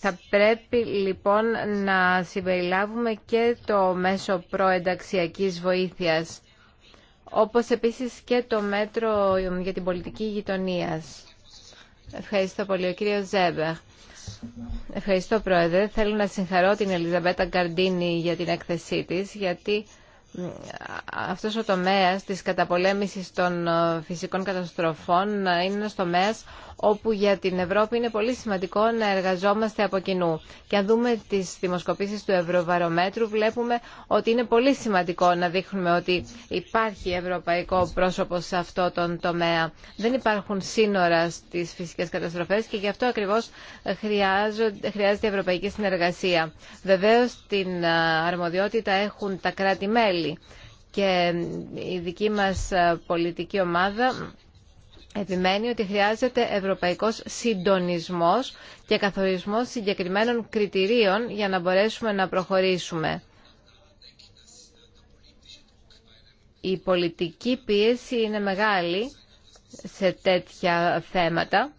Θα πρέπει λοιπόν να συμπεριλάβουμε και το μέσο προενταξιακής βοήθειας, όπως επίσης και το μέτρο για την πολιτική γειτονίας. Ευχαριστώ πολύ. Ο κύριος Ζέμπερ. Ευχαριστώ, Πρόεδρε. Θέλω να συγχαρώ την Ελιζαμπέτα Γκαρντίνη για την έκθεσή της, γιατί αυτός ο τομέας της καταπολέμησης των ε, φυσικών καταστροφών ε, είναι ένας τομέας όπου για την Ευρώπη είναι πολύ σημαντικό να εργαζόμαστε από κοινού. Και αν δούμε τις δημοσκοπήσεις του Ευρωβαρομέτρου βλέπουμε ότι είναι πολύ σημαντικό να δείχνουμε ότι υπάρχει ευρωπαϊκό πρόσωπο σε αυτό τον τομέα. Δεν υπάρχουν σύνορα στις φυσικές καταστροφές και γι' αυτό ακριβώς χρειάζεται ευρωπαϊκή συνεργασία. Βεβαίως την ε, αρμοδιότητα έχουν τα κράτη-μέλη και η δική μας ε, πολιτική ομάδα επιμένει ότι χρειάζεται ευρωπαϊκός συντονισμός και καθορισμός συγκεκριμένων κριτηρίων για να μπορέσουμε να προχωρήσουμε. Η πολιτική πίεση είναι μεγάλη σε τέτοια θέματα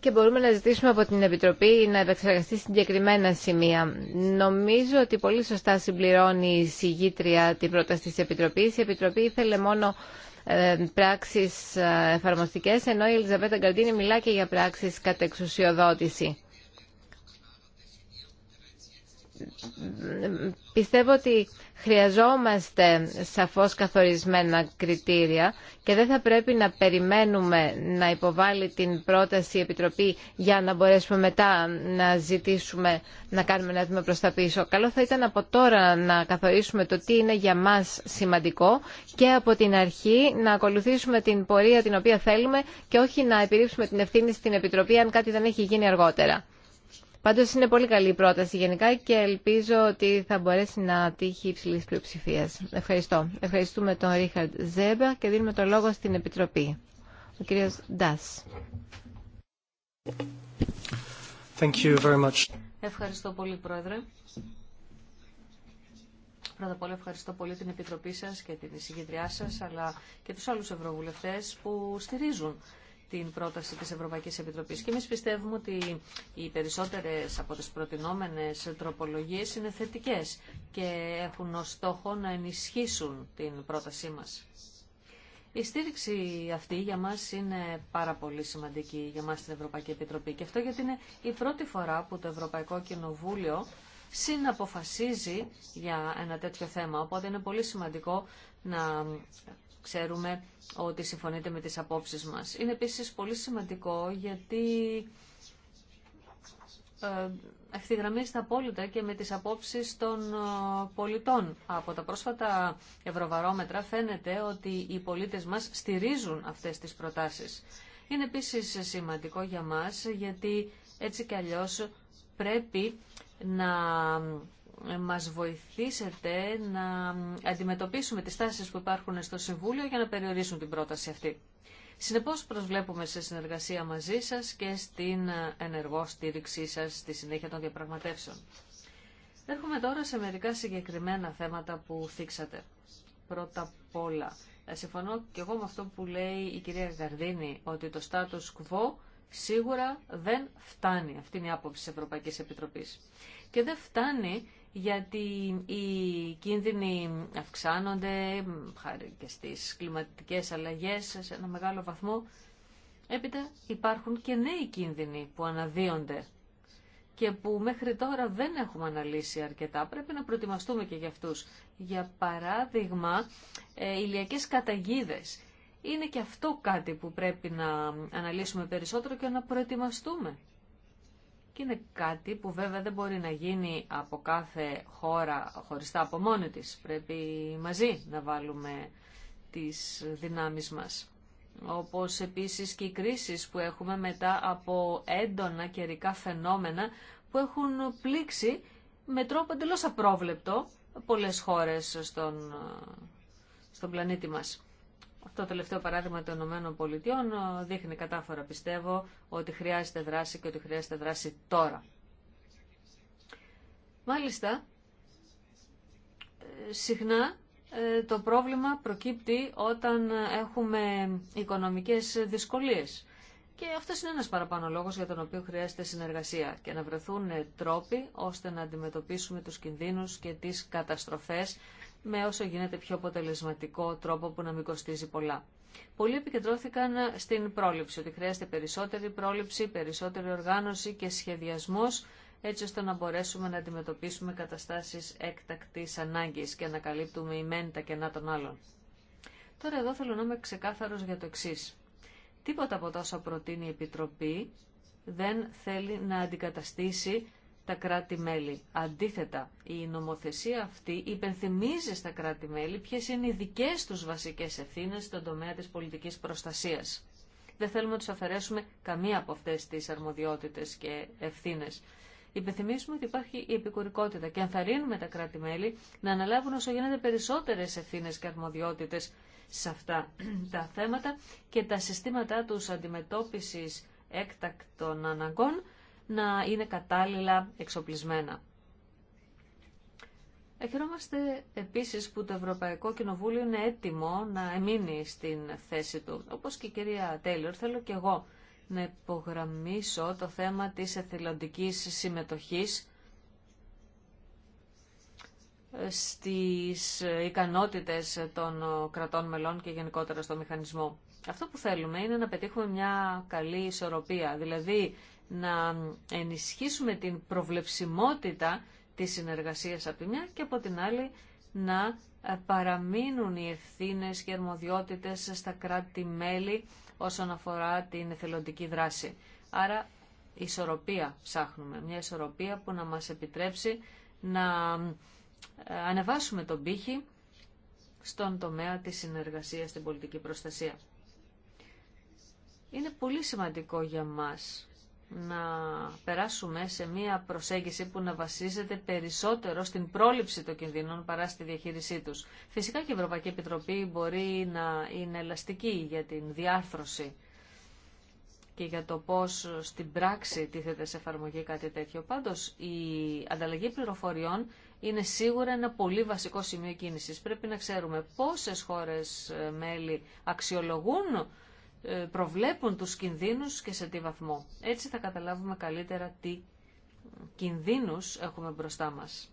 και μπορούμε να ζητήσουμε από την Επιτροπή να επεξεργαστεί συγκεκριμένα σημεία. Νομίζω ότι πολύ σωστά συμπληρώνει η συγγήτρια την πρόταση της Επιτροπής. Η Επιτροπή ήθελε μόνο ε, πράξεις ε, εφαρμοστικές, ενώ η Ελιζαβέτα Γκαρντίνη μιλά και για πράξεις κατεξουσιοδότηση πιστεύω ότι χρειαζόμαστε σαφώς καθορισμένα κριτήρια και δεν θα πρέπει να περιμένουμε να υποβάλει την πρόταση η Επιτροπή για να μπορέσουμε μετά να ζητήσουμε να κάνουμε ένα βήμα προς τα πίσω. Καλό θα ήταν από τώρα να καθορίσουμε το τι είναι για μας σημαντικό και από την αρχή να ακολουθήσουμε την πορεία την οποία θέλουμε και όχι να επιρρύψουμε την ευθύνη στην Επιτροπή αν κάτι δεν έχει γίνει αργότερα. Πάντω είναι πολύ καλή η πρόταση γενικά και ελπίζω ότι θα μπορέσει να τύχει υψηλή πλειοψηφία. Ευχαριστώ. Ευχαριστούμε τον Ρίχαρντ Ζέμπα και δίνουμε το λόγο στην Επιτροπή. Ο κύριο Ντά. Ευχαριστώ πολύ, Πρόεδρε. Πρώτα απ' όλα ευχαριστώ πολύ την Επιτροπή σας και την εισηγητριά σας, αλλά και τους άλλους ευρωβουλευτές που στηρίζουν την πρόταση της Ευρωπαϊκής Επιτροπής. Και εμείς πιστεύουμε ότι οι περισσότερες από τις προτινόμενες τροπολογίες είναι θετικές και έχουν ως στόχο να ενισχύσουν την πρότασή μας. Η στήριξη αυτή για μας είναι πάρα πολύ σημαντική για μας την Ευρωπαϊκή Επιτροπή και αυτό γιατί είναι η πρώτη φορά που το Ευρωπαϊκό Κοινοβούλιο συναποφασίζει για ένα τέτοιο θέμα. Οπότε είναι πολύ σημαντικό να ξέρουμε ότι συμφωνείτε με τις απόψεις μας. Είναι επίσης πολύ σημαντικό γιατί ε, ευθυγραμμίζεται απόλυτα και με τις απόψεις των ε, πολιτών. Από τα πρόσφατα ευρωβαρόμετρα φαίνεται ότι οι πολίτες μας στηρίζουν αυτές τις προτάσεις. Είναι επίσης σημαντικό για μας γιατί έτσι κι αλλιώς πρέπει να μας βοηθήσετε να αντιμετωπίσουμε τις τάσεις που υπάρχουν στο Συμβούλιο για να περιορίσουν την πρόταση αυτή. Συνεπώς προσβλέπουμε σε συνεργασία μαζί σας και στην ενεργό στήριξή σας στη συνέχεια των διαπραγματεύσεων. Έρχομαι τώρα σε μερικά συγκεκριμένα θέματα που θίξατε. Πρώτα απ' όλα, ε, συμφωνώ και εγώ με αυτό που λέει η κυρία Γαρδίνη, ότι το status quo σίγουρα δεν φτάνει. Αυτή είναι η άποψη της Ευρωπαϊκής Επιτροπής. Και δεν φτάνει γιατί οι κίνδυνοι αυξάνονται χάρη και στις κλιματικές αλλαγές σε ένα μεγάλο βαθμό. Έπειτα υπάρχουν και νέοι κίνδυνοι που αναδύονται και που μέχρι τώρα δεν έχουμε αναλύσει αρκετά. Πρέπει να προετοιμαστούμε και για αυτούς. Για παράδειγμα, ε, ηλιακές καταγίδες. Είναι και αυτό κάτι που πρέπει να αναλύσουμε περισσότερο και να προετοιμαστούμε. Και είναι κάτι που βέβαια δεν μπορεί να γίνει από κάθε χώρα χωριστά από μόνη της. Πρέπει μαζί να βάλουμε τις δυνάμεις μας. Όπως επίσης και οι κρίσεις που έχουμε μετά από έντονα καιρικά φαινόμενα που έχουν πλήξει με τρόπο εντελώς απρόβλεπτο πολλές χώρες στον, στον πλανήτη μας. Το τελευταίο παράδειγμα των Ηνωμένων Πολιτειών ε, δείχνει κατάφορα, πιστεύω, ότι χρειάζεται δράση και ότι χρειάζεται δράση τώρα. Μάλιστα, ε, συχνά ε, το πρόβλημα προκύπτει όταν έχουμε οικονομικές δυσκολίες. Και αυτό είναι ένας παραπάνω λόγος για τον οποίο χρειάζεται συνεργασία και να βρεθούν τρόποι ώστε να αντιμετωπίσουμε τους κινδύνους και τις καταστροφές με όσο γίνεται πιο αποτελεσματικό τρόπο που να μην κοστίζει πολλά. Πολλοί επικεντρώθηκαν στην πρόληψη, ότι χρειάζεται περισσότερη πρόληψη, περισσότερη οργάνωση και σχεδιασμός έτσι ώστε να μπορέσουμε να αντιμετωπίσουμε καταστάσεις έκτακτης ανάγκης και να καλύπτουμε ημέν τα κενά των άλλων. Τώρα εδώ θέλω να είμαι ξεκάθαρος για το εξή. Τίποτα από τόσα προτείνει η Επιτροπή δεν θέλει να αντικαταστήσει τα κράτη-μέλη. Αντίθετα, η νομοθεσία αυτή υπενθυμίζει στα κράτη-μέλη ποιε είναι οι δικέ του βασικέ ευθύνε στον τομέα τη πολιτική προστασία. Δεν θέλουμε να του αφαιρέσουμε καμία από αυτέ τι αρμοδιότητε και ευθύνε. Υπενθυμίζουμε ότι υπάρχει η επικουρικότητα και ενθαρρύνουμε τα κράτη-μέλη να αναλάβουν όσο γίνεται περισσότερε ευθύνε και αρμοδιότητε σε αυτά τα θέματα και τα συστήματά τους αντιμετώπισης έκτακτων αναγκών να είναι κατάλληλα εξοπλισμένα. Εχειρόμαστε επίσης που το Ευρωπαϊκό Κοινοβούλιο είναι έτοιμο να εμείνει στην θέση του. Όπως και η κυρία Τέιλορ, θέλω και εγώ να υπογραμμίσω το θέμα της εθελοντικής συμμετοχής ε, στις ικανότητες των κρατών μελών και γενικότερα στο μηχανισμό. Αυτό που θέλουμε είναι να πετύχουμε μια καλή ισορροπία, δηλαδή να ενισχύσουμε την προβλεψιμότητα της συνεργασίας από τη μια και από την άλλη να παραμείνουν οι ευθύνε και αρμοδιότητες στα κράτη-μέλη όσον αφορά την εθελοντική δράση. Άρα ισορροπία ψάχνουμε, μια ισορροπία που να μας επιτρέψει να ε, ανεβάσουμε τον πύχη στον τομέα της συνεργασίας στην πολιτική προστασία. Είναι πολύ σημαντικό για μας να περάσουμε σε μία προσέγγιση που να βασίζεται περισσότερο στην πρόληψη των κινδύνων παρά στη διαχείρισή τους. Φυσικά και η Ευρωπαϊκή Επιτροπή μπορεί να είναι ελαστική για την διάρθρωση και για το πώς στην πράξη τίθεται σε εφαρμογή κάτι τέτοιο. Πάντως, η ανταλλαγή πληροφοριών είναι σίγουρα ένα πολύ βασικό σημείο κίνησης. Πρέπει να ξέρουμε πόσες χώρες ε, μέλη αξιολογούν ε, προβλέπουν τους κινδύνους και σε τι βαθμό. Έτσι θα καταλάβουμε καλύτερα τι κινδύνους έχουμε μπροστά μας.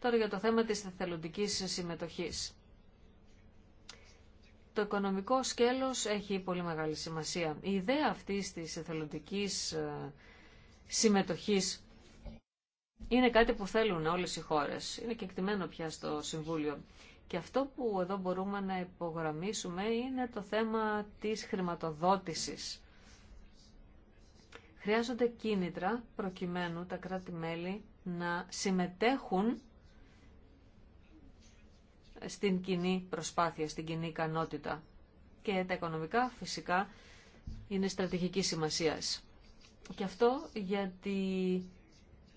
Τώρα για το θέμα της εθελοντικής συμμετοχής. Το οικονομικό σκέλος έχει πολύ μεγάλη σημασία. Η ιδέα αυτής της εθελοντικής ε, συμμετοχής είναι κάτι που θέλουν όλες οι χώρες. Είναι κεκτημένο πια στο Συμβούλιο. Και αυτό που εδώ μπορούμε να υπογραμμίσουμε είναι το θέμα της χρηματοδότησης. Χρειάζονται κίνητρα προκειμένου τα κράτη-μέλη να συμμετέχουν στην κοινή προσπάθεια, στην κοινή ικανότητα. Και τα οικονομικά φυσικά είναι στρατηγική σημασίας. Και αυτό γιατί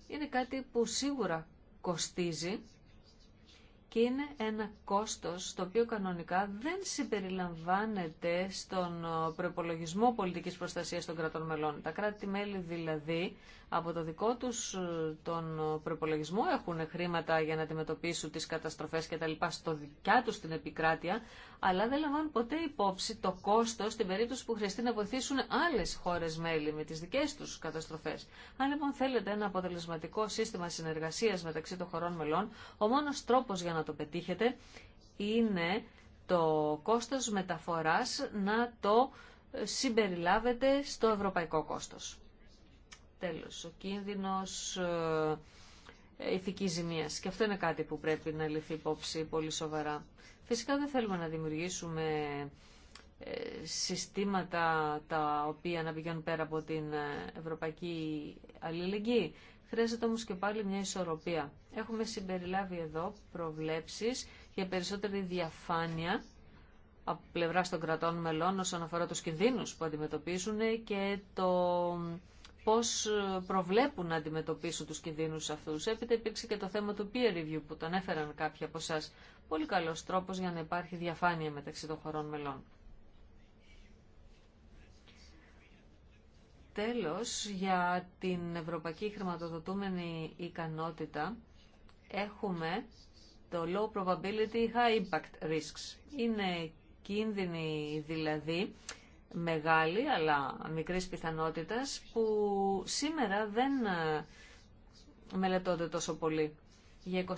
είναι κάτι που σίγουρα κοστίζει και είναι ένα κόστος το οποίο κανονικά δεν συμπεριλαμβάνεται στον ε, προπολογισμό πολιτικής προστασίας των κρατών μελών. Τα κράτη-μέλη δηλαδή από το δικό τους ε, τον προπολογισμό, έχουν χρήματα για να αντιμετωπίσουν τις καταστροφές και τα λοιπά στο δικιά τους την επικράτεια, αλλά δεν λαμβάνουν ποτέ υπόψη το κόστος στην περίπτωση που χρειαστεί να βοηθήσουν άλλες χώρες μέλη με τις δικές τους καταστροφές. Αν λοιπόν θέλετε ένα αποτελεσματικό σύστημα συνεργασίας μεταξύ των χωρών μελών, ο μόνος τρόπος για να το πετύχετε είναι το κόστος μεταφοράς να το συμπεριλάβετε στο ευρωπαϊκό κόστος τέλος, ο κίνδυνος ε, ηθικής ζημίας. Και αυτό είναι κάτι που πρέπει να ληφθεί υπόψη πολύ σοβαρά. Φυσικά δεν θέλουμε να δημιουργήσουμε ε, συστήματα τα οποία να πηγαίνουν πέρα από την ε, ευρωπαϊκή αλληλεγγύη. Χρειάζεται όμως και πάλι μια ισορροπία. Έχουμε συμπεριλάβει εδώ προβλέψεις για περισσότερη διαφάνεια από πλευρά των κρατών μελών όσον αφορά τους κινδύνους που αντιμετωπίζουν και το πώς ε, προβλέπουν να αντιμετωπίσουν τους κινδύνους αυτούς. Έπειτα υπήρξε και το θέμα του peer review που τον έφεραν κάποιοι από εσά. Πολύ καλός τρόπος για να υπάρχει διαφάνεια μεταξύ των χωρών μελών. Τέλος, για την ευρωπαϊκή χρηματοδοτούμενη ικανότητα έχουμε το low probability high impact risks. Είναι κίνδυνοι δηλαδή μεγάλη αλλά μικρής πιθανότητας που σήμερα δεν ε, μελετώνται τόσο πολύ. Για 27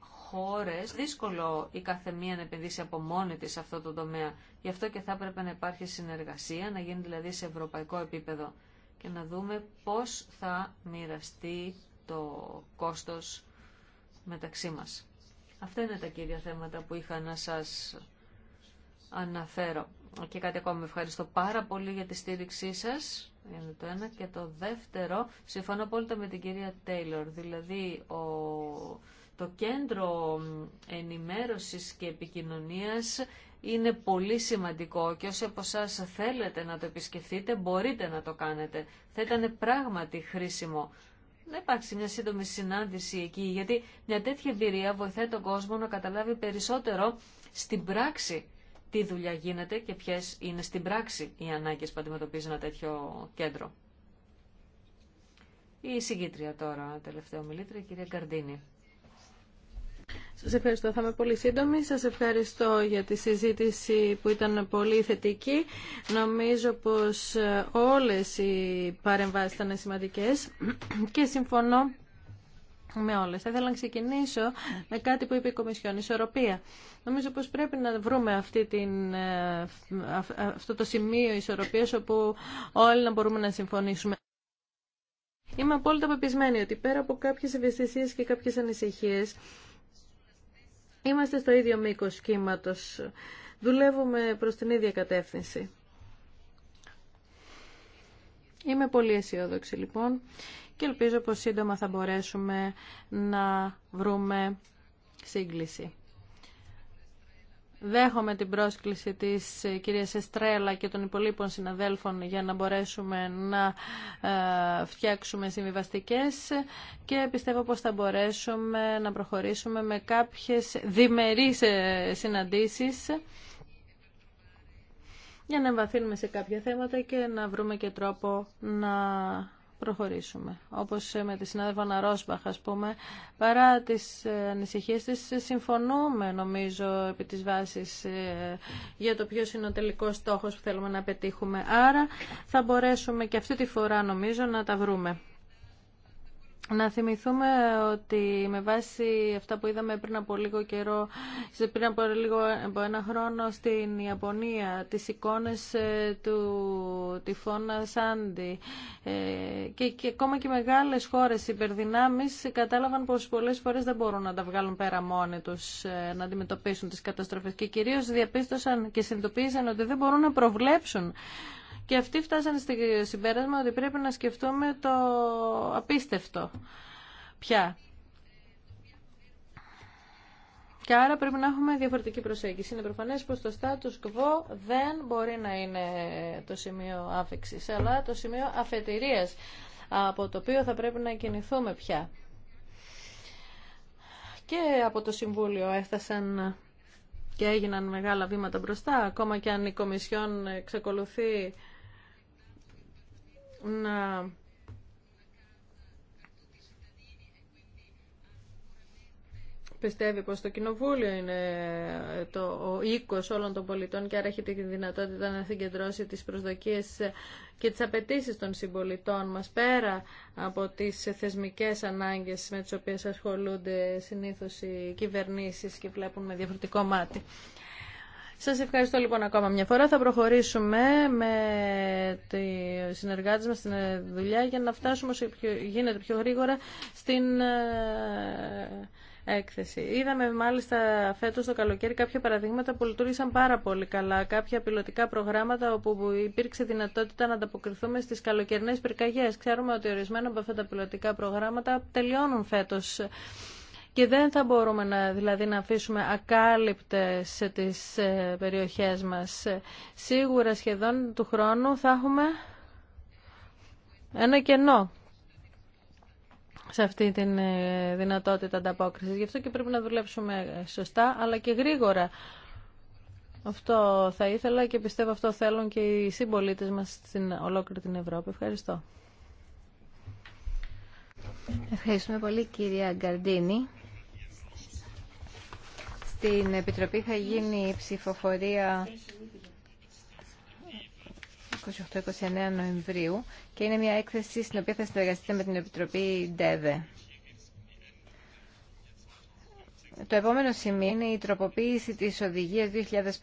χώρες δύσκολο η καθεμία να επενδύσει από μόνη της σε αυτό το τομέα. Γι' αυτό και θα έπρεπε να υπάρχει συνεργασία, να γίνει δηλαδή σε ευρωπαϊκό επίπεδο και να δούμε πώς θα μοιραστεί το κόστος μεταξύ μας. Αυτά είναι τα κύρια θέματα που είχα να σας αναφέρω. Και κάτι ακόμα ευχαριστώ πάρα πολύ για τη στήριξή σας. Είναι το ένα. Και το δεύτερο, συμφωνώ απόλυτα με την κυρία Τέιλορ. Δηλαδή, το κέντρο ενημέρωσης και επικοινωνίας είναι πολύ σημαντικό και όσοι από εσά θέλετε να το επισκεφτείτε μπορείτε να το κάνετε. Θα ήταν πράγματι χρήσιμο να υπάρξει μια σύντομη συνάντηση εκεί, γιατί μια τέτοια εμπειρία βοηθάει τον κόσμο να καταλάβει περισσότερο στην πράξη τι δουλειά γίνεται και ποιε είναι στην πράξη οι ανάγκε που αντιμετωπίζει ένα τέτοιο κέντρο. Η συγκίτρια τώρα, τελευταία μιλήτρια, η κυρία Καρδίνη. Σα ευχαριστώ. Θα είμαι πολύ σύντομη. σα ευχαριστώ για τη συζήτηση που ήταν πολύ θετική. Νομίζω πω ε, όλε οι παρεμβάσει ήταν σημαντικές και συμφωνώ με όλες. Θα ήθελα να ξεκινήσω με κάτι που είπε η Κομισιόν, ισορροπία. Νομίζω πως πρέπει να βρούμε αυτή την, ε, ε, ε, αυτό το σημείο ισορροπίας όπου όλοι να μπορούμε να συμφωνήσουμε. Είμαι απόλυτα πεπισμένη ότι πέρα από κάποιες ευαισθησίες και κάποιες ανησυχίες είμαστε στο ίδιο μήκος κύματος. Δουλεύουμε προς την ίδια κατεύθυνση. Είμαι πολύ αισιόδοξη λοιπόν και ελπίζω πως σύντομα θα μπορέσουμε να βρούμε σύγκληση. Δέχομαι την πρόσκληση της ε, κυρίας Εστρέλα και των υπολείπων συναδέλφων για να μπορέσουμε να ε, φτιάξουμε συμβιβαστικές και πιστεύω πως θα μπορέσουμε να προχωρήσουμε με κάποιες διμερείς ε, συναντήσεις για να εμβαθύνουμε σε κάποια θέματα και να βρούμε και τρόπο να προχωρήσουμε. Όπως ε, με τη συνάδελφα Ναρόσμπαχ, ας πούμε, παρά τις ε, ανησυχίες της, ε, συμφωνούμε, νομίζω, επί της βάσης για το ποιος είναι ο τελικός στόχος που θέλουμε να πετύχουμε. Άρα θα μπορέσουμε και αυτή τη φορά, νομίζω, να τα βρούμε να θυμηθούμε ότι με βάση αυτά που είδαμε πριν από λίγο καιρό, πριν από λίγο ένα χρόνο στην Ιαπωνία, τις εικόνες ε, του τυφώνα Σάντι ε, και, και ακόμα και μεγάλες χώρες υπερδυνάμεις κατάλαβαν πως πολλές φορές δεν μπορούν να τα βγάλουν πέρα μόνοι τους ε, να αντιμετωπίσουν τις καταστροφές και κυρίως διαπίστωσαν και συνειδητοποίησαν ότι δεν μπορούν να προβλέψουν και αυτοί φτάσανε στο συμπέρασμα ότι πρέπει να σκεφτούμε το απίστευτο πια. Και άρα πρέπει να έχουμε διαφορετική προσέγγιση. Είναι προφανέ πω το status quo δεν μπορεί να είναι το σημείο άφηξη, αλλά το σημείο αφετηρία από το οποίο θα πρέπει να κινηθούμε πια. Και από το Συμβούλιο έφτασαν και έγιναν μεγάλα βήματα μπροστά, ακόμα και αν η Κομισιόν εξακολουθεί να πιστεύει πως το κοινοβούλιο είναι το, ο οίκος όλων των πολιτών και άρα έχει τη δυνατότητα να συγκεντρώσει τις προσδοκίες και τις απαιτήσει των συμπολιτών μας πέρα από τις θεσμικές ανάγκες με τις οποίες ασχολούνται συνήθως οι κυβερνήσεις και βλέπουν με διαφορετικό μάτι. Σας ευχαριστώ λοιπόν ακόμα μια φορά. Θα προχωρήσουμε με τη συνεργάτη μα στην δουλειά για να φτάσουμε όσο γίνεται πιο γρήγορα στην ε, έκθεση. Είδαμε μάλιστα φέτος το καλοκαίρι κάποια παραδείγματα που λειτουργήσαν πάρα πολύ καλά, κάποια πιλωτικά προγράμματα όπου υπήρξε δυνατότητα να ανταποκριθούμε στις καλοκαιρινές πυρκαγιές. Ξέρουμε ότι ορισμένα από αυτά τα πιλωτικά προγράμματα τελειώνουν φέτος και δεν θα μπορούμε να, δηλαδή να αφήσουμε ακάλυπτες τις ε, περιοχές μας. Σίγουρα σχεδόν του χρόνου θα έχουμε ένα κενό σε αυτή την ε, δυνατότητα ανταπόκρισης. Γι' αυτό και πρέπει να δουλέψουμε σωστά αλλά και γρήγορα. Αυτό θα ήθελα και πιστεύω αυτό θέλουν και οι συμπολίτε μας στην ολόκληρη την Ευρώπη. Ευχαριστώ. Ευχαριστούμε πολύ κυρία Γκαρντίνη στην Επιτροπή θα γίνει η ψηφοφορία 28-29 Νοεμβρίου και είναι μια έκθεση στην οποία θα συνεργαστείτε με την Επιτροπή ΔΕΔΕ. Το επόμενο σημείο είναι η τροποποίηση της Οδηγίας 2536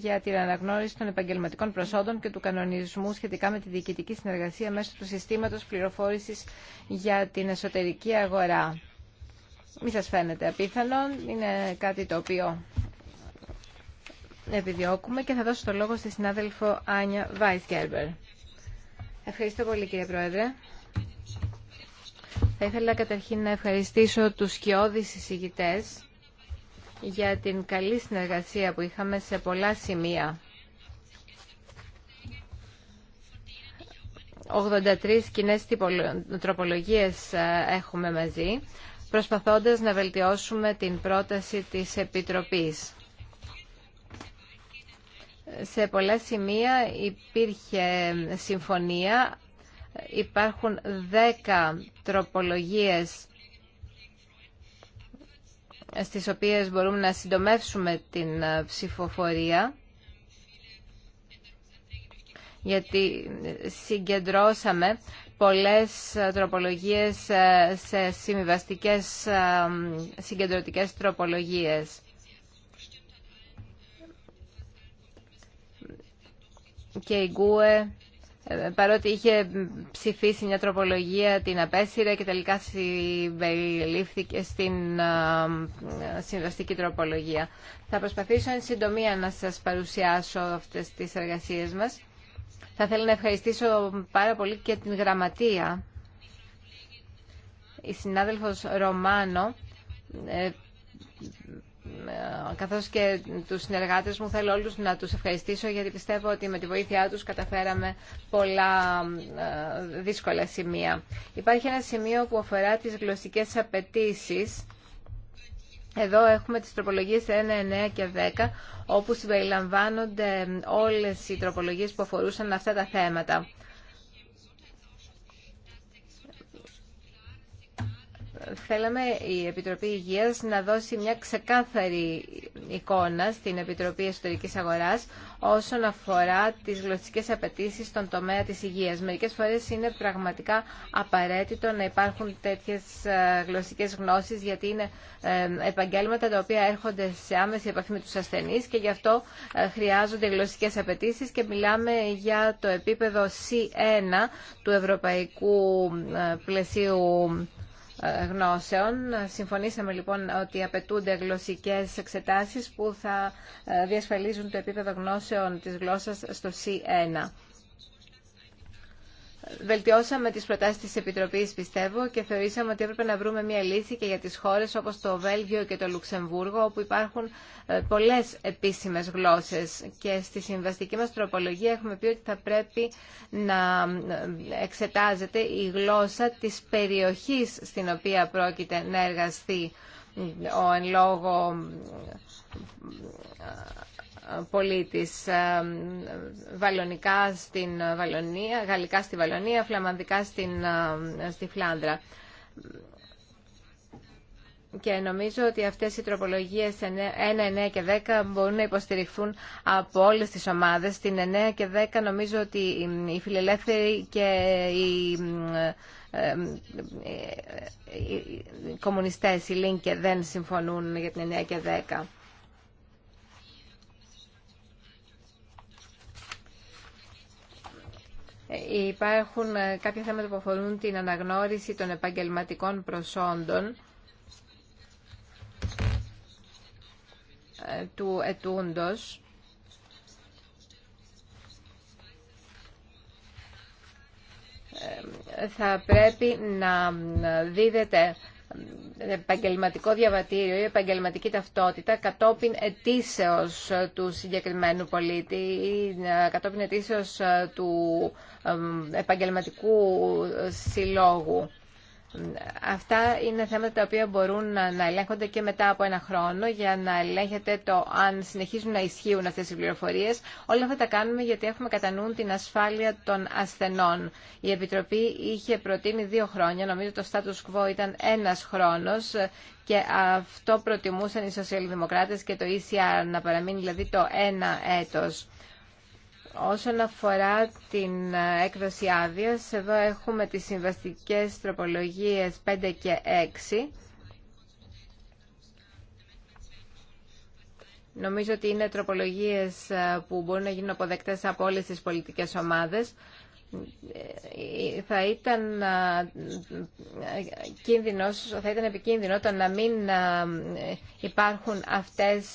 για την αναγνώριση των επαγγελματικών προσόντων και του κανονισμού σχετικά με τη διοικητική συνεργασία μέσω του συστήματος πληροφόρησης για την εσωτερική αγορά. Μη σας φαίνεται απίθανο, είναι κάτι το οποίο επιδιώκουμε και θα δώσω το λόγο στη συνάδελφο Άνια Βάισκερμπερ. Ευχαριστώ πολύ κύριε Πρόεδρε. Θα ήθελα καταρχήν να ευχαριστήσω τους σκιώδεις εισηγητές για την καλή συνεργασία που είχαμε σε πολλά σημεία. 83 κοινέ τροπολογίες ε, έχουμε μαζί προσπαθώντας να βελτιώσουμε την πρόταση της Επιτροπής. Σε πολλά σημεία υπήρχε συμφωνία. Υπάρχουν δέκα τροπολογίες στις οποίες μπορούμε να συντομεύσουμε την ψηφοφορία γιατί συγκεντρώσαμε πολλές ε, τροπολογίες ε, σε συμβιβαστικές ε, συγκεντρωτικές τροπολογίες. Και η Γκουε, παρότι είχε ψηφίσει μια τροπολογία, την απέσυρε και τελικά συμπεριλήφθηκε στην συμβαστική τροπολογία. Θα προσπαθήσω εν συντομία να σας παρουσιάσω αυτές τις εργασίες μας. Θα ήθελα να ευχαριστήσω πάρα πολύ και την γραμματεία. Η συνάδελφος Ρωμάνο, ε, ε, καθώς και τους συνεργάτες μου, θέλω όλους να τους ευχαριστήσω γιατί πιστεύω ότι με τη βοήθειά τους καταφέραμε πολλά ε, δύσκολα σημεία. Υπάρχει ένα σημείο που αφορά τις γλωσσικές απαιτήσει εδώ έχουμε τις τροπολογίες 1, 9 και 10, όπου συμπεριλαμβάνονται όλες οι τροπολογίες που αφορούσαν αυτά τα θέματα. θέλαμε η Επιτροπή Υγείας να δώσει μια ξεκάθαρη εικόνα στην Επιτροπή Εσωτερικής Αγοράς όσον αφορά τις γλωσσικές απαιτήσει στον τομέα της υγείας. Μερικές φορές είναι πραγματικά απαραίτητο να υπάρχουν τέτοιες ε, γλωσσικές γνώσεις γιατί είναι ε, επαγγέλματα τα οποία έρχονται σε άμεση επαφή με τους ασθενείς και γι' αυτό ε, χρειάζονται γλωσσικές απαιτήσει και μιλάμε για το επίπεδο C1 του Ευρωπαϊκού Πλαισίου γνώσεων. Συμφωνήσαμε λοιπόν ότι απαιτούνται γλωσσικές εξετάσεις που θα ε, διασφαλίζουν το επίπεδο γνώσεων της γλώσσας στο C1. Βελτιώσαμε τις προτάσεις της Επιτροπής, πιστεύω, και θεωρήσαμε ότι έπρεπε να βρούμε μια λύση και για τις χώρες όπως το Βέλγιο και το Λουξεμβούργο, όπου υπάρχουν ε, πολλές επίσημες γλώσσες. Και στη συμβαστική μας τροπολογία έχουμε πει ότι θα πρέπει να ε, εξετάζεται η γλώσσα της περιοχής στην οποία πρόκειται να εργαστεί ε, ο εν λόγω πολίτης. Ε, βαλονικά στην Βαλονία, γαλλικά στη Βαλονία, φλαμανδικά στην, ε, στη Φλάνδρα. Και νομίζω ότι αυτές οι τροπολογίες 1, 9 και 10 μπορούν να υποστηριχθούν από όλες τις ομάδες. Στην 9 και 10 νομίζω ότι οι φιλελεύθεροι και ε, οι οι κομμουνιστές, οι Λίνκε δεν συμφωνούν για την 9 και 10. Υπάρχουν ε, κάποια θέματα που αφορούν την αναγνώριση των επαγγελματικών προσόντων ε, του ετούντος. Ε, θα πρέπει να δίδεται επαγγελματικό διαβατήριο ή επαγγελματική ταυτότητα κατόπιν αιτήσεως του συγκεκριμένου πολίτη ή ε, κατόπιν αιτήσεως ε, του ε, επαγγελματικού συλλόγου. Αυτά είναι θέματα τα οποία μπορούν να ελέγχονται και μετά από ένα χρόνο για να ελέγχεται το αν συνεχίζουν να ισχύουν αυτές οι πληροφορίες. Όλα αυτά τα κάνουμε γιατί έχουμε κατά νου την ασφάλεια των ασθενών. Η Επιτροπή είχε προτείνει δύο χρόνια, νομίζω το status quo ήταν ένα χρόνος και αυτό προτιμούσαν οι σοσιαλδημοκράτες και το ECR να παραμείνει δηλαδή το ένα έτος. Όσον αφορά την ε, έκδοση άδεια, εδώ έχουμε τις συμβαστικές τροπολογίες 5 και 6. Νομίζω ότι είναι τροπολογίες ε, που μπορούν να γίνουν αποδεκτές από όλες τις πολιτικές ομάδες. Ε, θα ήταν, κίνδυνος, θα ήταν επικίνδυνο το να μην υπάρχουν αυτές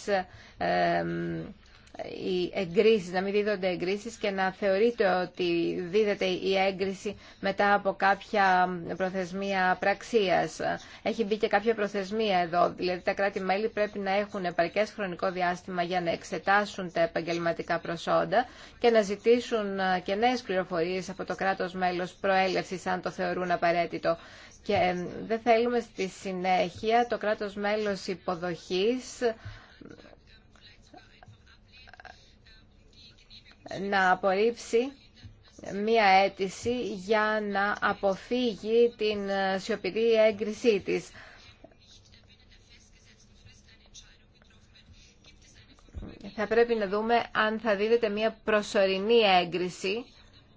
οι εγκρίσεις, να μην δίδονται εγκρίσεις και να θεωρείται ότι δίδεται η έγκριση μετά από κάποια προθεσμία πραξίας. Έχει μπει και κάποια προθεσμία εδώ, δηλαδή τα κράτη-μέλη πρέπει να έχουν επαρκές χρονικό διάστημα για να εξετάσουν τα επαγγελματικά προσόντα και να ζητήσουν ε, και νέες πληροφορίες από το κράτος μέλος προέλευσης αν το θεωρούν απαραίτητο. Και δεν θέλουμε στη συνέχεια το κράτος μέλος υποδοχής να απορρίψει μία αίτηση για να αποφύγει την σιωπηρή έγκρισή της. Θα πρέπει να δούμε αν θα δίδεται μία προσωρινή έγκριση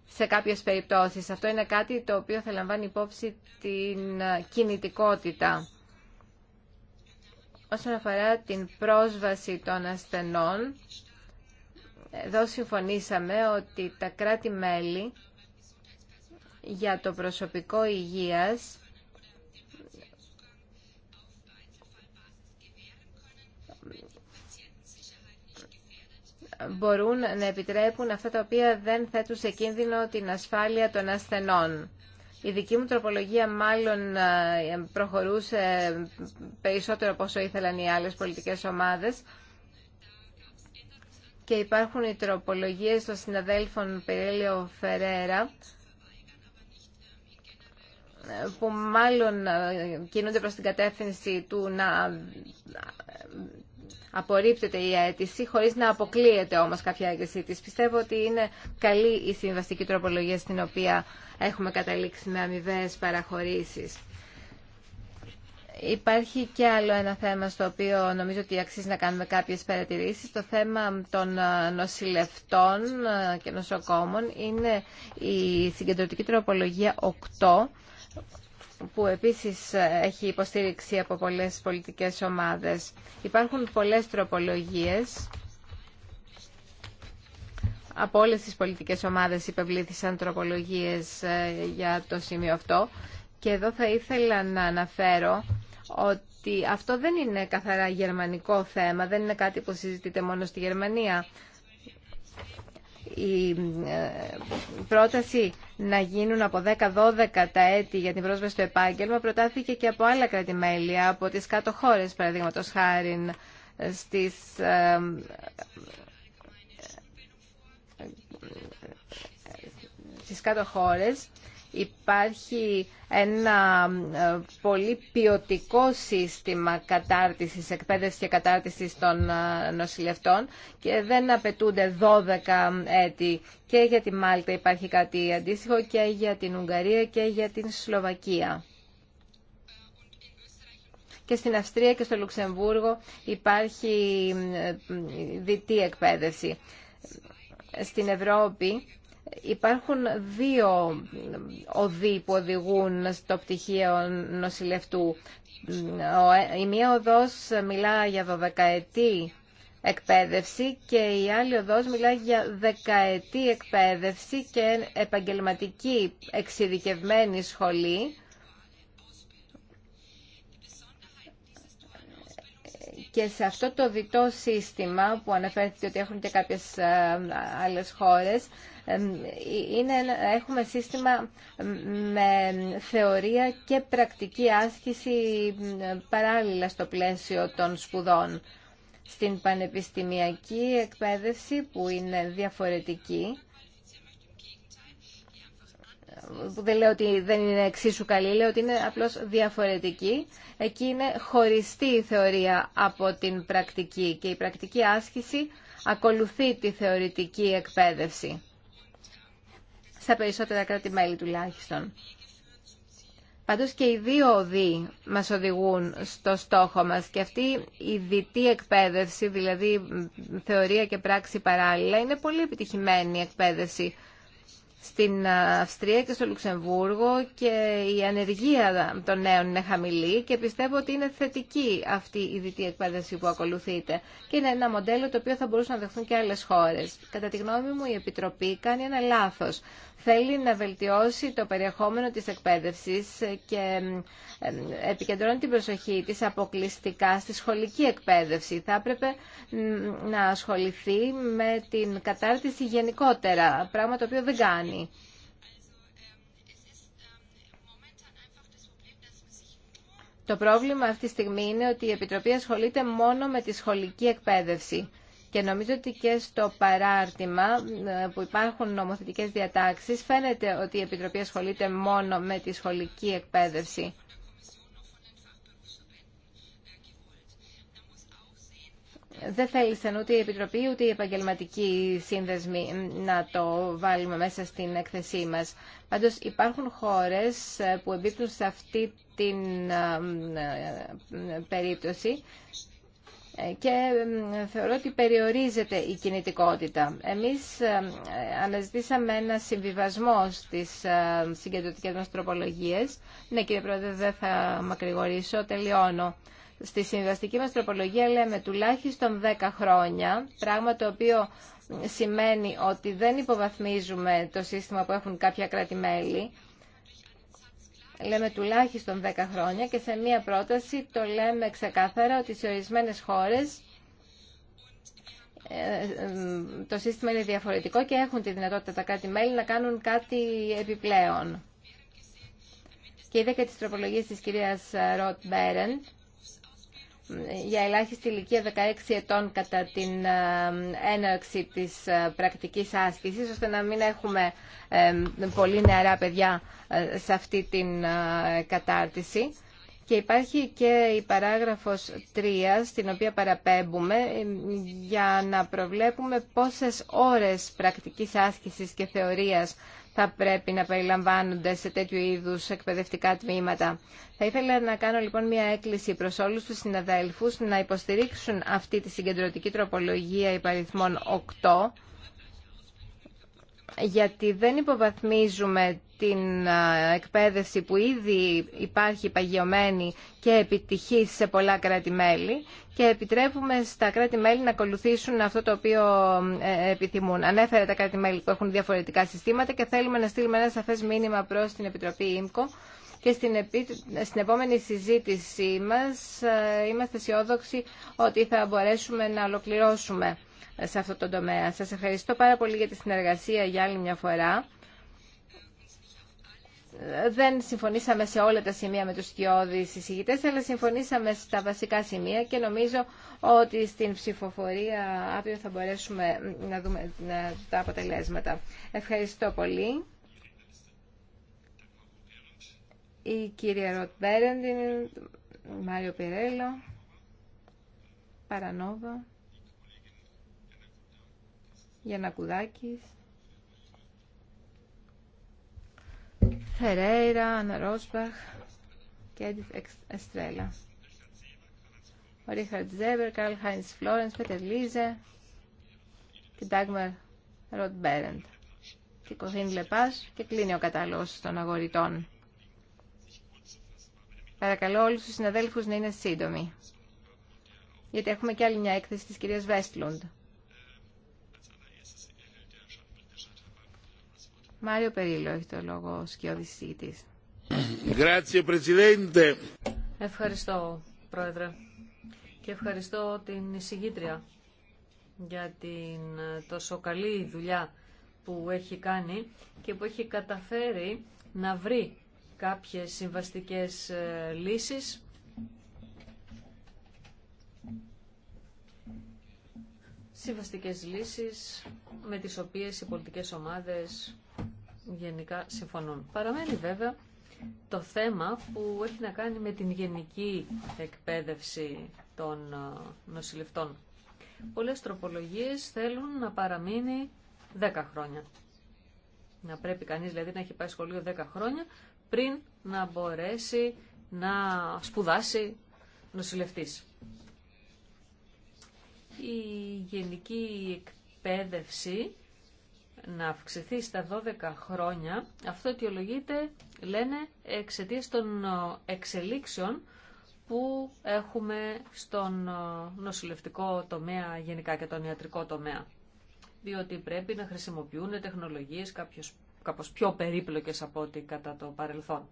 σε κάποιες περιπτώσεις. Αυτό είναι κάτι το οποίο θα λαμβάνει υπόψη την κινητικότητα. Όσον αφορά την πρόσβαση των ασθενών, εδώ συμφωνήσαμε ότι τα κράτη-μέλη για το προσωπικό υγείας μπορούν να επιτρέπουν αυτά τα οποία δεν θέτουν σε κίνδυνο την ασφάλεια των ασθενών. Η δική μου τροπολογία μάλλον ε, προχωρούσε περισσότερο από όσο ήθελαν οι άλλες πολιτικές ομάδες και υπάρχουν οι τροπολογίες των συναδέλφων Περίλιο Φερέρα που μάλλον ε, κινούνται προς την κατεύθυνση του να ε, απορρίπτεται η αίτηση χωρίς να αποκλείεται όμως κάποια αίτηση της. Πιστεύω ότι είναι καλή η συμβαστική τροπολογία στην οποία έχουμε καταλήξει με αμοιβαίες παραχωρήσεις. Υπάρχει και άλλο ένα θέμα στο οποίο νομίζω ότι αξίζει να κάνουμε κάποιες παρατηρήσεις. Το θέμα των ε, νοσηλευτών ε, και νοσοκόμων είναι η συγκεντρωτική τροπολογία 8 που επίσης ε, έχει υποστήριξη από πολλές πολιτικές ομάδες. Υπάρχουν πολλές τροπολογίες. Από όλες τις πολιτικές ομάδες υπευλήθησαν τροπολογίες για το σημείο αυτό. Και εδώ θα ήθελα να αναφέρω ότι αυτό δεν είναι καθαρά γερμανικό θέμα, δεν είναι κάτι που συζητείται μόνο στη Γερμανία. Η πρόταση να γίνουν από 10-12 τα έτη για την πρόσβαση στο επάγγελμα προτάθηκε και από άλλα από τις κάτω χώρες, παραδείγματος χάρη στις στις κάτω χώρες Υπάρχει ένα ε, πολύ ποιοτικό σύστημα κατάρτισης, εκπαίδευσης και κατάρτισης των ε, νοσηλευτών και δεν απαιτούνται 12 έτη. Και για τη Μάλτα υπάρχει κάτι αντίστοιχο και για την Ουγγαρία και για την Σλοβακία. Και στην Αυστρία και στο Λουξεμβούργο υπάρχει ε, διτή εκπαίδευση. Στην Ευρώπη Υπάρχουν δύο οδοί που οδηγούν στο πτυχίο νοσηλευτού. Ε, η μία οδός μιλά για δωδεκαετή εκπαίδευση και η άλλη οδός μιλά για δεκαετή εκπαίδευση και επαγγελματική εξειδικευμένη σχολή Και σε αυτό το διτό σύστημα που αναφέρθηκε ότι έχουν και κάποιες ε, άλλες χώρες, ε, είναι, έχουμε σύστημα ε, με θεωρία και πρακτική άσκηση παράλληλα στο πλαίσιο των σπουδών. Στην πανεπιστημιακή εκπαίδευση που είναι διαφορετική, δεν λέω ότι δεν είναι εξίσου καλή, λέω ότι είναι απλώς διαφορετική. Εκεί είναι χωριστή η θεωρία από την πρακτική και η πρακτική άσκηση ακολουθεί τη θεωρητική εκπαίδευση. Στα περισσότερα κράτη-μέλη τουλάχιστον. Πάντως και οι δύο οδοί μας οδηγούν στο στόχο μας και αυτή η διτή εκπαίδευση, δηλαδή θεωρία και πράξη παράλληλα, είναι πολύ επιτυχημένη εκπαίδευση στην ε, Αυστρία και στο Λουξεμβούργο και η ανεργία των νέων είναι χαμηλή και πιστεύω ότι είναι θετική αυτή η δυτή εκπαίδευση που ακολουθείτε και είναι ένα μοντέλο το οποίο θα μπορούσαν να δεχθούν και άλλες χώρες. Κατά τη γνώμη μου η Επιτροπή κάνει ένα λάθος θέλει να βελτιώσει το περιεχόμενο της εκπαίδευσης και επικεντρώνει την προσοχή της αποκλειστικά στη σχολική εκπαίδευση. Θα έπρεπε να ασχοληθεί με την κατάρτιση γενικότερα, πράγμα το οποίο δεν κάνει. Το πρόβλημα αυτή τη στιγμή είναι ότι η Επιτροπή ασχολείται μόνο με τη σχολική εκπαίδευση. Και νομίζω ότι και στο παράρτημα ε, που υπάρχουν νομοθετικές διατάξεις φαίνεται ότι η Επιτροπή ασχολείται μόνο με τη σχολική εκπαίδευση. Δεν θέλησαν ούτε η Επιτροπή ούτε οι επαγγελματικοί σύνδεσμοι να το βάλουμε μέσα στην έκθεσή μας. Πάντως υπάρχουν χώρες ε, που εμπίπτουν σε αυτή την ε, περίπτωση ε, και θεωρώ ότι περιορίζεται η κινητικότητα. Εμείς ε, αναζητήσαμε ένα συμβιβασμό στις ε, συγκεντρωτικές μας τροπολογίες. Ναι κύριε Πρόεδρε δεν θα μακρηγορήσω, τελειώνω. Στη συμβιβαστική μας τροπολογία λέμε τουλάχιστον 10 χρόνια, πράγμα το οποίο σημαίνει ότι δεν υποβαθμίζουμε το σύστημα που έχουν κάποια κράτη-μέλη, λέμε τουλάχιστον 10 χρόνια και σε μία πρόταση το λέμε ξεκάθαρα ότι σε ορισμένε χώρες ε, ε, το σύστημα είναι διαφορετικό και έχουν τη δυνατότητα τα κράτη-μέλη να κάνουν κάτι επιπλέον. Και είδα και τις τροπολογίες της κυρίας Ροτ Μπέρεντ για ελάχιστη ηλικία 16 ετών κατά την ε, έναρξη της ε, πρακτικής άσκησης, ώστε να μην έχουμε ε, πολύ νεαρά παιδιά σε αυτή την κατάρτιση. Και υπάρχει και η παράγραφος 3, στην οποία παραπέμπουμε, για να προβλέπουμε πόσες ώρες πρακτικής άσκησης και θεωρίας θα πρέπει να περιλαμβάνονται σε τέτοιου είδους εκπαιδευτικά τμήματα. Θα ήθελα να κάνω λοιπόν μια έκκληση προς όλους τους συναδέλφους να υποστηρίξουν αυτή τη συγκεντρωτική τροπολογία υπαριθμών 8 γιατί δεν υποβαθμίζουμε την εκπαίδευση που ήδη υπάρχει παγιωμένη και επιτυχή σε πολλά κράτη-μέλη και επιτρέπουμε στα κράτη-μέλη να ακολουθήσουν αυτό το οποίο ε, ε, επιθυμούν. Ανέφερε τα κράτη-μέλη που έχουν διαφορετικά συστήματα και θέλουμε να στείλουμε ένα σαφές μήνυμα προς την Επιτροπή ΙΜΚΟ και στην, επόμενη συζήτησή μας ε, είμαστε αισιόδοξοι ότι θα μπορέσουμε να ολοκληρώσουμε σε αυτό το τομέα. Σας ευχαριστώ πάρα πολύ για τη συνεργασία για άλλη μια φορά δεν συμφωνήσαμε σε όλα τα σημεία με τους σκιώδεις εισηγητές, αλλά συμφωνήσαμε στα βασικά σημεία και νομίζω ότι στην ψηφοφορία αύριο θα μπορέσουμε να δούμε τα αποτελέσματα. Ευχαριστώ πολύ. Η κυρία Ροτ Μπέρεντιν, Μάριο Πιρέλο, Παρανόβα, Γιανακουδάκης. Φερέιρα, Αναρόσπαχ και Έντιτ Εστρέλα. Ο Ρίχαρτ Ζέμπερ, Καρλ Χάιντς Φλόρενς, Πέτερ Λίζε και Ντάγμαρ Ροτ Μπέρεντ. Και Κοθίν Λεπάς και κλείνει ο κατάλογος των αγοριτών. Παρακαλώ όλους τους συναδέλφους να είναι σύντομοι. Γιατί έχουμε και άλλη μια έκθεση της κυρίας Βέστλουντ. Μάριο Περίλιο έχει το λόγο ο σκιώδης συζητητής. Ευχαριστώ, Πρόεδρε. Και ευχαριστώ την εισηγήτρια για την ε, τόσο καλή δουλειά που έχει κάνει και που έχει καταφέρει να βρει κάποιες συμβαστικές ε, λύσεις συμβαστικές λύσεις με τις οποίες οι πολιτικές ομάδες γενικά συμφωνούν. Παραμένει βέβαια το θέμα που έχει να κάνει με την γενική εκπαίδευση των ε, νοσηλευτών. Πολλές τροπολογίες θέλουν να παραμείνει 10 χρόνια. Να πρέπει κανείς δηλαδή να έχει πάει σχολείο 10 χρόνια πριν να μπορέσει να σπουδάσει νοσηλευτής. Η γενική εκπαίδευση να αυξηθεί στα 12 χρόνια, αυτό αιτιολογείται, λένε, εξαιτία των ε, εξελίξεων που έχουμε στον ε, νοσηλευτικό τομέα γενικά και τον ιατρικό τομέα. Διότι πρέπει να χρησιμοποιούν τεχνολογίες κάποιος, κάπως πιο περίπλοκες από ό,τι κατά το παρελθόν.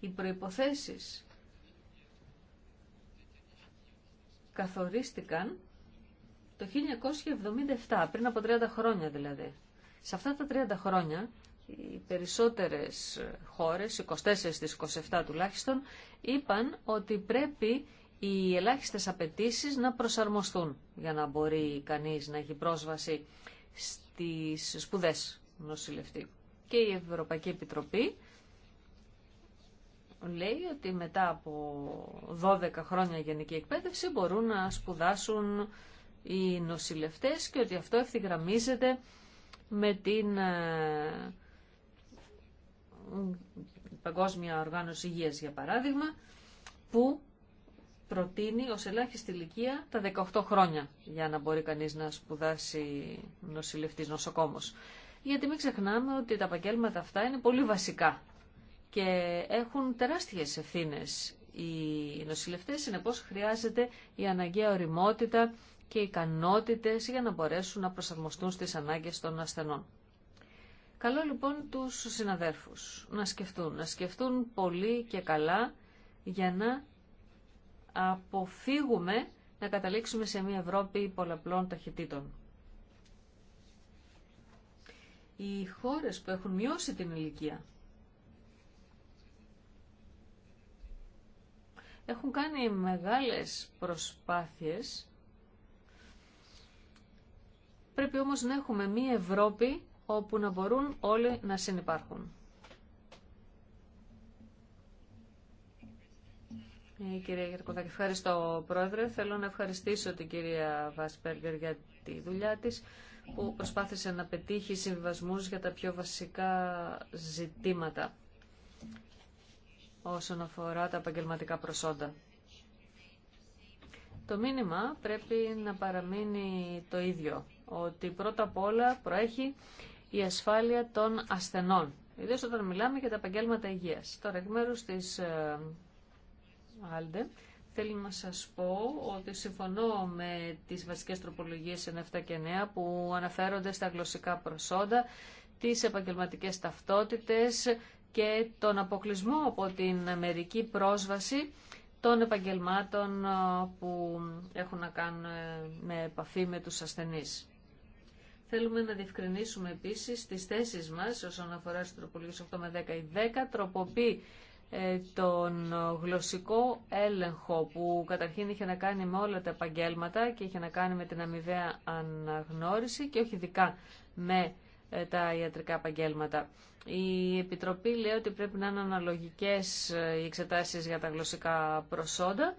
Οι προϋποθέσεις καθορίστηκαν το 1977, πριν από 30 χρόνια δηλαδή. Σε αυτά τα 30 χρόνια οι περισσότερες χώρες, 24 στις 27 τουλάχιστον, είπαν ότι πρέπει οι ελάχιστες απαιτήσει να προσαρμοστούν για να μπορεί κανείς να έχει πρόσβαση στις σπουδές νοσηλευτή. Και η Ευρωπαϊκή Επιτροπή λέει ότι μετά από 12 χρόνια γενική εκπαίδευση μπορούν να σπουδάσουν οι νοσηλευτές και ότι αυτό ευθυγραμμίζεται με την ε, Παγκόσμια Οργάνωση Υγείας για παράδειγμα που προτείνει ως ελάχιστη ηλικία τα 18 χρόνια για να μπορεί κανείς να σπουδάσει νοσηλευτής νοσοκόμος. Γιατί μην ξεχνάμε ότι τα επαγγέλματα αυτά είναι πολύ βασικά και έχουν τεράστιες ευθύνες οι νοσηλευτές, συνεπώς χρειάζεται η αναγκαία οριμότητα και ικανότητες για να μπορέσουν να προσαρμοστούν στις ανάγκες των ασθενών. Καλό λοιπόν τους συναδέρφους να σκεφτούν, να σκεφτούν πολύ και καλά για να αποφύγουμε να καταλήξουμε σε μια Ευρώπη πολλαπλών ταχυτήτων. Οι χώρες που έχουν μειώσει την ηλικία έχουν κάνει μεγάλες προσπάθειες Πρέπει όμως να έχουμε μία Ευρώπη όπου να μπορούν όλοι να συνεπάρχουν. Η ε, κύριε, Γερκοδάκη, ευχαριστώ πρόεδρε. Θέλω να ευχαριστήσω την κυρία Βάσπεργκερ για τη δουλειά της που προσπάθησε να πετύχει συμβιβασμούς για τα πιο βασικά ζητήματα όσον αφορά τα επαγγελματικά προσόντα. Το μήνυμα πρέπει να παραμείνει το ίδιο ότι πρώτα απ' όλα προέχει η ασφάλεια των ασθενών. Ιδίω όταν μιλάμε για τα επαγγέλματα υγεία. Τώρα, εκ μέρου τη ε, Άλντε, θέλω να σα πω ότι συμφωνώ με τι βασικέ τροπολογίε 7 και 9 που αναφέρονται στα γλωσσικά προσόντα, τι επαγγελματικέ ταυτότητε και τον αποκλεισμό από την μερική πρόσβαση των επαγγελμάτων ε, που έχουν να κάνουν ε, με επαφή με τους ασθενείς. Θέλουμε να διευκρινίσουμε επίσης τις θέσει μας όσον αφορά στους τροπολογίες 8 με 10 ή 10 τροποποιεί ε, τον γλωσσικό έλεγχο που καταρχήν είχε να κάνει με όλα τα επαγγέλματα και είχε να κάνει με την αμοιβαία αναγνώριση και όχι ειδικά με ε, τα ιατρικά επαγγέλματα. Η Επιτροπή λέει ότι πρέπει να είναι αναλογικές ε, οι εξετάσεις για τα γλωσσικά προσόντα,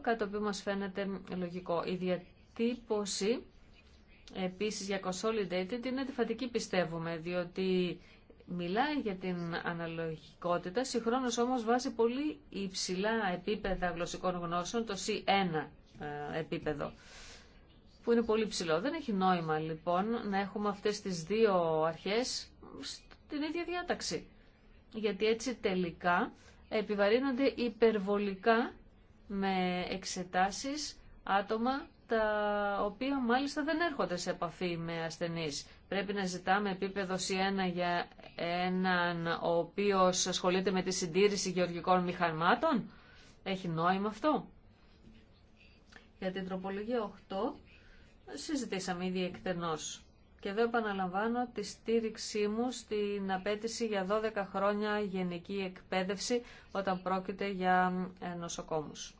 κάτι το οποίο μας φαίνεται λογικό. Η διατύπωση Επίσης για Consolidated είναι αντιφατική πιστεύουμε, διότι μιλάει για την αναλογικότητα, συγχρόνως όμως βάζει πολύ υψηλά επίπεδα γλωσσικών γνώσεων, το C1 ε, επίπεδο, που είναι πολύ ψηλό. Δεν έχει νόημα λοιπόν να έχουμε αυτές τις δύο αρχές στην ίδια διάταξη, γιατί έτσι τελικά επιβαρύνονται υπερβολικά με εξετάσεις άτομα τα οποία μάλιστα δεν έρχονται σε επαφή με ασθενείς. Πρέπει να ζητάμε επίπεδο C1 για έναν ο οποίος ασχολείται με τη συντήρηση γεωργικών μηχανμάτων. Έχει νόημα αυτό. Για την τροπολογία 8 συζητήσαμε ήδη εκτενώς. Και εδώ επαναλαμβάνω τη στήριξή μου στην απέτηση για 12 χρόνια γενική εκπαίδευση όταν πρόκειται για νοσοκόμους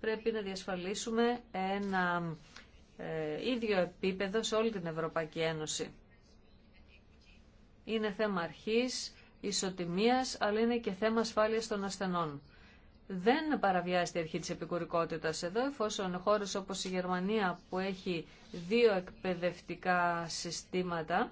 πρέπει να διασφαλίσουμε ένα ε, ίδιο επίπεδο σε όλη την Ευρωπαϊκή Ένωση. Είναι θέμα αρχής, ισοτιμίας, αλλά είναι και θέμα ασφάλειας των ασθενών. Δεν παραβιάζεται η αρχή της επικουρικότητας εδώ, εφόσον χώρες όπως η Γερμανία που έχει δύο εκπαιδευτικά συστήματα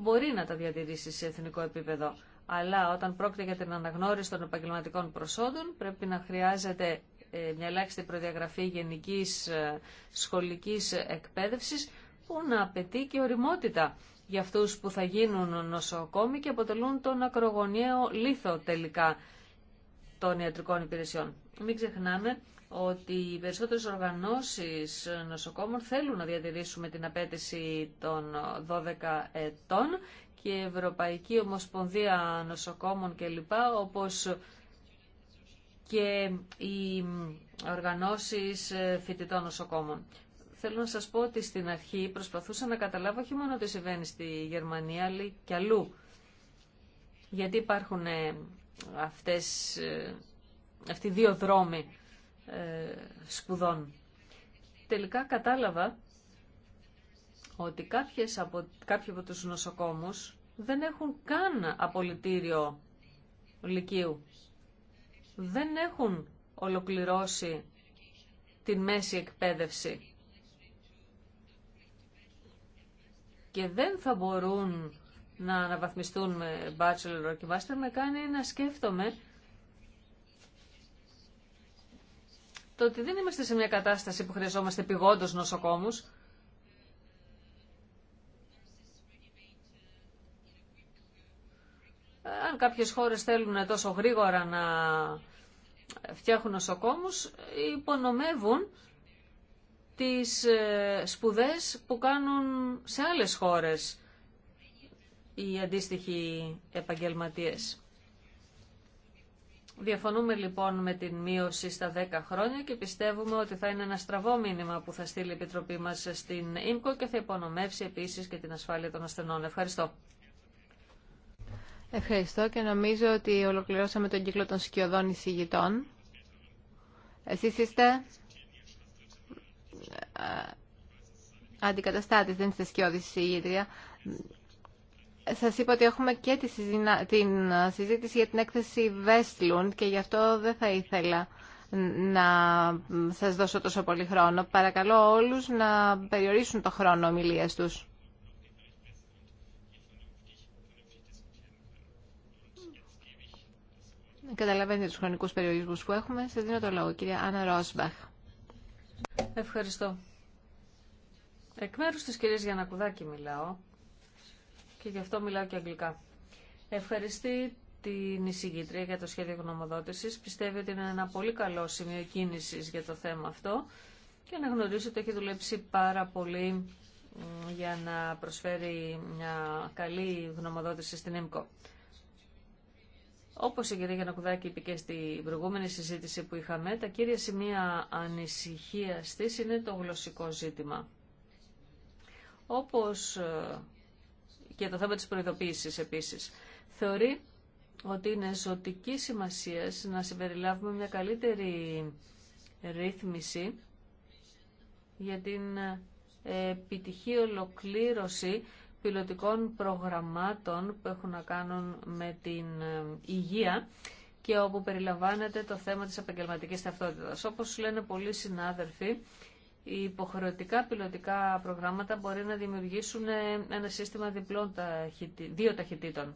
μπορεί να τα διατηρήσει σε εθνικό επίπεδο. Αλλά όταν πρόκειται για την αναγνώριση των επαγγελματικών προσόντων πρέπει να χρειάζεται ε, μια ελάχιστη προδιαγραφή γενικής ε, σχολικής εκπαίδευσης που να απαιτεί και οριμότητα για αυτούς που θα γίνουν νοσοκόμοι και αποτελούν τον ακρογωνιαίο λίθο τελικά των ιατρικών υπηρεσιών. Μην ξεχνάμε ότι οι περισσότερες οργανώσεις νοσοκόμων θέλουν να διατηρήσουμε την απέτηση των 12 ετών και η Ευρωπαϊκή Ομοσπονδία Νοσοκόμων κλπ. όπως και οι οργανώσεις ε, φοιτητών νοσοκόμων. Θέλω να σας πω ότι στην αρχή προσπαθούσα να καταλάβω όχι μόνο τι συμβαίνει στη Γερμανία, αλλά και αλλού. Γιατί υπάρχουν ε, αυτές, ε, αυτοί δύο δρόμοι σπουδών. Τελικά κατάλαβα ότι κάποιες από, κάποιοι από τους νοσοκόμους δεν έχουν καν απολυτήριο λυκείου δεν έχουν ολοκληρώσει την μέση εκπαίδευση και δεν θα μπορούν να αναβαθμιστούν με bachelor και master με κάνει να σκέφτομαι το ότι δεν είμαστε σε μια κατάσταση που χρειαζόμαστε πηγόντως νοσοκόμους αν κάποιες χώρες θέλουν τόσο γρήγορα να φτιάχνουν νοσοκόμους, υπονομεύουν τις ε, σπουδές που κάνουν σε άλλες χώρες οι αντίστοιχοι επαγγελματίες. Διαφωνούμε λοιπόν με την μείωση στα 10 χρόνια και πιστεύουμε ότι θα είναι ένα στραβό μήνυμα που θα στείλει η Επιτροπή μας στην ΙΜΚΟ και θα υπονομεύσει επίσης και την ασφάλεια των ασθενών. Ευχαριστώ. Ευχαριστώ και νομίζω ότι ολοκληρώσαμε τον κύκλο των σκιωδών εισηγητών. Εσείς είστε ε, αντικαταστάτης, δεν είστε σκιώδης εισηγήτρια. Σας είπα ότι έχουμε και τη την συζήτηση για την έκθεση Westlund και γι' αυτό δεν θα ήθελα να σας δώσω τόσο πολύ χρόνο. Παρακαλώ όλους να περιορίσουν το χρόνο ομιλίας τους. Καταλαβαίνετε τους χρονικούς περιορισμούς που έχουμε. Σας δίνω το λόγο, κυρία Άννα Ρόσμπαχ. Ευχαριστώ. Εκ μέρους της κυρίας Γιανακουδάκη μιλάω και γι' αυτό μιλάω και αγγλικά. Ευχαριστεί την εισηγήτρια για το σχέδιο γνωμοδότησης. Πιστεύει ότι είναι ένα πολύ καλό σημείο κίνηση για το θέμα αυτό και να γνωρίζει ότι έχει δουλέψει πάρα πολύ για να προσφέρει μια καλή γνωμοδότηση στην ΕΜΚΟ. Όπως η κυρία Γιανακουδάκη είπε και στην προηγούμενη συζήτηση που είχαμε, τα κύρια σημεία ανησυχία τη είναι το γλωσσικό ζήτημα. Όπω ε, και το θέμα τη προειδοποίηση επίσης. Θεωρεί ότι είναι ζωτική σημασία να συμπεριλάβουμε μια καλύτερη ρύθμιση για την ε, επιτυχή ολοκλήρωση πιλωτικών προγραμμάτων που έχουν να κάνουν με την ε, υγεία και όπου περιλαμβάνεται το θέμα της επαγγελματικής ταυτότητας. Όπως λένε πολλοί συνάδελφοι, οι υποχρεωτικά πιλωτικά προγράμματα μπορεί να δημιουργήσουν ε, ένα σύστημα διπλών δύο ταχυτήτων.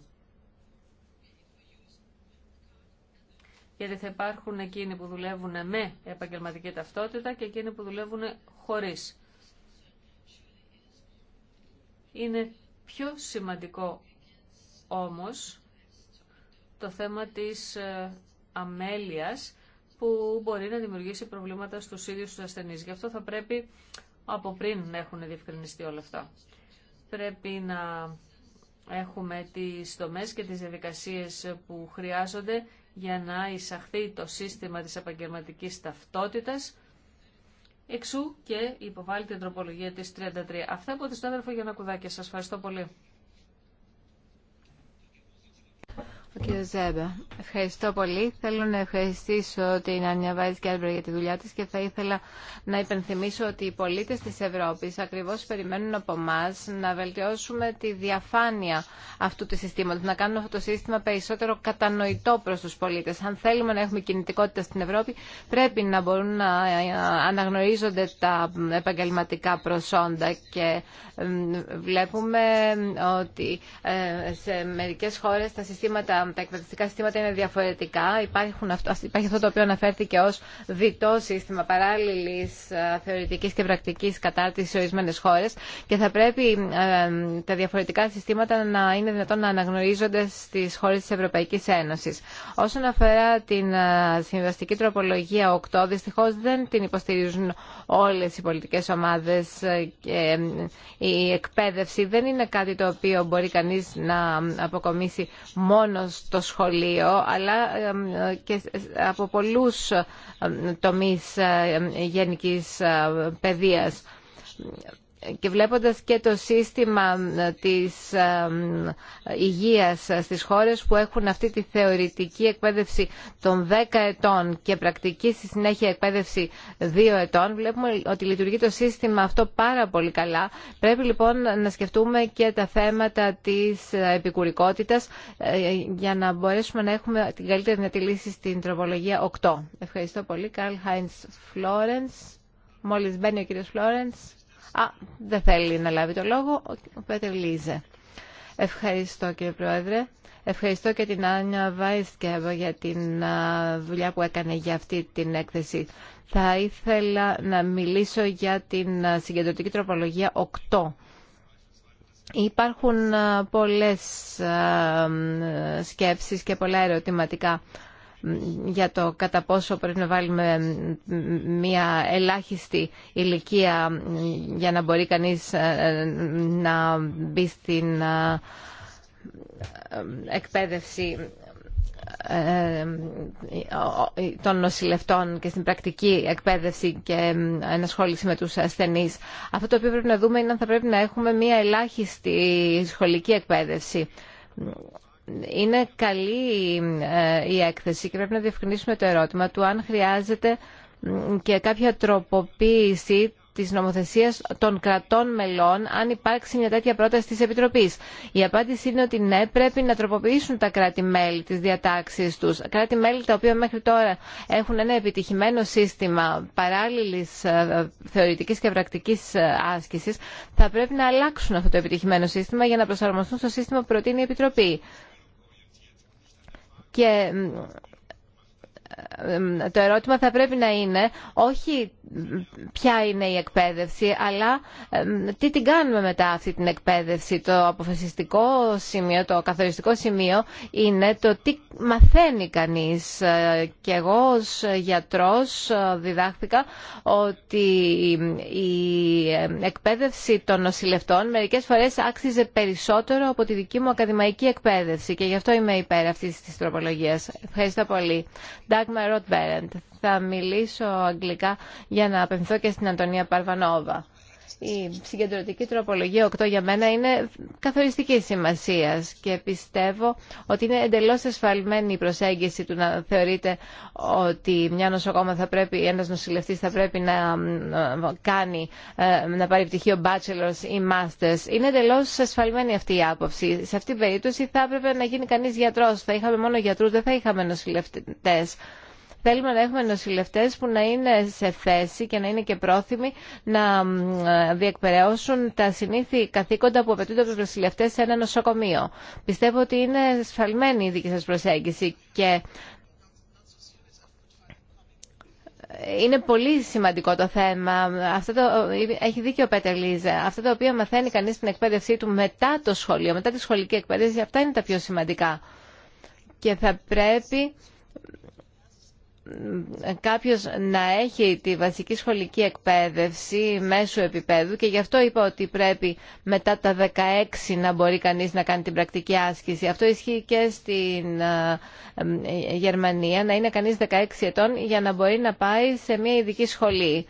Γιατί θα υπάρχουν εκείνοι που δουλεύουν με επαγγελματική ταυτότητα και εκείνοι που δουλεύουν χωρίς. Είναι Πιο σημαντικό όμως το θέμα της ε, αμέλειας που μπορεί να δημιουργήσει προβλήματα στους ίδιους τους ασθενείς. Γι' αυτό θα πρέπει από πριν να έχουν διευκρινιστεί όλα αυτά. Πρέπει να έχουμε τις τομές και τις διαδικασίες που χρειάζονται για να εισαχθεί το σύστημα της επαγγελματική ταυτότητας Εξού και υποβάλλει την τροπολογία της 33. Αυτά από τη να Γιανακουδάκη. Σας ευχαριστώ πολύ. Ο κ. Ζέμπα. Ευχαριστώ πολύ. Θέλω να ευχαριστήσω την Άνια Βάιτ Κέρμπερ για τη δουλειά της και θα ήθελα να υπενθυμίσω ότι οι πολίτες της Ευρώπης ακριβώς περιμένουν από εμά να βελτιώσουμε τη διαφάνεια αυτού του συστήματος, να κάνουμε αυτό το σύστημα περισσότερο κατανοητό προς τους πολίτες. Αν θέλουμε να έχουμε κινητικότητα στην Ευρώπη, πρέπει να μπορούν να ε, αναγνωρίζονται τα επαγγελματικά προσόντα και βλέπουμε ότι ε, σε μερικές χώρες τα συστήματα τα εκπαιδευτικά συστήματα είναι διαφορετικά. Υπάρχουν, υπάρχει αυτό το οποίο αναφέρθηκε ως διτό σύστημα παράλληλης ε, θεωρητικής και πρακτικής κατάρτισης σε ορισμένες χώρες και θα πρέπει ε, τα διαφορετικά συστήματα να είναι δυνατόν να αναγνωρίζονται στις χώρες της Ευρωπαϊκής Ένωσης. Όσον αφορά την ε, συμβαστική τροπολογία 8, δυστυχώ δεν την υποστηρίζουν όλες οι πολιτικές ομάδες και η εκπαίδευση δεν είναι κάτι το οποίο μπορεί κανείς να αποκομίσει μόνο στο σχολείο, αλλά και από πολλούς τομείς γενικής παιδείας και βλέποντας και το σύστημα ε, της ε, υγείας ε, στις χώρες που έχουν αυτή τη θεωρητική εκπαίδευση των 10 ετών και πρακτική στη συνέχεια εκπαίδευση 2 ετών, βλέπουμε ότι λειτουργεί το σύστημα αυτό πάρα πολύ καλά. Πρέπει λοιπόν να σκεφτούμε και τα θέματα της επικουρικότητας για να μπορέσουμε να έχουμε την καλύτερη δυνατή λύση στην τροπολογία 8. Ευχαριστώ πολύ. Καρλ Χάιντς Φλόρενς. Μόλις μπαίνει ο κύριος Φλόρενς. Α, δεν θέλει να λάβει το λόγο ο Πέτερ Λίζε. Ευχαριστώ κύριε Πρόεδρε. Ευχαριστώ και την Άνια Βάισκεβο για την δουλειά που έκανε για αυτή την έκθεση. Θα ήθελα να μιλήσω για την συγκεντρωτική τροπολογία 8. Υπάρχουν πολλές σκέψεις και πολλά ερωτηματικά για το κατά πόσο πρέπει να βάλουμε μια ελάχιστη ηλικία για να μπορεί κανείς ε, να μπει στην ε, ε, εκπαίδευση των νοσηλευτών και στην πρακτική εκπαίδευση και ενασχόληση με τους ασθενείς. Αυτό το οποίο πρέπει να δούμε είναι αν θα πρέπει να έχουμε μια ελάχιστη σχολική εκπαίδευση είναι καλή ε, η έκθεση και πρέπει να διευκρινίσουμε το ερώτημα του αν χρειάζεται και κάποια τροποποίηση της νομοθεσίας των κρατών μελών αν υπάρξει μια τέτοια πρόταση της Επιτροπής. Η απάντηση είναι ότι ναι, πρέπει να τροποποιήσουν τα κράτη-μέλη τις διατάξεις τους. Κράτη-μέλη τα οποία μέχρι τώρα έχουν ένα επιτυχημένο σύστημα παράλληλης ε, θεωρητικής και πρακτικής ε, άσκησης θα πρέπει να αλλάξουν αυτό το επιτυχημένο σύστημα για να προσαρμοστούν στο σύστημα που προτείνει η Επιτροπή και το ερώτημα θα πρέπει να είναι όχι ποια είναι η εκπαίδευση, αλλά τι την κάνουμε μετά αυτή την εκπαίδευση. Το αποφασιστικό σημείο, το καθοριστικό σημείο είναι το τι μαθαίνει κανείς. Ε, και εγώ ως γιατρός ε, διδάχθηκα ότι η εκπαίδευση των νοσηλευτών μερικές φορές άξιζε περισσότερο από τη δική μου ακαδημαϊκή εκπαίδευση και γι' αυτό είμαι υπέρ αυτής της τροπολογίας. Ευχαριστώ πολύ έχουμε Ροτ Θα μιλήσω αγγλικά για να απευθυνθώ και στην Αντωνία Παρβανόβα. Η συγκεντρωτική τροπολογία 8 για μένα είναι καθοριστική σημασία και πιστεύω ότι είναι εντελώ ασφαλμένη η προσέγγιση του να θεωρείται ότι μια νοσοκόμα θα πρέπει, ένα νοσηλευτή θα πρέπει να κάνει, ε, να πάρει πτυχίο bachelor's ή master's. Είναι εντελώ ασφαλμένη αυτή η άποψη. Σε αυτή την περίπτωση θα έπρεπε να γίνει κανεί γιατρό. Θα είχαμε μόνο γιατρού, δεν θα είχαμε νοσηλευτέ. Θέλουμε να έχουμε νοσηλευτέ που να είναι σε θέση και να είναι και πρόθυμοι να διεκπαιρεώσουν τα συνήθη καθήκοντα που απαιτούνται από του νοσηλευτέ σε ένα νοσοκομείο. Πιστεύω ότι είναι σφαλμένη η δική σα προσέγγιση και είναι πολύ σημαντικό το θέμα. Αυτό το, έχει δίκιο ο Πέτερ Λίζε. Αυτά τα οποία μαθαίνει κανείς στην εκπαίδευσή του μετά το σχολείο, μετά τη σχολική εκπαίδευση, αυτά είναι τα πιο σημαντικά. Και θα πρέπει ε, κάποιος να έχει τη βασική σχολική εκπαίδευση μέσω επίπεδου και γι' αυτό είπα ότι πρέπει μετά τα 16 να μπορεί κανείς να κάνει την πρακτική άσκηση. Αυτό ισχύει και στην ε, ε, Γερμανία, να είναι κανείς 16 ετών για να μπορεί να πάει σε μια ειδική σχολή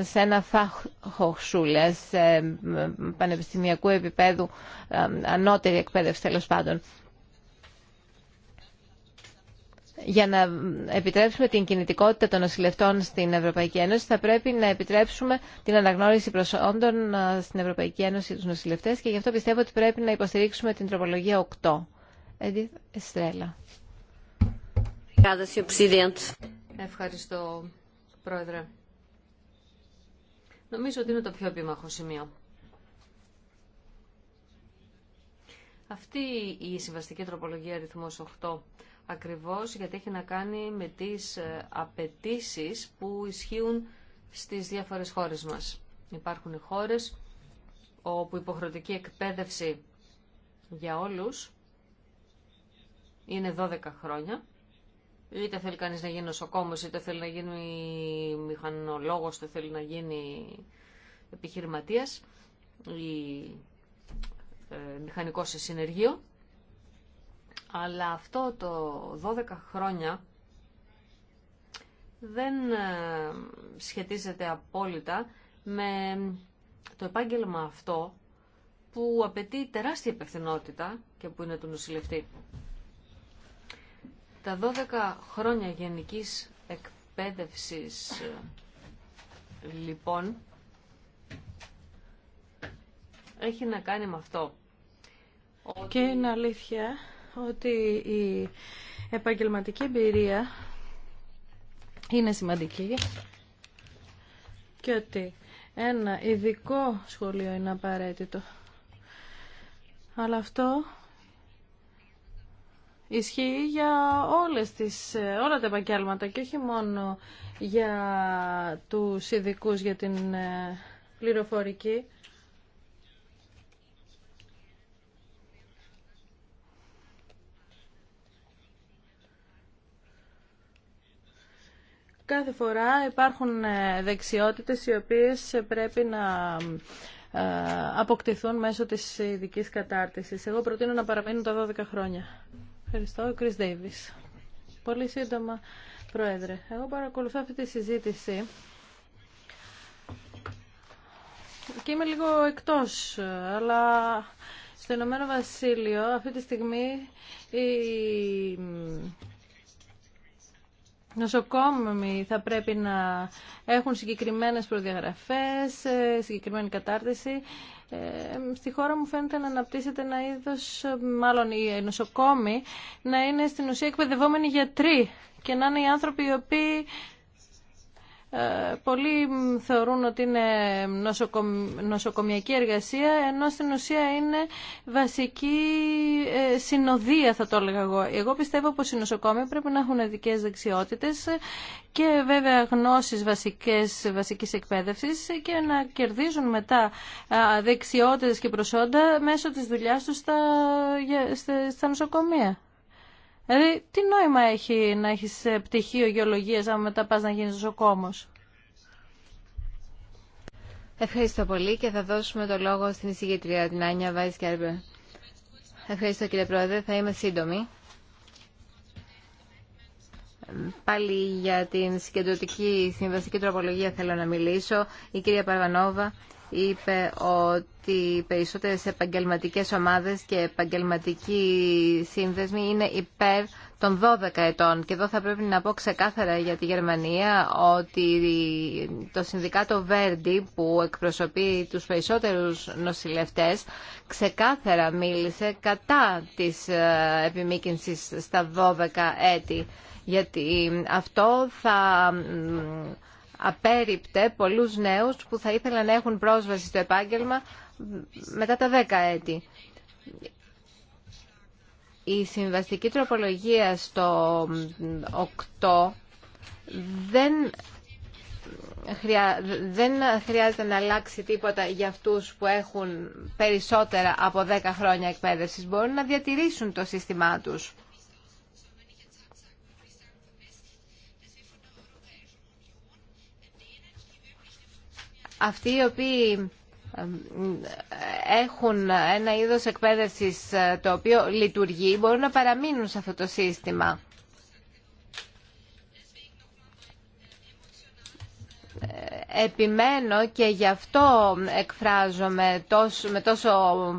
σε ένα φάχοχσούλε, σε πανεπιστημιακού επίπεδου, ανώτερη εκπαίδευση τέλο πάντων για να επιτρέψουμε την κινητικότητα των νοσηλευτών στην Ευρωπαϊκή Ένωση, θα πρέπει να επιτρέψουμε την αναγνώριση προσόντων ε, στην Ευρωπαϊκή Ένωση τους νοσηλευτές και γι' αυτό πιστεύω ότι πρέπει να υποστηρίξουμε την τροπολογία 8. Ευχαριστώ, Πρόεδρε. Νομίζω ότι είναι το πιο επίμαχο σημείο. Αυτή η συμβαστική τροπολογία αριθμός 8 ακριβώς γιατί έχει να κάνει με τις ε, απαιτήσει που ισχύουν στις διάφορες χώρες μας. Υπάρχουν χώρες όπου υποχρεωτική εκπαίδευση για όλους είναι 12 χρόνια. Είτε θέλει κανείς να γίνει νοσοκόμος, είτε θέλει να γίνει μηχανολόγος, είτε θέλει να γίνει επιχειρηματίας ή ε, μηχανικός σε συνεργείο. Αλλά αυτό το 12 χρόνια δεν ε, σχετίζεται απόλυτα με το επάγγελμα αυτό που απαιτεί τεράστια υπευθυνότητα και που είναι του νοσηλευτή. Τα 12 χρόνια γενικής εκπαίδευσης ε, λοιπόν έχει να κάνει με αυτό. Και είναι αλήθεια ότι η επαγγελματική εμπειρία είναι σημαντική και ότι ένα ειδικό σχολείο είναι απαραίτητο. Αλλά αυτό ισχύει για όλες τις, όλα τα επαγγέλματα και όχι μόνο για τους ειδικούς για την ε, πληροφορική. Κάθε φορά υπάρχουν ε, δεξιότητες οι οποίες πρέπει να ε, αποκτηθούν μέσω της ειδική κατάρτισης. Εγώ προτείνω να παραμείνουν τα 12 χρόνια. Ευχαριστώ. Ο Κρυς Πολύ σύντομα, Πρόεδρε. Εγώ παρακολουθώ αυτή τη συζήτηση και είμαι λίγο εκτός, αλλά στο Ηνωμένο Βασίλειο αυτή τη στιγμή η νοσοκόμοι θα πρέπει να έχουν συγκεκριμένες προδιαγραφές, ε, συγκεκριμένη κατάρτιση. Ε, στη χώρα μου φαίνεται να αναπτύσσεται ένα είδος, ε, μάλλον οι νοσοκόμοι, να είναι στην ουσία εκπαιδευόμενοι γιατροί και να είναι οι άνθρωποι οι οποίοι ε, πολλοί θεωρούν ότι είναι νοσοκομιακή εργασία, ενώ στην ουσία είναι βασική ε, συνοδεία, θα το έλεγα εγώ. Εγώ πιστεύω πως οι νοσοκόμοι πρέπει να έχουν ειδικέ δεξιότητες και βέβαια γνώσεις βασικές, βασικής εκπαίδευσης και να κερδίζουν μετά δεξιότητες και προσόντα μέσω της δουλειάς τους στα, στα νοσοκομεία. Δηλαδή, τι νόημα έχει να έχεις ε, πτυχίο γεωλογίας αν μετά πας να γίνεις ζωκόμος. Ευχαριστώ πολύ και θα δώσουμε το λόγο στην εισηγήτρια την Άνια Βάις Κέρμπερ. Ευχαριστώ κύριε Πρόεδρε, θα είμαι σύντομη. Πάλι για την συγκεντρωτική συμβαστική τροπολογία θέλω να μιλήσω. Η κυρία Παρβανόβα είπε ότι οι περισσότερε επαγγελματικές ομάδες και επαγγελματικοί σύνδεσμοι είναι υπέρ των 12 ετών. Και εδώ θα πρέπει να πω ξεκάθαρα για τη Γερμανία ότι το συνδικάτο Verdi που εκπροσωπεί τους περισσότερους νοσηλευτές ξεκάθαρα μίλησε κατά της ε, επιμήκυνσης στα 12 έτη. Γιατί αυτό θα απέριπτε πολλούς νέους που θα ήθελαν να έχουν πρόσβαση στο επάγγελμα μετά τα 10 έτη. Η συμβαστική τροπολογία στο 8 δεν χρειάζεται να αλλάξει τίποτα για αυτούς που έχουν περισσότερα από 10 χρόνια εκπαίδευσης. Μπορούν να διατηρήσουν το σύστημά τους. αυτοί οι οποίοι έχουν ένα είδος εκπαίδευσης ε, το οποίο λειτουργεί μπορούν να παραμείνουν σε αυτό το σύστημα. Επιμένω και γι' αυτό εκφράζομαι με τόσο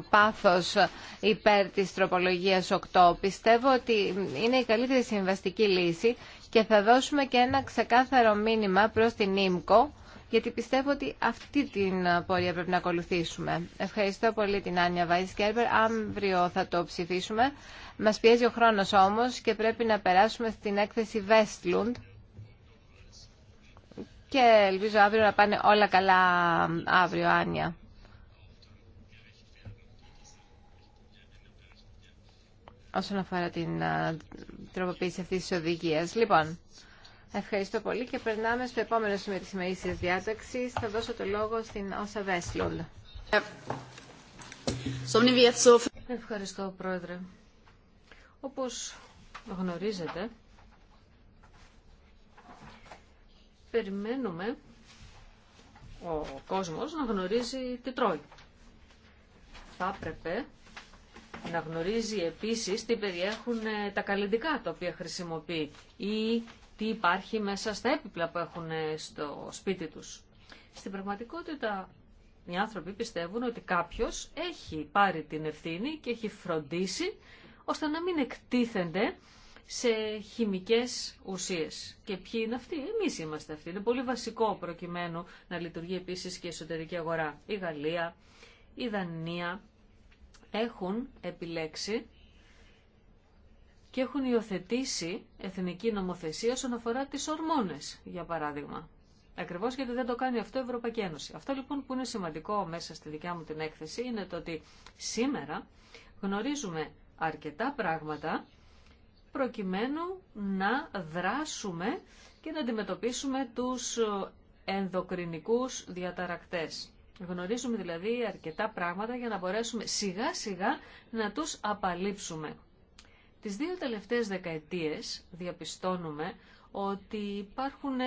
πάθος υπέρ της τροπολογίας 8. Πιστεύω ότι είναι η καλύτερη συμβαστική λύση και θα δώσουμε και ένα ξεκάθαρο μήνυμα προς την ΙΜΚΟ γιατί πιστεύω ότι αυτή την πορεία πρέπει να ακολουθήσουμε. Ευχαριστώ πολύ την Άνια Βάις Αύριο θα το ψηφίσουμε. Μας πιέζει ο χρόνος όμως και πρέπει να περάσουμε στην έκθεση Westlund. Και ελπίζω αύριο να πάνε όλα καλά αύριο, Άνια. όσον αφορά την τροποποίηση αυτής της οδηγίας. Λοιπόν, Ευχαριστώ πολύ και περνάμε στο επόμενο σημείο της ημερήσιας διάταξης. Θα δώσω το λόγο στην Όσα Βέσλολ. Ευχαριστώ, Πρόεδρε. Όπως γνωρίζετε, περιμένουμε ο κόσμος να γνωρίζει τι τρώει. Θα έπρεπε να γνωρίζει επίσης τι περιέχουν ε, τα καλλιντικά τα οποία χρησιμοποιεί ή τι υπάρχει μέσα στα έπιπλα που έχουν στο σπίτι τους. Στην πραγματικότητα οι άνθρωποι πιστεύουν ότι κάποιος έχει πάρει την ευθύνη και έχει φροντίσει ώστε να μην εκτίθενται σε χημικές ουσίες. Και ποιοι είναι αυτοί, εμείς είμαστε αυτοί. Είναι πολύ βασικό προκειμένου να λειτουργεί επίσης και η εσωτερική αγορά. Η Γαλλία, η Δανία έχουν επιλέξει και έχουν υιοθετήσει εθνική νομοθεσία όσον αφορά τι ορμόνε, για παράδειγμα. Ακριβώς γιατί δεν το κάνει αυτό η Ευρωπαϊκή Ένωση. Αυτό λοιπόν που είναι σημαντικό μέσα στη δικιά μου την έκθεση είναι το ότι σήμερα γνωρίζουμε αρκετά πράγματα προκειμένου να δράσουμε και να αντιμετωπίσουμε τους ενδοκρινικούς διαταρακτές. Γνωρίζουμε δηλαδή αρκετά πράγματα για να μπορέσουμε σιγά σιγά να τους απαλείψουμε. Τις δύο τελευταίες δεκαετίες διαπιστώνουμε ότι υπάρχουν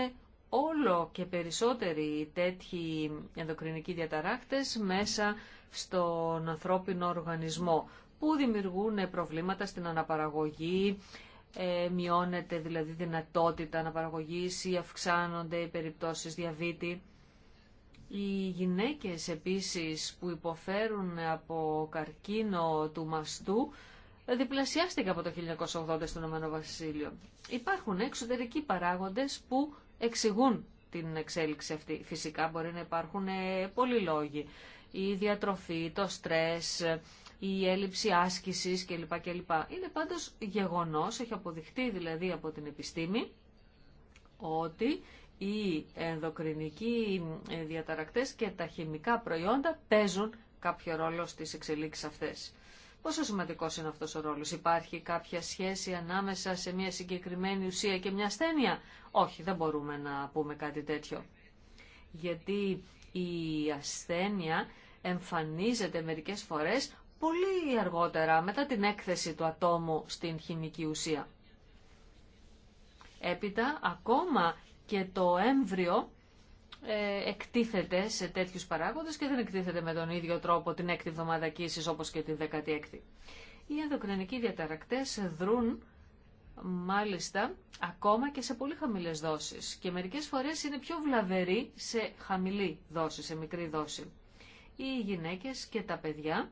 όλο και περισσότεροι τέτοιοι ενδοκρινικοί διαταράκτες μέσα στον ανθρώπινο οργανισμό που δημιουργούν προβλήματα στην αναπαραγωγή, ε, μειώνεται δηλαδή δυνατότητα αναπαραγωγής ή αυξάνονται οι περιπτώσεις διαβήτη. Οι γυναίκες επίσης που υποφέρουν από καρκίνο του μαστού διπλασιάστηκε από το 1980 στον Ηνωμένο Βασίλειο. Υπάρχουν εξωτερικοί παράγοντες που εξηγούν την εξέλιξη αυτή. Φυσικά μπορεί να υπάρχουν ε, πολλοί λόγοι. Η διατροφή, το στρες, η έλλειψη άσκησης κλπ. κλπ. Είναι πάντως γεγονός, έχει αποδειχτεί δηλαδή από την επιστήμη, ότι οι ενδοκρινικοί ε, διαταρακτές και τα χημικά προϊόντα παίζουν κάποιο ρόλο στις εξελίξεις αυτές. Πόσο σημαντικό είναι αυτό ο ρόλο. Υπάρχει κάποια σχέση ανάμεσα σε μια συγκεκριμένη ουσία και μια ασθένεια. Όχι, δεν μπορούμε να πούμε κάτι τέτοιο. Γιατί η ασθένεια εμφανίζεται μερικές φορές πολύ αργότερα μετά την έκθεση του ατόμου στην χημική ουσία. Έπειτα ακόμα και το έμβριο ε, εκτίθεται σε τέτοιους παράγοντες και δεν εκτίθεται με τον ίδιο τρόπο την έκτη εβδομάδα κύσης όπως και την 16η. Οι ενδοκρινικοί διαταρακτές δρούν μάλιστα ακόμα και σε πολύ χαμηλές δόσεις και μερικές φορές είναι πιο βλαβεροί σε χαμηλή δόση, σε μικρή δόση. Οι γυναίκες και τα παιδιά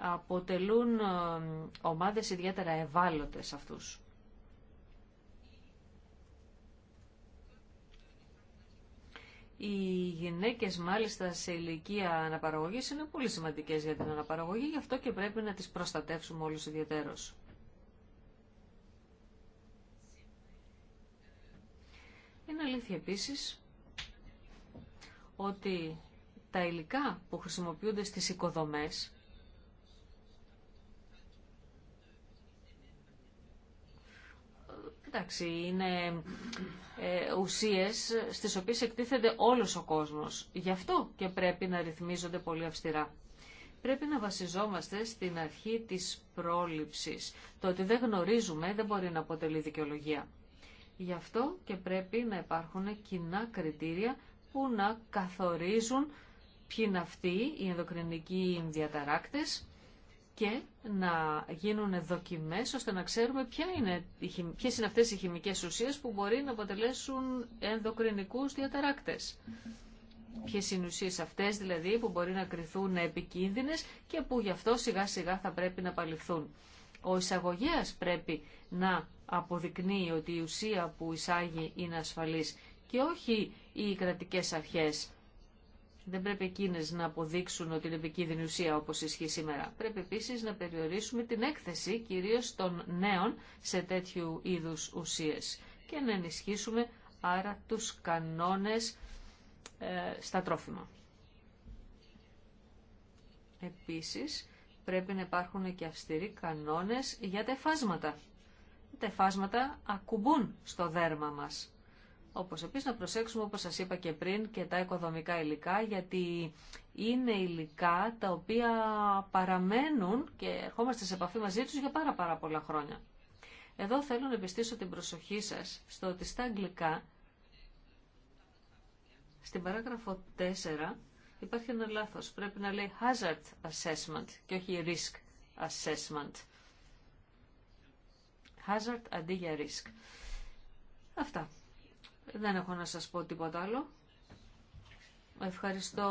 αποτελούν ε, ομάδες ιδιαίτερα ευάλωτες αυτούς. Οι γυναίκες μάλιστα σε ηλικία αναπαραγωγή είναι πολύ σημαντικές για την αναπαραγωγή, γι' αυτό και πρέπει να τις προστατεύσουμε όλου ιδιαίτερω. Είναι αλήθεια επίσης ότι τα υλικά που χρησιμοποιούνται στις οικοδομές είναι ε, ουσίες στις οποίες εκτίθεται όλος ο κόσμος. Γι' αυτό και πρέπει να ρυθμίζονται πολύ αυστηρά. Πρέπει να βασιζόμαστε στην αρχή της πρόληψης. Το ότι δεν γνωρίζουμε δεν μπορεί να αποτελεί δικαιολογία. Γι' αυτό και πρέπει να υπάρχουν κοινά κριτήρια που να καθορίζουν ποιοι είναι αυτοί οι ενδοκρινικοί διαταράκτες και να γίνουν δοκιμές ώστε να ξέρουμε ποια είναι, ποιες είναι αυτές οι χημικές ουσίες που μπορεί να αποτελέσουν ενδοκρινικούς διαταράκτες. Ποιε είναι ουσίες αυτές δηλαδή που μπορεί να κρυθούν επικίνδυνε και που γι' αυτό σιγά σιγά θα πρέπει να παληθούν. Ο εισαγωγέας πρέπει να αποδεικνύει ότι η ουσία που εισάγει είναι ασφαλή και όχι οι κρατικές αρχέ. Δεν πρέπει εκείνες να αποδείξουν ότι είναι επικίνδυνη ουσία όπως ισχύει σήμερα. Πρέπει επίσης να περιορίσουμε την έκθεση κυρίως των νέων σε τέτοιου είδους ουσίες και να ενισχύσουμε άρα τους κανόνες ε, στα τρόφιμα. Επίσης, πρέπει να υπάρχουν και αυστηροί κανόνες για τα εφάσματα. Τα εφάσματα ακουμπούν στο δέρμα μας. Όπως επίσης να προσέξουμε, όπως σας είπα και πριν, και τα οικοδομικά υλικά, γιατί είναι υλικά τα οποία παραμένουν και ερχόμαστε σε επαφή μαζί τους για πάρα πάρα πολλά χρόνια. Εδώ θέλω να επιστήσω την προσοχή σας στο ότι στα αγγλικά, στην παράγραφο 4, υπάρχει ένα λάθος. Πρέπει να λέει hazard assessment και όχι risk assessment. Hazard αντί για risk. Αυτά. Δεν έχω να σας πω τίποτα άλλο. Ευχαριστώ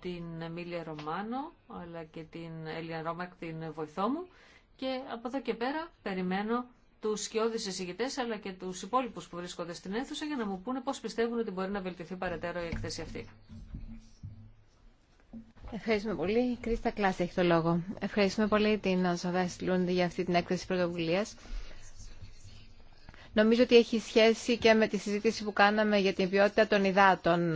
την Εμίλια Ρωμάνο αλλά και την Έλια Ρώμακ την βοηθό μου και από εδώ και πέρα περιμένω τους σκιώδεις εισηγητέ αλλά και τους υπόλοιπους που βρίσκονται στην αίθουσα για να μου πούνε πώς πιστεύουν ότι μπορεί να βελτιωθεί παρατέρω η εκθέση αυτή. Ευχαριστούμε πολύ. Κρίστα Κλάση έχει το λόγο. Ευχαριστούμε πολύ την Οσοβέ Λούντι για αυτή την έκθεση πρωτοβουλία νομίζω ότι έχει σχέση και με τη συζήτηση που κάναμε για την ποιότητα των υδάτων.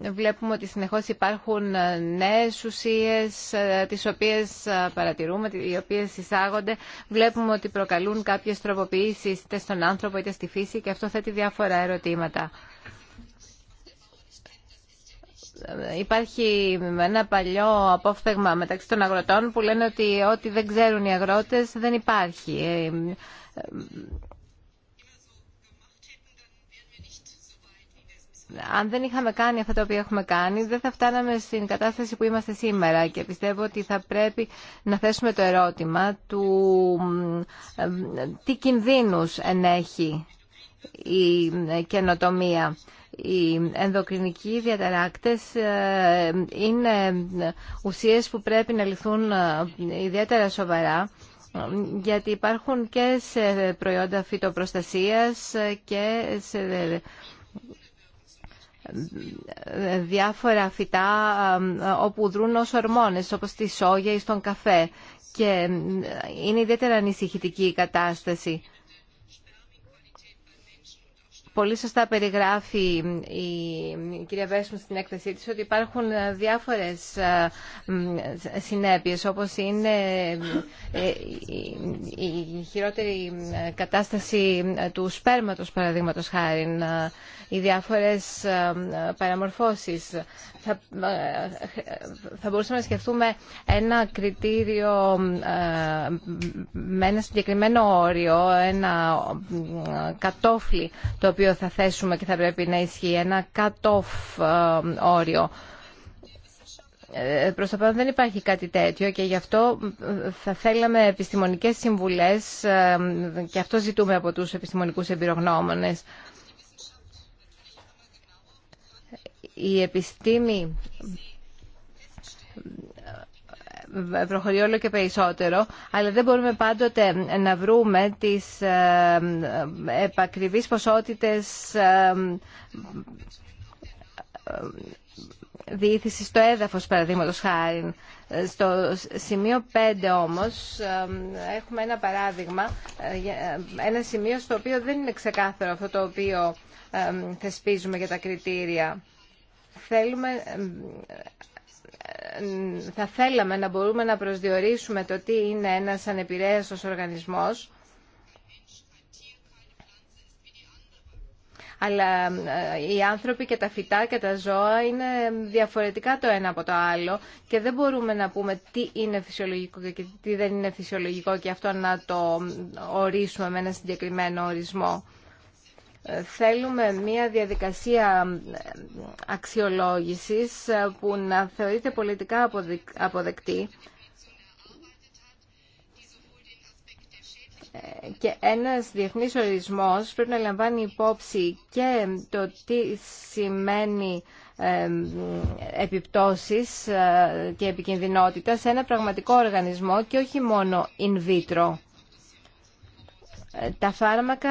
Βλέπουμε ότι συνεχώς υπάρχουν νέες ουσίες, ε, τις οποίες ε, παρατηρούμε, οι οποίες εισάγονται. Βλέπουμε ότι προκαλούν κάποιες τροποποιήσεις είτε στον άνθρωπο είτε στη φύση και αυτό θέτει διάφορα ερωτήματα υπάρχει ένα παλιό απόφθεγμα μεταξύ των αγροτών που λένε ότι ό,τι δεν ξέρουν οι αγρότες δεν υπάρχει. Ε, αν δεν είχαμε κάνει αυτά τα οποία έχουμε κάνει, δεν θα φτάναμε στην κατάσταση που είμαστε σήμερα. Και πιστεύω ότι θα πρέπει να θέσουμε το ερώτημα του ε, τι κινδύνους ενέχει η καινοτομία οι ενδοκρινικοί διαταράκτες ε, είναι ουσίες που πρέπει να λυθούν ε, ιδιαίτερα σοβαρά γιατί υπάρχουν και σε προϊόντα φυτοπροστασίας ε, και σε διάφορα φυτά όπου δρούν ως ορμόνες όπως τη σόγια ή στον καφέ και είναι ιδιαίτερα ανησυχητική η κατάσταση. Πολύ σωστά περιγράφει η κυρία Βέσμου στην έκθεσή της ότι υπάρχουν ε, διάφορες ε, συνέπειες όπως είναι ε, η χειρότερη κατάσταση του σπέρματος παραδείγματος χάρη, οι διάφορες παραμορφώσεις. Θα, θα μπορούσαμε να σκεφτούμε ένα κριτήριο με ένα συγκεκριμένο όριο, ένα κατόφλι το οποίο οποίο θα θέσουμε και θα πρέπει να ισχύει, ένα cut-off ε, όριο. Ε, προς το παρόν δεν υπάρχει κάτι τέτοιο και γι' αυτό θα θέλαμε επιστημονικές συμβουλές ε, και αυτό ζητούμε από τους επιστημονικούς εμπειρογνώμονες. Η επιστήμη προχωρεί όλο και περισσότερο, αλλά δεν μπορούμε πάντοτε να βρούμε τις ε, ε, επακριβείς ποσότητες ε, διήθησης στο έδαφος, παραδείγματος χάρη. Στο σημείο 5 όμως έχουμε ένα παράδειγμα, ένα σημείο στο οποίο δεν είναι ξεκάθαρο αυτό το οποίο θεσπίζουμε για τα κριτήρια. Θέλουμε θα θέλαμε να μπορούμε να προσδιορίσουμε το τι είναι ένας ανεπηρέαστος οργανισμός, αλλά ε, οι άνθρωποι και τα φυτά και τα ζώα είναι διαφορετικά το ένα από το άλλο και δεν μπορούμε να πούμε τι είναι φυσιολογικό και τι δεν είναι φυσιολογικό και αυτό να το ορίσουμε με ένα συγκεκριμένο ορισμό θέλουμε μια διαδικασία αξιολόγησης ε, που να θεωρείται πολιτικά αποδεκτή ε, και ένας διεθνής ορισμός πρέπει να λαμβάνει υπόψη και το τι σημαίνει ε, επιπτώσεις και επικινδυνότητα σε ένα πραγματικό οργανισμό και όχι μόνο in vitro. Τα φάρμακα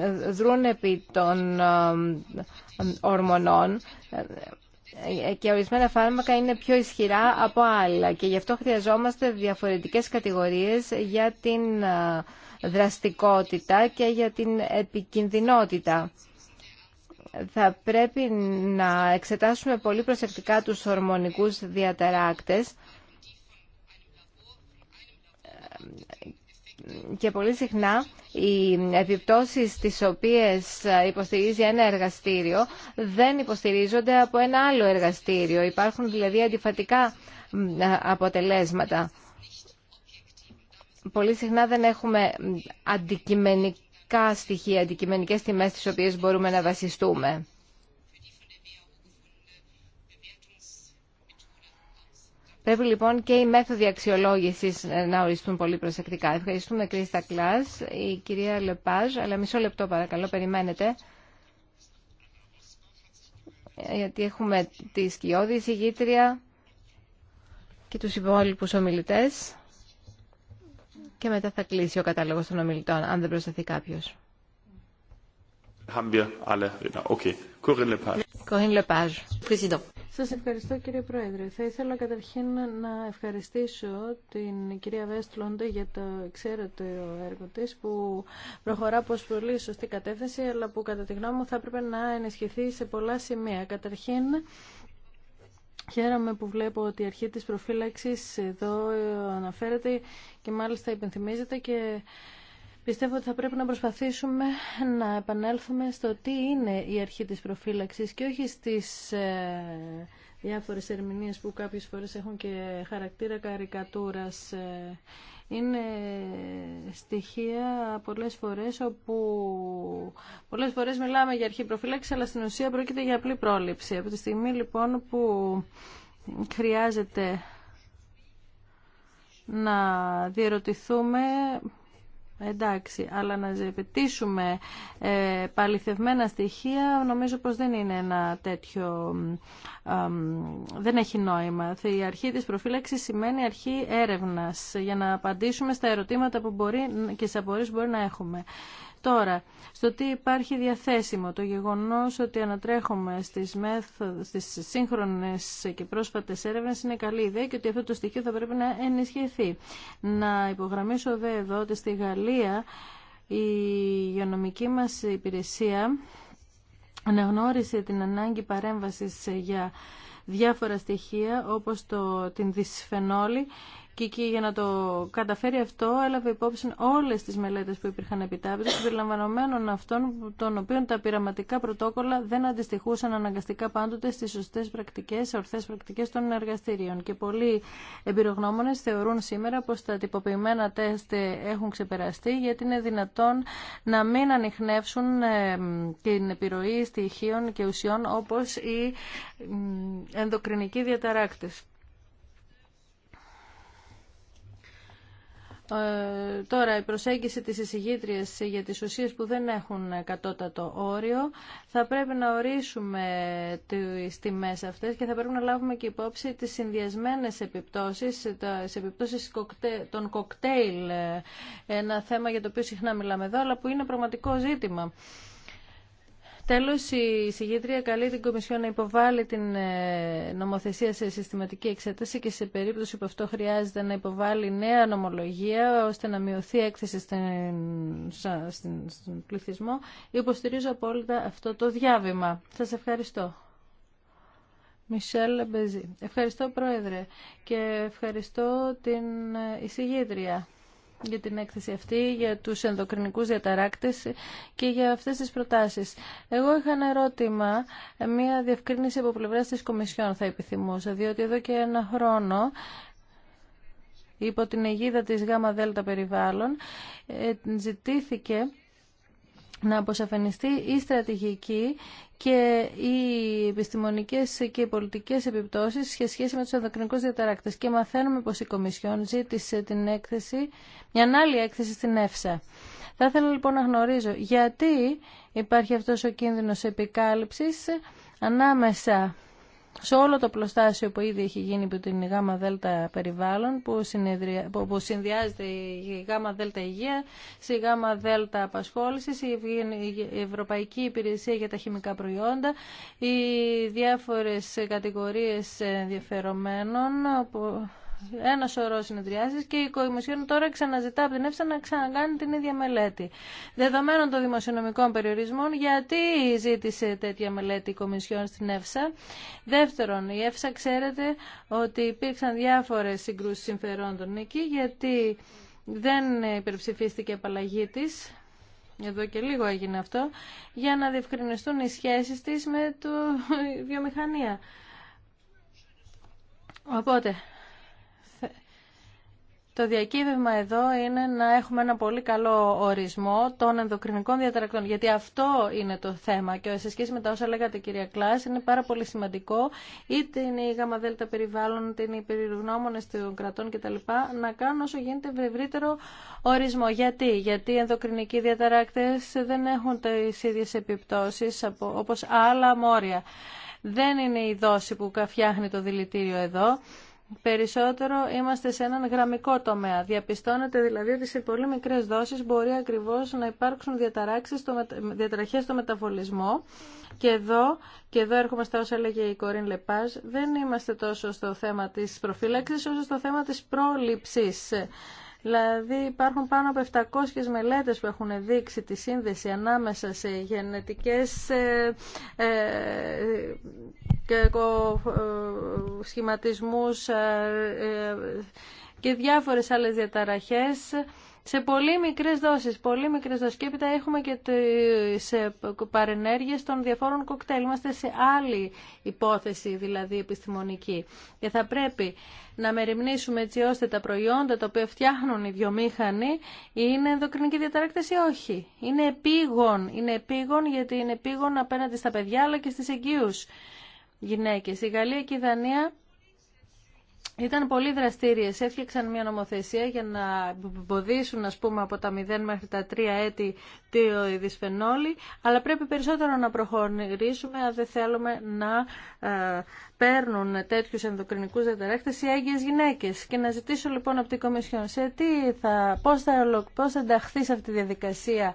ε, δρούν επί των ε, ορμονών ε, και ορισμένα φάρμακα είναι πιο ισχυρά από άλλα και γι' αυτό χρειαζόμαστε διαφορετικές κατηγορίες για την δραστικότητα και για την επικινδυνότητα. Θα πρέπει να εξετάσουμε πολύ προσεκτικά τους ορμονικούς διαταράκτες και πολύ συχνά οι επιπτώσεις τις οποίες υποστηρίζει ένα εργαστήριο δεν υποστηρίζονται από ένα άλλο εργαστήριο. Υπάρχουν δηλαδή αντιφατικά αποτελέσματα. Πολύ συχνά δεν έχουμε αντικειμενικά στοιχεία, αντικειμενικές τιμές τις οποίες μπορούμε να βασιστούμε. Πρέπει λοιπόν και οι μέθοδοι αξιολόγηση ε, να οριστούν πολύ προσεκτικά. Ευχαριστούμε, Κρίστα Κλά, η κυρία Λεπάζ, αλλά μισό λεπτό παρακαλώ, περιμένετε. Ε, γιατί έχουμε τη σκιώδη εισηγήτρια και τους υπόλοιπου ομιλητέ και μετά θα κλείσει ο κατάλογο των ομιλητών, αν δεν προσταθεί κάποιο. Haben wir alle. Σας ευχαριστώ κύριε Πρόεδρε. Θα ήθελα καταρχήν να ευχαριστήσω την κυρία Βέστλοντε για το εξαίρετο έργο της που προχωρά προς πολύ σωστή κατεύθυνση αλλά που κατά τη γνώμη μου θα έπρεπε να ενισχυθεί σε πολλά σημεία. Καταρχήν Χαίρομαι που βλέπω ότι η αρχή της προφύλαξης εδώ αναφέρεται και μάλιστα υπενθυμίζεται και Πιστεύω ότι θα πρέπει να προσπαθήσουμε να επανέλθουμε στο τι είναι η αρχή της προφύλαξης και όχι στις ε, διάφορες ερμηνείες που κάποιες φορές έχουν και χαρακτήρα καρικατούρας. Ε, είναι στοιχεία πολλές φορές όπου πολλές φορές μιλάμε για αρχή προφύλαξης αλλά στην ουσία πρόκειται για απλή πρόληψη. Από τη στιγμή λοιπόν που χρειάζεται να διερωτηθούμε Εντάξει, αλλά να ζητήσουμε ε, παληθευμένα στοιχεία νομίζω πως δεν είναι ένα τέτοιο, δεν έχει νόημα. Η αρχή της προφύλαξης σημαίνει αρχή έρευνας για να απαντήσουμε στα ερωτήματα που μπορεί και σε απορίες μπορεί να έχουμε. Τώρα, στο τι υπάρχει διαθέσιμο, το γεγονός ότι ανατρέχουμε στις, σύγχρονε στις σύγχρονες και πρόσφατες έρευνες είναι καλή ιδέα και ότι αυτό το στοιχείο θα πρέπει να ενισχυθεί. Να υπογραμμίσω δε εδώ ότι στη Γαλλία η υγειονομική μας υπηρεσία αναγνώρισε την ανάγκη παρέμβασης για διάφορα στοιχεία όπως το, την δυσφενόλη και εκεί για να το καταφέρει αυτό έλαβε υπόψη όλες τις μελέτες που υπήρχαν επιτάπητες συμπεριλαμβανομένων αυτών των οποίων τα πειραματικά πρωτόκολλα δεν αντιστοιχούσαν αναγκαστικά πάντοτε στις σωστές πρακτικές, ορθές πρακτικές των εργαστηρίων. Και πολλοί εμπειρογνώμονες θεωρούν σήμερα πως τα τυποποιημένα τεστ έχουν ξεπεραστεί γιατί είναι δυνατόν να μην ανοιχνεύσουν ε, την επιρροή στοιχείων και ουσιών όπως οι ενδοκρινικοί διαταράκτες. Ε, τώρα, η προσέγγιση της εισηγήτριας για τις ουσίες που δεν έχουν κατώτατο όριο θα πρέπει να ορίσουμε τις τιμές αυτές και θα πρέπει να λάβουμε και υπόψη τις συνδυασμένες επιπτώσεις, επιπτώσεις των κοκτέιλ, ε, ένα θέμα για το οποίο συχνά μιλάμε εδώ, αλλά που είναι πραγματικό ζήτημα. Τέλο, η συγγήτρια καλεί την Κομισιό να υποβάλει την ε, νομοθεσία σε συστηματική εξέταση και σε περίπτωση που αυτό χρειάζεται να υποβάλει νέα νομολογία ώστε να μειωθεί η έκθεση στον πληθυσμό. Υποστηρίζω απόλυτα αυτό το διάβημα. Σα ευχαριστώ. Μισελ Μπεζή. Ευχαριστώ Πρόεδρε και ευχαριστώ την ε, εισηγήτρια για την έκθεση αυτή, για τους ενδοκρινικούς διαταράκτες και για αυτές τις προτάσεις. Εγώ είχα ένα ερώτημα, μια διευκρίνηση από πλευρά της Κομισιόν θα επιθυμούσα, διότι εδώ και ένα χρόνο υπό την αιγίδα της ΓΔ περιβάλλον ε, ζητήθηκε να αποσαφενιστεί η στρατηγική και οι επιστημονικές και οι πολιτικές επιπτώσεις σε σχέση με τους ενδοκρινικούς διαταράκτες. Και μαθαίνουμε πως η Κομισιόν ζήτησε την έκθεση, μια άλλη έκθεση στην ΕΦΣΑ. Θα ήθελα λοιπόν να γνωρίζω γιατί υπάρχει αυτός ο κίνδυνος επικάλυψης ανάμεσα σε όλο το πλωστάσιο που ήδη έχει γίνει από την ΓΑΜΑ ΔΕΛΤΑ περιβάλλον που, συνεδρια... που συνδυάζεται η ΓΑΜΑ ΔΕΛΤΑ υγεία, η ΓΑΜΑ ΔΕΛΤΑ απασχόληση, η Ευρωπαϊκή Υπηρεσία για τα Χημικά Προϊόντα, οι διάφορες κατηγορίες ενδιαφερομένων που ένα σωρό συνεδριάσεις και η Κομισιόν τώρα ξαναζητά από την ΕΦΣΑ να ξανακάνει την ίδια μελέτη. Δεδομένων των δημοσιονομικών περιορισμών, γιατί ζήτησε τέτοια μελέτη η Κομισιόν στην ΕΦΣΑ. Δεύτερον, η ΕΦΣΑ ξέρετε ότι υπήρξαν διάφορες συγκρούσεις συμφερόντων εκεί, γιατί δεν υπερψηφίστηκε η απαλλαγή της εδώ και λίγο έγινε αυτό, για να διευκρινιστούν οι σχέσεις της με τη βιομηχανία. Οπότε, το διακύβευμα εδώ είναι να έχουμε ένα πολύ καλό ορισμό των ενδοκρινικών διαταρακτών. Γιατί αυτό είναι το θέμα. Και σε σχέση με τα όσα λέγατε, κυρία Κλάς, είναι πάρα πολύ σημαντικό είτε είναι η γαμαδέλτα περιβάλλον, είτε είναι οι περιγνώμονε των κρατών κτλ. να κάνουν όσο γίνεται ευρύτερο ορισμό. Γιατί, Γιατί οι ενδοκρινικοί διαταράκτε δεν έχουν τι ίδιε επιπτώσει όπω άλλα μόρια. Δεν είναι η δόση που φτιάχνει το δηλητήριο εδώ. Περισσότερο είμαστε σε έναν γραμμικό τομέα. Διαπιστώνεται δηλαδή ότι σε πολύ μικρές δόσεις μπορεί ακριβώς να υπάρξουν διαταραχέ στο, στο μεταβολισμό και εδώ, και εδώ έρχομαστε όσα έλεγε η Κορίν Λεπάζ, δεν είμαστε τόσο στο θέμα της προφύλαξης όσο στο θέμα της πρόληψης. Δηλαδή υπάρχουν πάνω από 700 μελέτες που έχουν δείξει τη σύνδεση ανάμεσα σε γενετικές ε, ε, και ε, σχηματισμούς και διάφορες άλλες διαταραχές σε πολύ μικρές δόσεις, πολύ μικρές δόσει. Και έπειτα έχουμε και τις ε, παρενέργειες των διαφόρων κοκτέιλ. Είμαστε σε άλλη υπόθεση, δηλαδή επιστημονική. Και θα πρέπει να μεριμνήσουμε έτσι ώστε τα προϊόντα τα οποία φτιάχνουν οι βιομήχανοι είναι ενδοκρινική διαταράκτηση ή όχι. Είναι επίγον, είναι επίγον γιατί είναι επίγον απέναντι στα παιδιά αλλά και στι εγγύου γυναίκε. Η Γαλλία και η Δανία ήταν πολύ δραστήριε. έφτιαξαν μια νομοθεσία για να εμποδίσουν α πούμε από τα 0 μέχρι τα 3 έτη τη δυσφενόλη, αλλά πρέπει περισσότερο να προχωρήσουμε αν δεν θέλουμε να ε, παίρνουν τέτοιου ενδοκρινικού διαταράκτες οι έγκυε γυναίκε Και να ζητήσω λοιπόν από την Κομισιόν σε θα, πώ θα, πώς θα ενταχθεί σε αυτή τη διαδικασία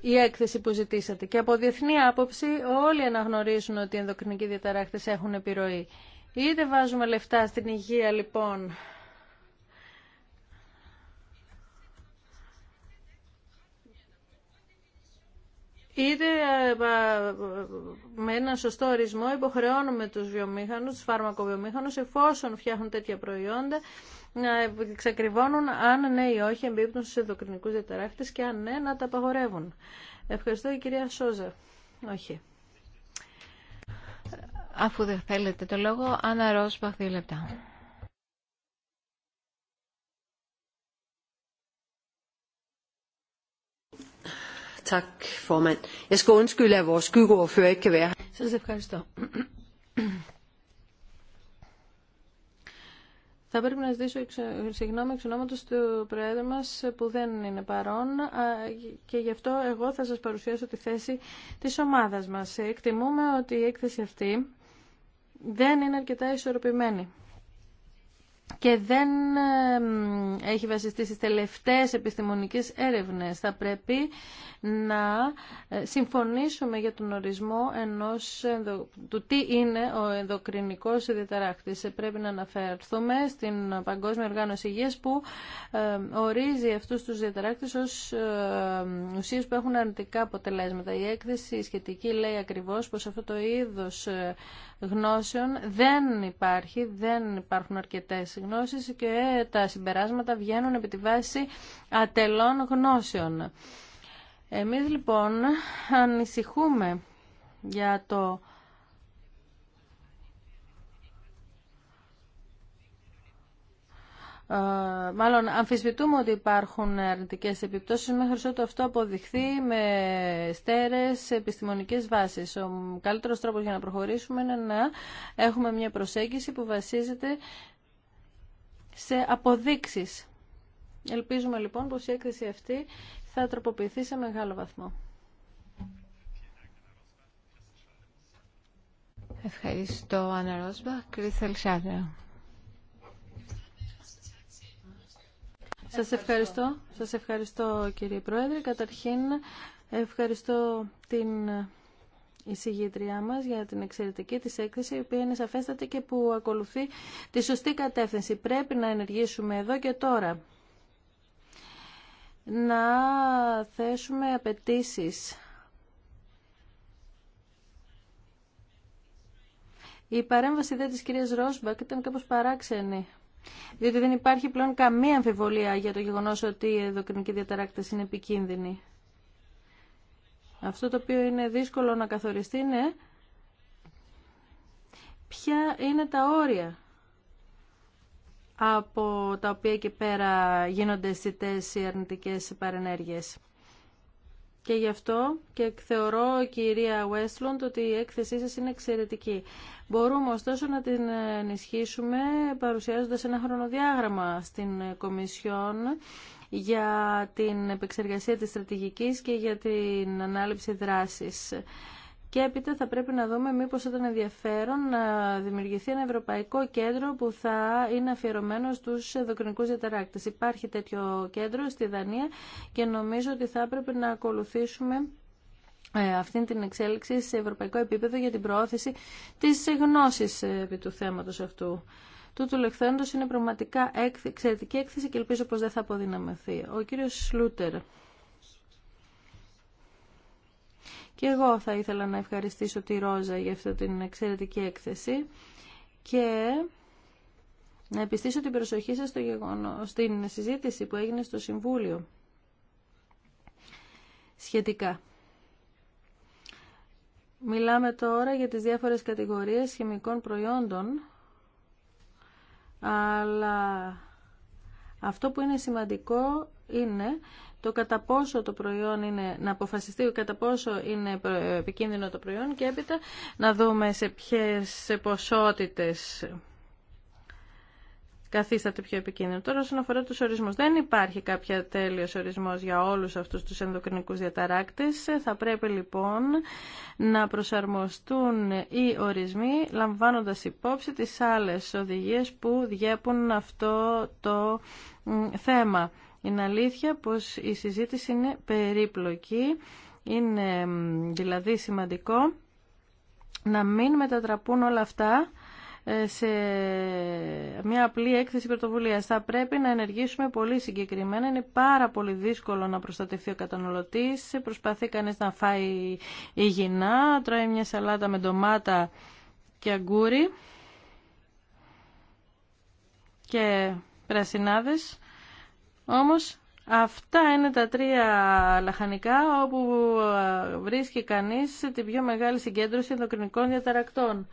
η έκθεση που ζητήσατε. Και από διεθνή άποψη όλοι αναγνωρίζουν ότι οι ενδοκρινικοί διαταράκτε έχουν επιρροή. Είτε βάζουμε λεφτά στην υγεία λοιπόν Είτε ε, ε, με ένα σωστό ορισμό υποχρεώνουμε τους βιομήχανους, τους φάρμακοβιομήχανους, εφόσον φτιάχνουν τέτοια προϊόντα, να εξακριβώνουν αν ναι ή όχι εμπίπτουν στους ενδοκρινικούς διαταράχτες και αν ναι να τα απαγορεύουν. Ευχαριστώ η κυρία Σόζα. Όχι. Αφού δεν θέλετε το λόγο, Άννα δύο λεπτά. Σας ευχαριστώ. Θα πρέπει να ζητήσω συγγνώμη εξ ονόματος του Προέδρου μας που δεν είναι παρόν και γι' αυτό εγώ θα σας παρουσιάσω τη θέση της ομάδας μας. Εκτιμούμε ότι η έκθεση αυτή δεν είναι αρκετά ισορροπημένη και δεν έχει βασιστεί στις τελευταίες επιστημονικές έρευνες. Θα πρέπει να ε, συμφωνήσουμε για τον ορισμό ενός, του τι είναι ο ενδοκρινικός διαταράκτης. Ε, πρέπει να αναφερθούμε στην Παγκόσμια Οργάνωση Υγείας που ορίζει αυτούς τους διαταράκτες ως ουσίες που έχουν αρνητικά αποτελέσματα. Η έκθεση σχετική λέει ακριβώς πως αυτό το είδος ε, γνώσεων δεν υπάρχει, δεν υπάρχουν αρκετές γνώσεις και τα συμπεράσματα βγαίνουν επί τη βάση ατελών γνώσεων. Εμείς λοιπόν ανησυχούμε για το Ε, μάλλον αμφισβητούμε ότι υπάρχουν αρνητικές επιπτώσεις μέχρι ότου αυτό αποδειχθεί με στέρες επιστημονικές βάσεις. Ο καλύτερος τρόπος για να προχωρήσουμε είναι να έχουμε μια προσέγγιση που βασίζεται σε αποδείξεις. Ελπίζουμε λοιπόν πως η έκθεση αυτή θα τροποποιηθεί σε μεγάλο βαθμό. Ευχαριστώ, Άννα Ρόσμπα. Σας ευχαριστώ. Σας ευχαριστώ κύριε Πρόεδρε. Καταρχήν ευχαριστώ την εισηγήτριά μας για την εξαιρετική της έκθεση, η οποία είναι σαφέστατη και που ακολουθεί τη σωστή κατεύθυνση. Πρέπει να ενεργήσουμε εδώ και τώρα. Να θέσουμε απαιτήσει. Η παρέμβαση δε της κυρίας Ρόσμπακ ήταν κάπως παράξενη. Διότι δεν υπάρχει πλέον καμία αμφιβολία για το γεγονός ότι η εδοκρινική διαταράκτηση είναι επικίνδυνη. Αυτό το οποίο είναι δύσκολο να καθοριστεί είναι ποια είναι τα όρια από τα οποία και πέρα γίνονται αισθητές οι αρνητικές παρενέργειες. Και γι' αυτό και θεωρώ, κυρία Westlund, ότι η έκθεσή σας είναι εξαιρετική. Μπορούμε ωστόσο να την ενισχύσουμε παρουσιάζοντας ένα χρονοδιάγραμμα στην Κομισιόν για την επεξεργασία της στρατηγικής και για την ανάληψη δράσης. Και έπειτα θα πρέπει να δούμε μήπως ήταν ενδιαφέρον να δημιουργηθεί ένα ευρωπαϊκό κέντρο που θα είναι αφιερωμένο στους δοκρινικούς διαταράκτες. Υπάρχει τέτοιο κέντρο στη Δανία και νομίζω ότι θα έπρεπε να ακολουθήσουμε ε, αυτή την εξέλιξη σε ευρωπαϊκό επίπεδο για την προώθηση της γνώσης ε, επί του θέματος αυτού. Τούτου λεχθέντος είναι πραγματικά εξαιρετική έκθεση και ελπίζω πως δεν θα αποδυναμωθεί. Ο κύριος Σλούτερ. Και εγώ θα ήθελα να ευχαριστήσω τη Ρόζα για αυτή την εξαιρετική έκθεση και να επιστήσω την προσοχή σας στο γεγονό, στην συζήτηση που έγινε στο Συμβούλιο σχετικά. Μιλάμε τώρα για τις διάφορες κατηγορίες χημικών προϊόντων, αλλά αυτό που είναι σημαντικό είναι το κατά πόσο το προϊόν είναι, να αποφασιστεί κατά πόσο είναι επικίνδυνο το προϊόν και έπειτα να δούμε σε ποιες σε ποσότητες καθίσταται πιο επικίνδυνο. Τώρα, όσον αφορά του ορισμούς. δεν υπάρχει κάποια τέλειος ορισμός για όλους αυτούς τους ενδοκρινικούς διαταράκτες. Θα πρέπει λοιπόν να προσαρμοστούν οι ορισμοί, λαμβάνοντα υπόψη τις άλλε οδηγίες που διέπουν αυτό το θέμα. Είναι αλήθεια πως η συζήτηση είναι περίπλοκη, είναι δηλαδή σημαντικό να μην μετατραπούν όλα αυτά ε, σε μια απλή έκθεση πρωτοβουλία. Θα πρέπει να ενεργήσουμε πολύ συγκεκριμένα. Είναι πάρα πολύ δύσκολο να προστατευτεί ο καταναλωτή. Προσπαθεί κανεί να φάει υγιεινά, τρώει μια σαλάτα με ντομάτα και αγκούρι και πρασινάδες όμως αυτά είναι τα τρία λαχανικά όπου ε, βρίσκει κανείς την πιο μεγάλη συγκέντρωση ενδοκρινικών διαταρακτών.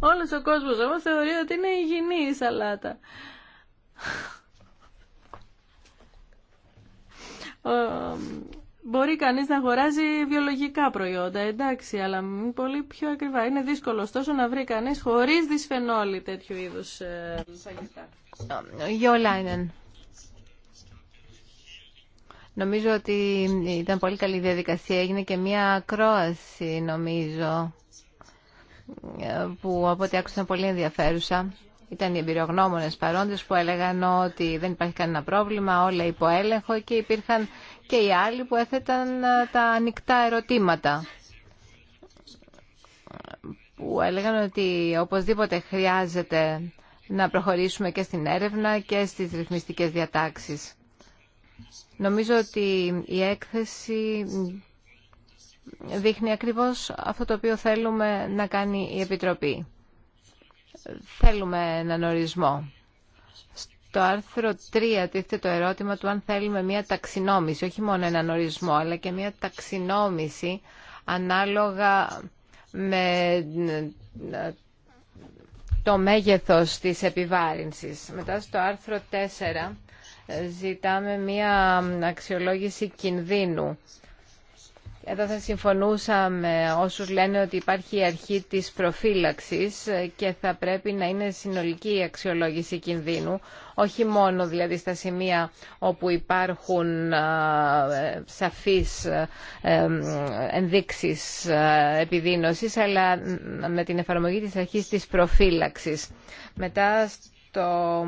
Όλος ο κόσμος όμως θεωρεί ότι είναι υγιεινή η σαλάτα. μπορεί κανεί να αγοράζει βιολογικά προϊόντα, εντάξει, αλλά πολύ πιο ακριβά. Είναι δύσκολο ωστόσο να βρει κανεί χωρί δυσφενόλη τέτοιου είδους ε, σαγητά. Νομίζω ότι ήταν πολύ καλή διαδικασία. Έγινε και μία ακρόαση, νομίζω, ε, που από ό,τι άκουσα πολύ ενδιαφέρουσα. Ήταν οι εμπειρογνώμονες παρόντες που έλεγαν ότι δεν υπάρχει κανένα πρόβλημα, όλα υπό έλεγχο και υπήρχαν και οι άλλοι που έθεταν ε, τα ανοιχτά ερωτήματα που έλεγαν ότι οπωσδήποτε χρειάζεται να προχωρήσουμε και στην έρευνα και στις ρυθμιστικές διατάξεις. Νομίζω ότι η έκθεση δείχνει ακριβώς αυτό το οποίο θέλουμε να κάνει η Επιτροπή. Θέλουμε έναν ορισμό το άρθρο 3 τίθεται το ερώτημα του αν θέλουμε μια ταξινόμηση, όχι μόνο έναν ορισμό, αλλά και μια ταξινόμηση ανάλογα με ε, το μέγεθος της επιβάρυνσης. Μετά στο άρθρο 4 ε, ζητάμε μια αξιολόγηση κινδύνου εδώ θα συμφωνούσα με όσους λένε ότι υπάρχει η αρχή της προφύλαξης και θα πρέπει να είναι συνολική η αξιολόγηση κινδύνου, όχι μόνο δηλαδή στα σημεία όπου υπάρχουν σαφείς ε, ενδείξεις επιδείνωσης, αλλά με την εφαρμογή της αρχής της προφύλαξης. Μετά στο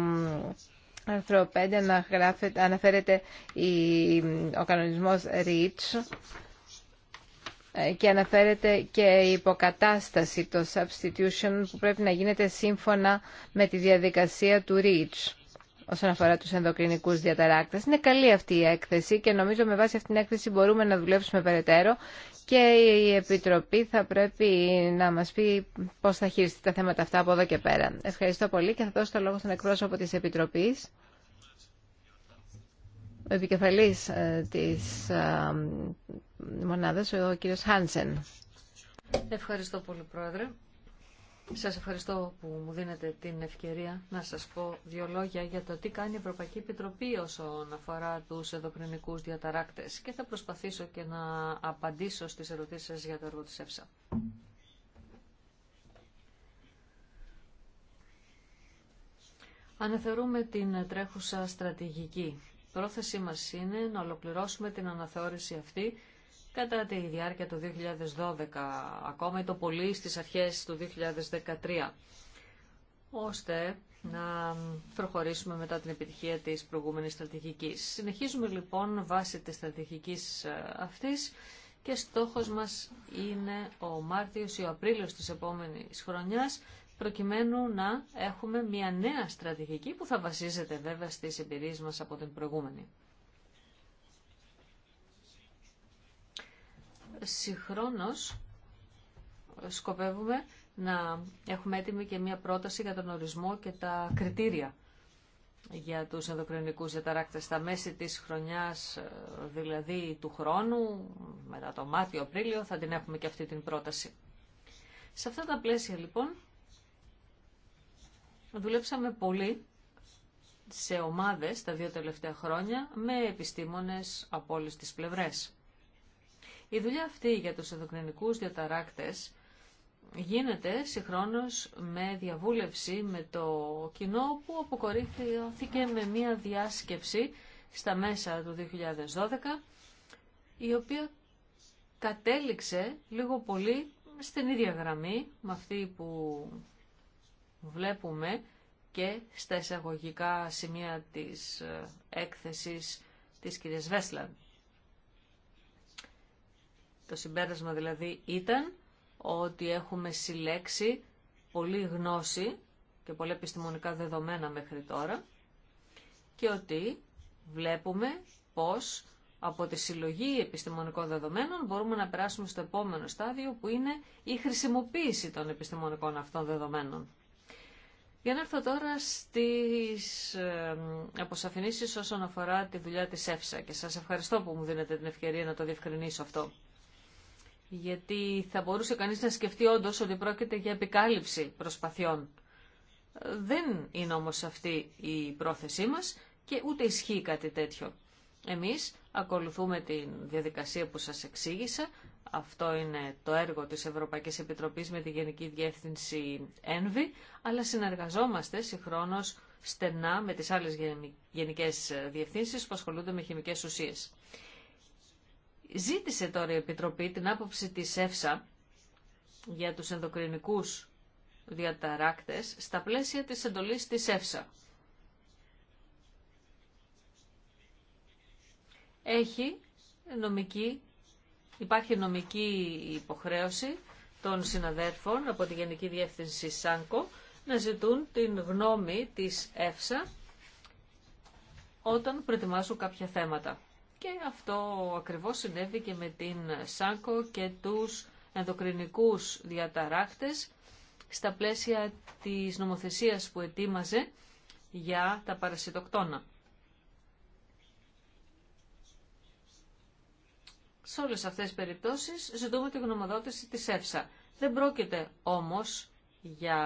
άρθρο 5 αναφέρεται ο κανονισμός REACH, ε, και αναφέρεται και η υποκατάσταση, το substitution που πρέπει να γίνεται σύμφωνα με τη διαδικασία του REACH όσον αφορά τους ενδοκρινικούς διαταράκτες. Είναι καλή αυτή η έκθεση και νομίζω με βάση αυτήν την έκθεση μπορούμε να δουλέψουμε περαιτέρω και η Επιτροπή θα πρέπει να μας πει πώς θα χειριστεί τα θέματα αυτά από εδώ και πέρα. Ευχαριστώ πολύ και θα δώσω το λόγο στον εκπρόσωπο της Επιτροπής ο επικεφαλής ε, της ε, μονάδας, ο κύριος Χάνσεν. Ευχαριστώ πολύ, Πρόεδρε. Σας ευχαριστώ που μου δίνετε την ευκαιρία να σας πω δύο λόγια για το τι κάνει η Ευρωπαϊκή Επιτροπή όσον αφορά τους ενδοκρινικούς διαταράκτες και θα προσπαθήσω και να απαντήσω στις ερωτήσεις σας για το έργο της ΕΦΣΑ. Αναθερούμε την τρέχουσα στρατηγική πρόθεσή μας είναι να ολοκληρώσουμε την αναθεώρηση αυτή κατά τη διάρκεια του 2012, ακόμα το πολύ στις αρχές του 2013, ώστε να προχωρήσουμε μετά την επιτυχία της προηγούμενης στρατηγικής. Συνεχίζουμε λοιπόν βάσει της στρατηγικής ε, αυτής και στόχος μας είναι ο Μάρτιος ή ο Απρίλιος της επόμενης χρονιάς προκειμένου να έχουμε μια νέα στρατηγική που θα βασίζεται βέβαια στις εμπειρίες μας από την προηγούμενη. Συγχρόνως σκοπεύουμε να έχουμε έτοιμη και μια πρόταση για τον ορισμό και τα κριτήρια για τους ενδοκρινικούς διαταράκτες στα μέση της χρονιάς, δηλαδή του χρόνου, μετά το Μάρτιο-Απρίλιο, θα την έχουμε και αυτή την πρόταση. Σε αυτά τα πλαίσια λοιπόν Δουλέψαμε πολύ σε ομάδες τα δύο τελευταία χρόνια με επιστήμονες από όλες τις πλευρές. Η δουλειά αυτή για τους ενδοκρινικούς διαταράκτες γίνεται συγχρόνως με διαβούλευση με το κοινό που αποκορύφθηκε με μία διάσκεψη στα μέσα του 2012 η οποία κατέληξε λίγο πολύ στην ίδια γραμμή με αυτή που βλέπουμε και στα εισαγωγικά σημεία της ε, έκθεσης της κυρίας Βέσλαν. Το συμπέρασμα δηλαδή ήταν ότι έχουμε συλλέξει πολλή γνώση και πολλά επιστημονικά δεδομένα μέχρι τώρα και ότι βλέπουμε πως από τη συλλογή επιστημονικών δεδομένων μπορούμε να περάσουμε στο επόμενο στάδιο που είναι η χρησιμοποίηση των επιστημονικών αυτών δεδομένων. Για να έρθω τώρα στις αποσαφηνίσεις όσον αφορά τη δουλειά της ΕΦΣΑ και σας ευχαριστώ που μου δίνετε την ευκαιρία να το διευκρινίσω αυτό. Γιατί θα μπορούσε κανείς να σκεφτεί όντω ότι πρόκειται για επικάλυψη προσπαθειών. Δεν είναι όμως αυτή η πρόθεσή μας και ούτε ισχύει κάτι τέτοιο. Εμείς ακολουθούμε τη διαδικασία που σας εξήγησα. Αυτό είναι το έργο της Ευρωπαϊκής Επιτροπής με τη Γενική Διεύθυνση ΕΝΒΗ, αλλά συνεργαζόμαστε συγχρόνως στενά με τις άλλες γενικές διευθύνσεις που ασχολούνται με χημικές ουσίες. Ζήτησε τώρα η Επιτροπή την άποψη της ΕΦΣΑ για τους ενδοκρινικούς διαταράκτες στα πλαίσια της εντολής της ΕΦΣΑ. έχει νομική, υπάρχει νομική υποχρέωση των συναδέρφων από τη Γενική Διεύθυνση ΣΑΝΚΟ να ζητούν την γνώμη της ΕΦΣΑ όταν προετοιμάζουν κάποια θέματα. Και αυτό ακριβώς συνέβη και με την ΣΑΝΚΟ και τους ενδοκρινικούς διαταράκτες στα πλαίσια της νομοθεσίας που ετοίμαζε για τα παρασιτοκτόνα. Σε όλες αυτές τις περιπτώσεις ζητούμε τη γνωμοδότηση της ΕΦΣΑ. Δεν πρόκειται όμως για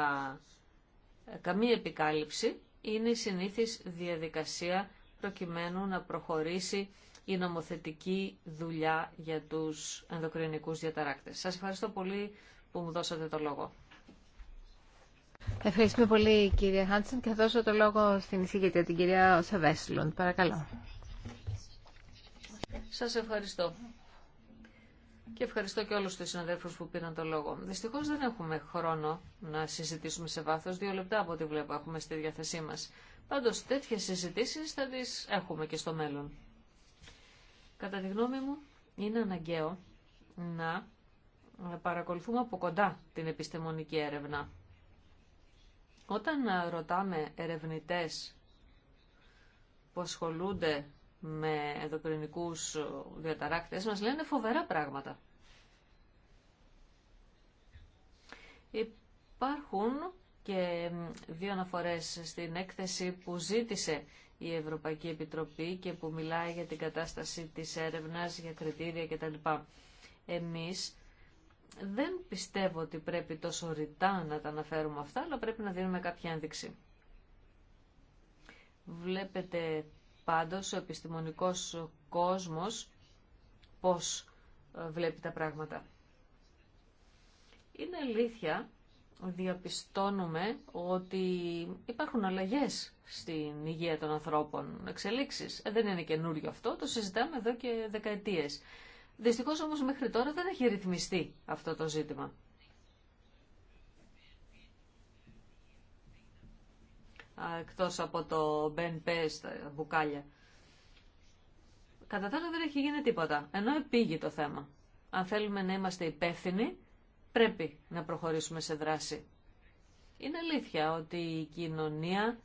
ε, καμία επικάλυψη. Είναι η συνήθις διαδικασία προκειμένου να προχωρήσει η νομοθετική δουλειά για τους ενδοκρινικούς διαταράκτες. Σας ευχαριστώ πολύ που μου δώσατε το λόγο. Ευχαριστούμε πολύ κύριε Χάντσεν και θα δώσω το λόγο στην εισηγητή, την κυρία Σεβέσλουν. Παρακαλώ. Σας ευχαριστώ και ευχαριστώ και όλους τους συναδέλφους που πήραν το λόγο. Δυστυχώς δεν έχουμε χρόνο να συζητήσουμε σε βάθος. Δύο λεπτά από ό,τι βλέπω έχουμε στη διάθεσή μας. Πάντως τέτοιες συζητήσεις θα τις έχουμε και στο μέλλον. Κατά τη γνώμη μου είναι αναγκαίο να παρακολουθούμε από κοντά την επιστημονική έρευνα. Όταν ρωτάμε ερευνητές που ασχολούνται με ενδοκρινικούς διαταράκτες μας λένε φοβερά πράγματα. Υπάρχουν και δύο αναφορές στην έκθεση που ζήτησε η Ευρωπαϊκή Επιτροπή και που μιλάει για την κατάσταση της έρευνας, για κριτήρια κτλ. Εμείς δεν πιστεύω ότι πρέπει τόσο ρητά να τα αναφέρουμε αυτά, αλλά πρέπει να δίνουμε κάποια ένδειξη. Βλέπετε Πάντως ο επιστημονικός κόσμος πώς ε, βλέπει τα πράγματα. Είναι αλήθεια, διαπιστώνουμε ότι υπάρχουν αλλαγές στην υγεία των ανθρώπων, εξελίξεις. Ε, δεν είναι καινούριο αυτό, το συζητάμε εδώ και δεκαετίες. Δυστυχώς όμως μέχρι τώρα δεν έχει ρυθμιστεί αυτό το ζήτημα. εκτός από το Μπεν Πες, τα μπουκάλια. Κατά τα δεν έχει γίνει τίποτα, ενώ επήγει το θέμα. Αν θέλουμε να είμαστε υπεύθυνοι, πρέπει να προχωρήσουμε σε δράση. Είναι αλήθεια ότι η κοινωνία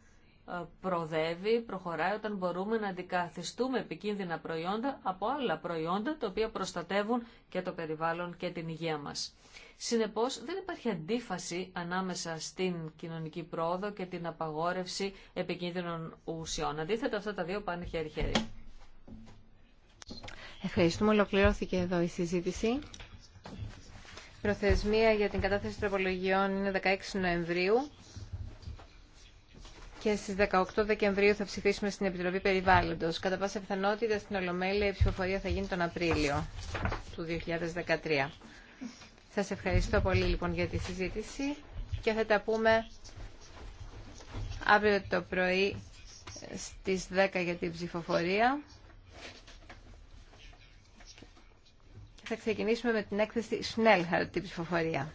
προοδεύει, προχωράει όταν μπορούμε να αντικαθιστούμε επικίνδυνα προϊόντα από άλλα προϊόντα τα οποία προστατεύουν και το περιβάλλον και την υγεία μας. Συνεπώς δεν υπάρχει αντίφαση ανάμεσα στην κοινωνική πρόοδο και την απαγόρευση επικίνδυνων ουσιών. Αντίθετα αυτά τα δύο πάνε χέρι-χέρι. Ευχαριστούμε. Ολοκληρώθηκε εδώ η συζήτηση. Προθεσμία για την κατάθεση τροπολογιών είναι 16 Νοεμβρίου και στις 18 Δεκεμβρίου θα ψηφίσουμε στην Επιτροπή Περιβάλλοντος. Κατά πάσα πιθανότητα στην Ολομέλεια η ψηφοφορία θα γίνει τον Απρίλιο του 2013. Σας ευχαριστώ πολύ λοιπόν για τη συζήτηση και θα τα πούμε αύριο το πρωί στις 10 για την ψηφοφορία. Θα ξεκινήσουμε με την έκθεση Σνέλχαρτ την ψηφοφορία.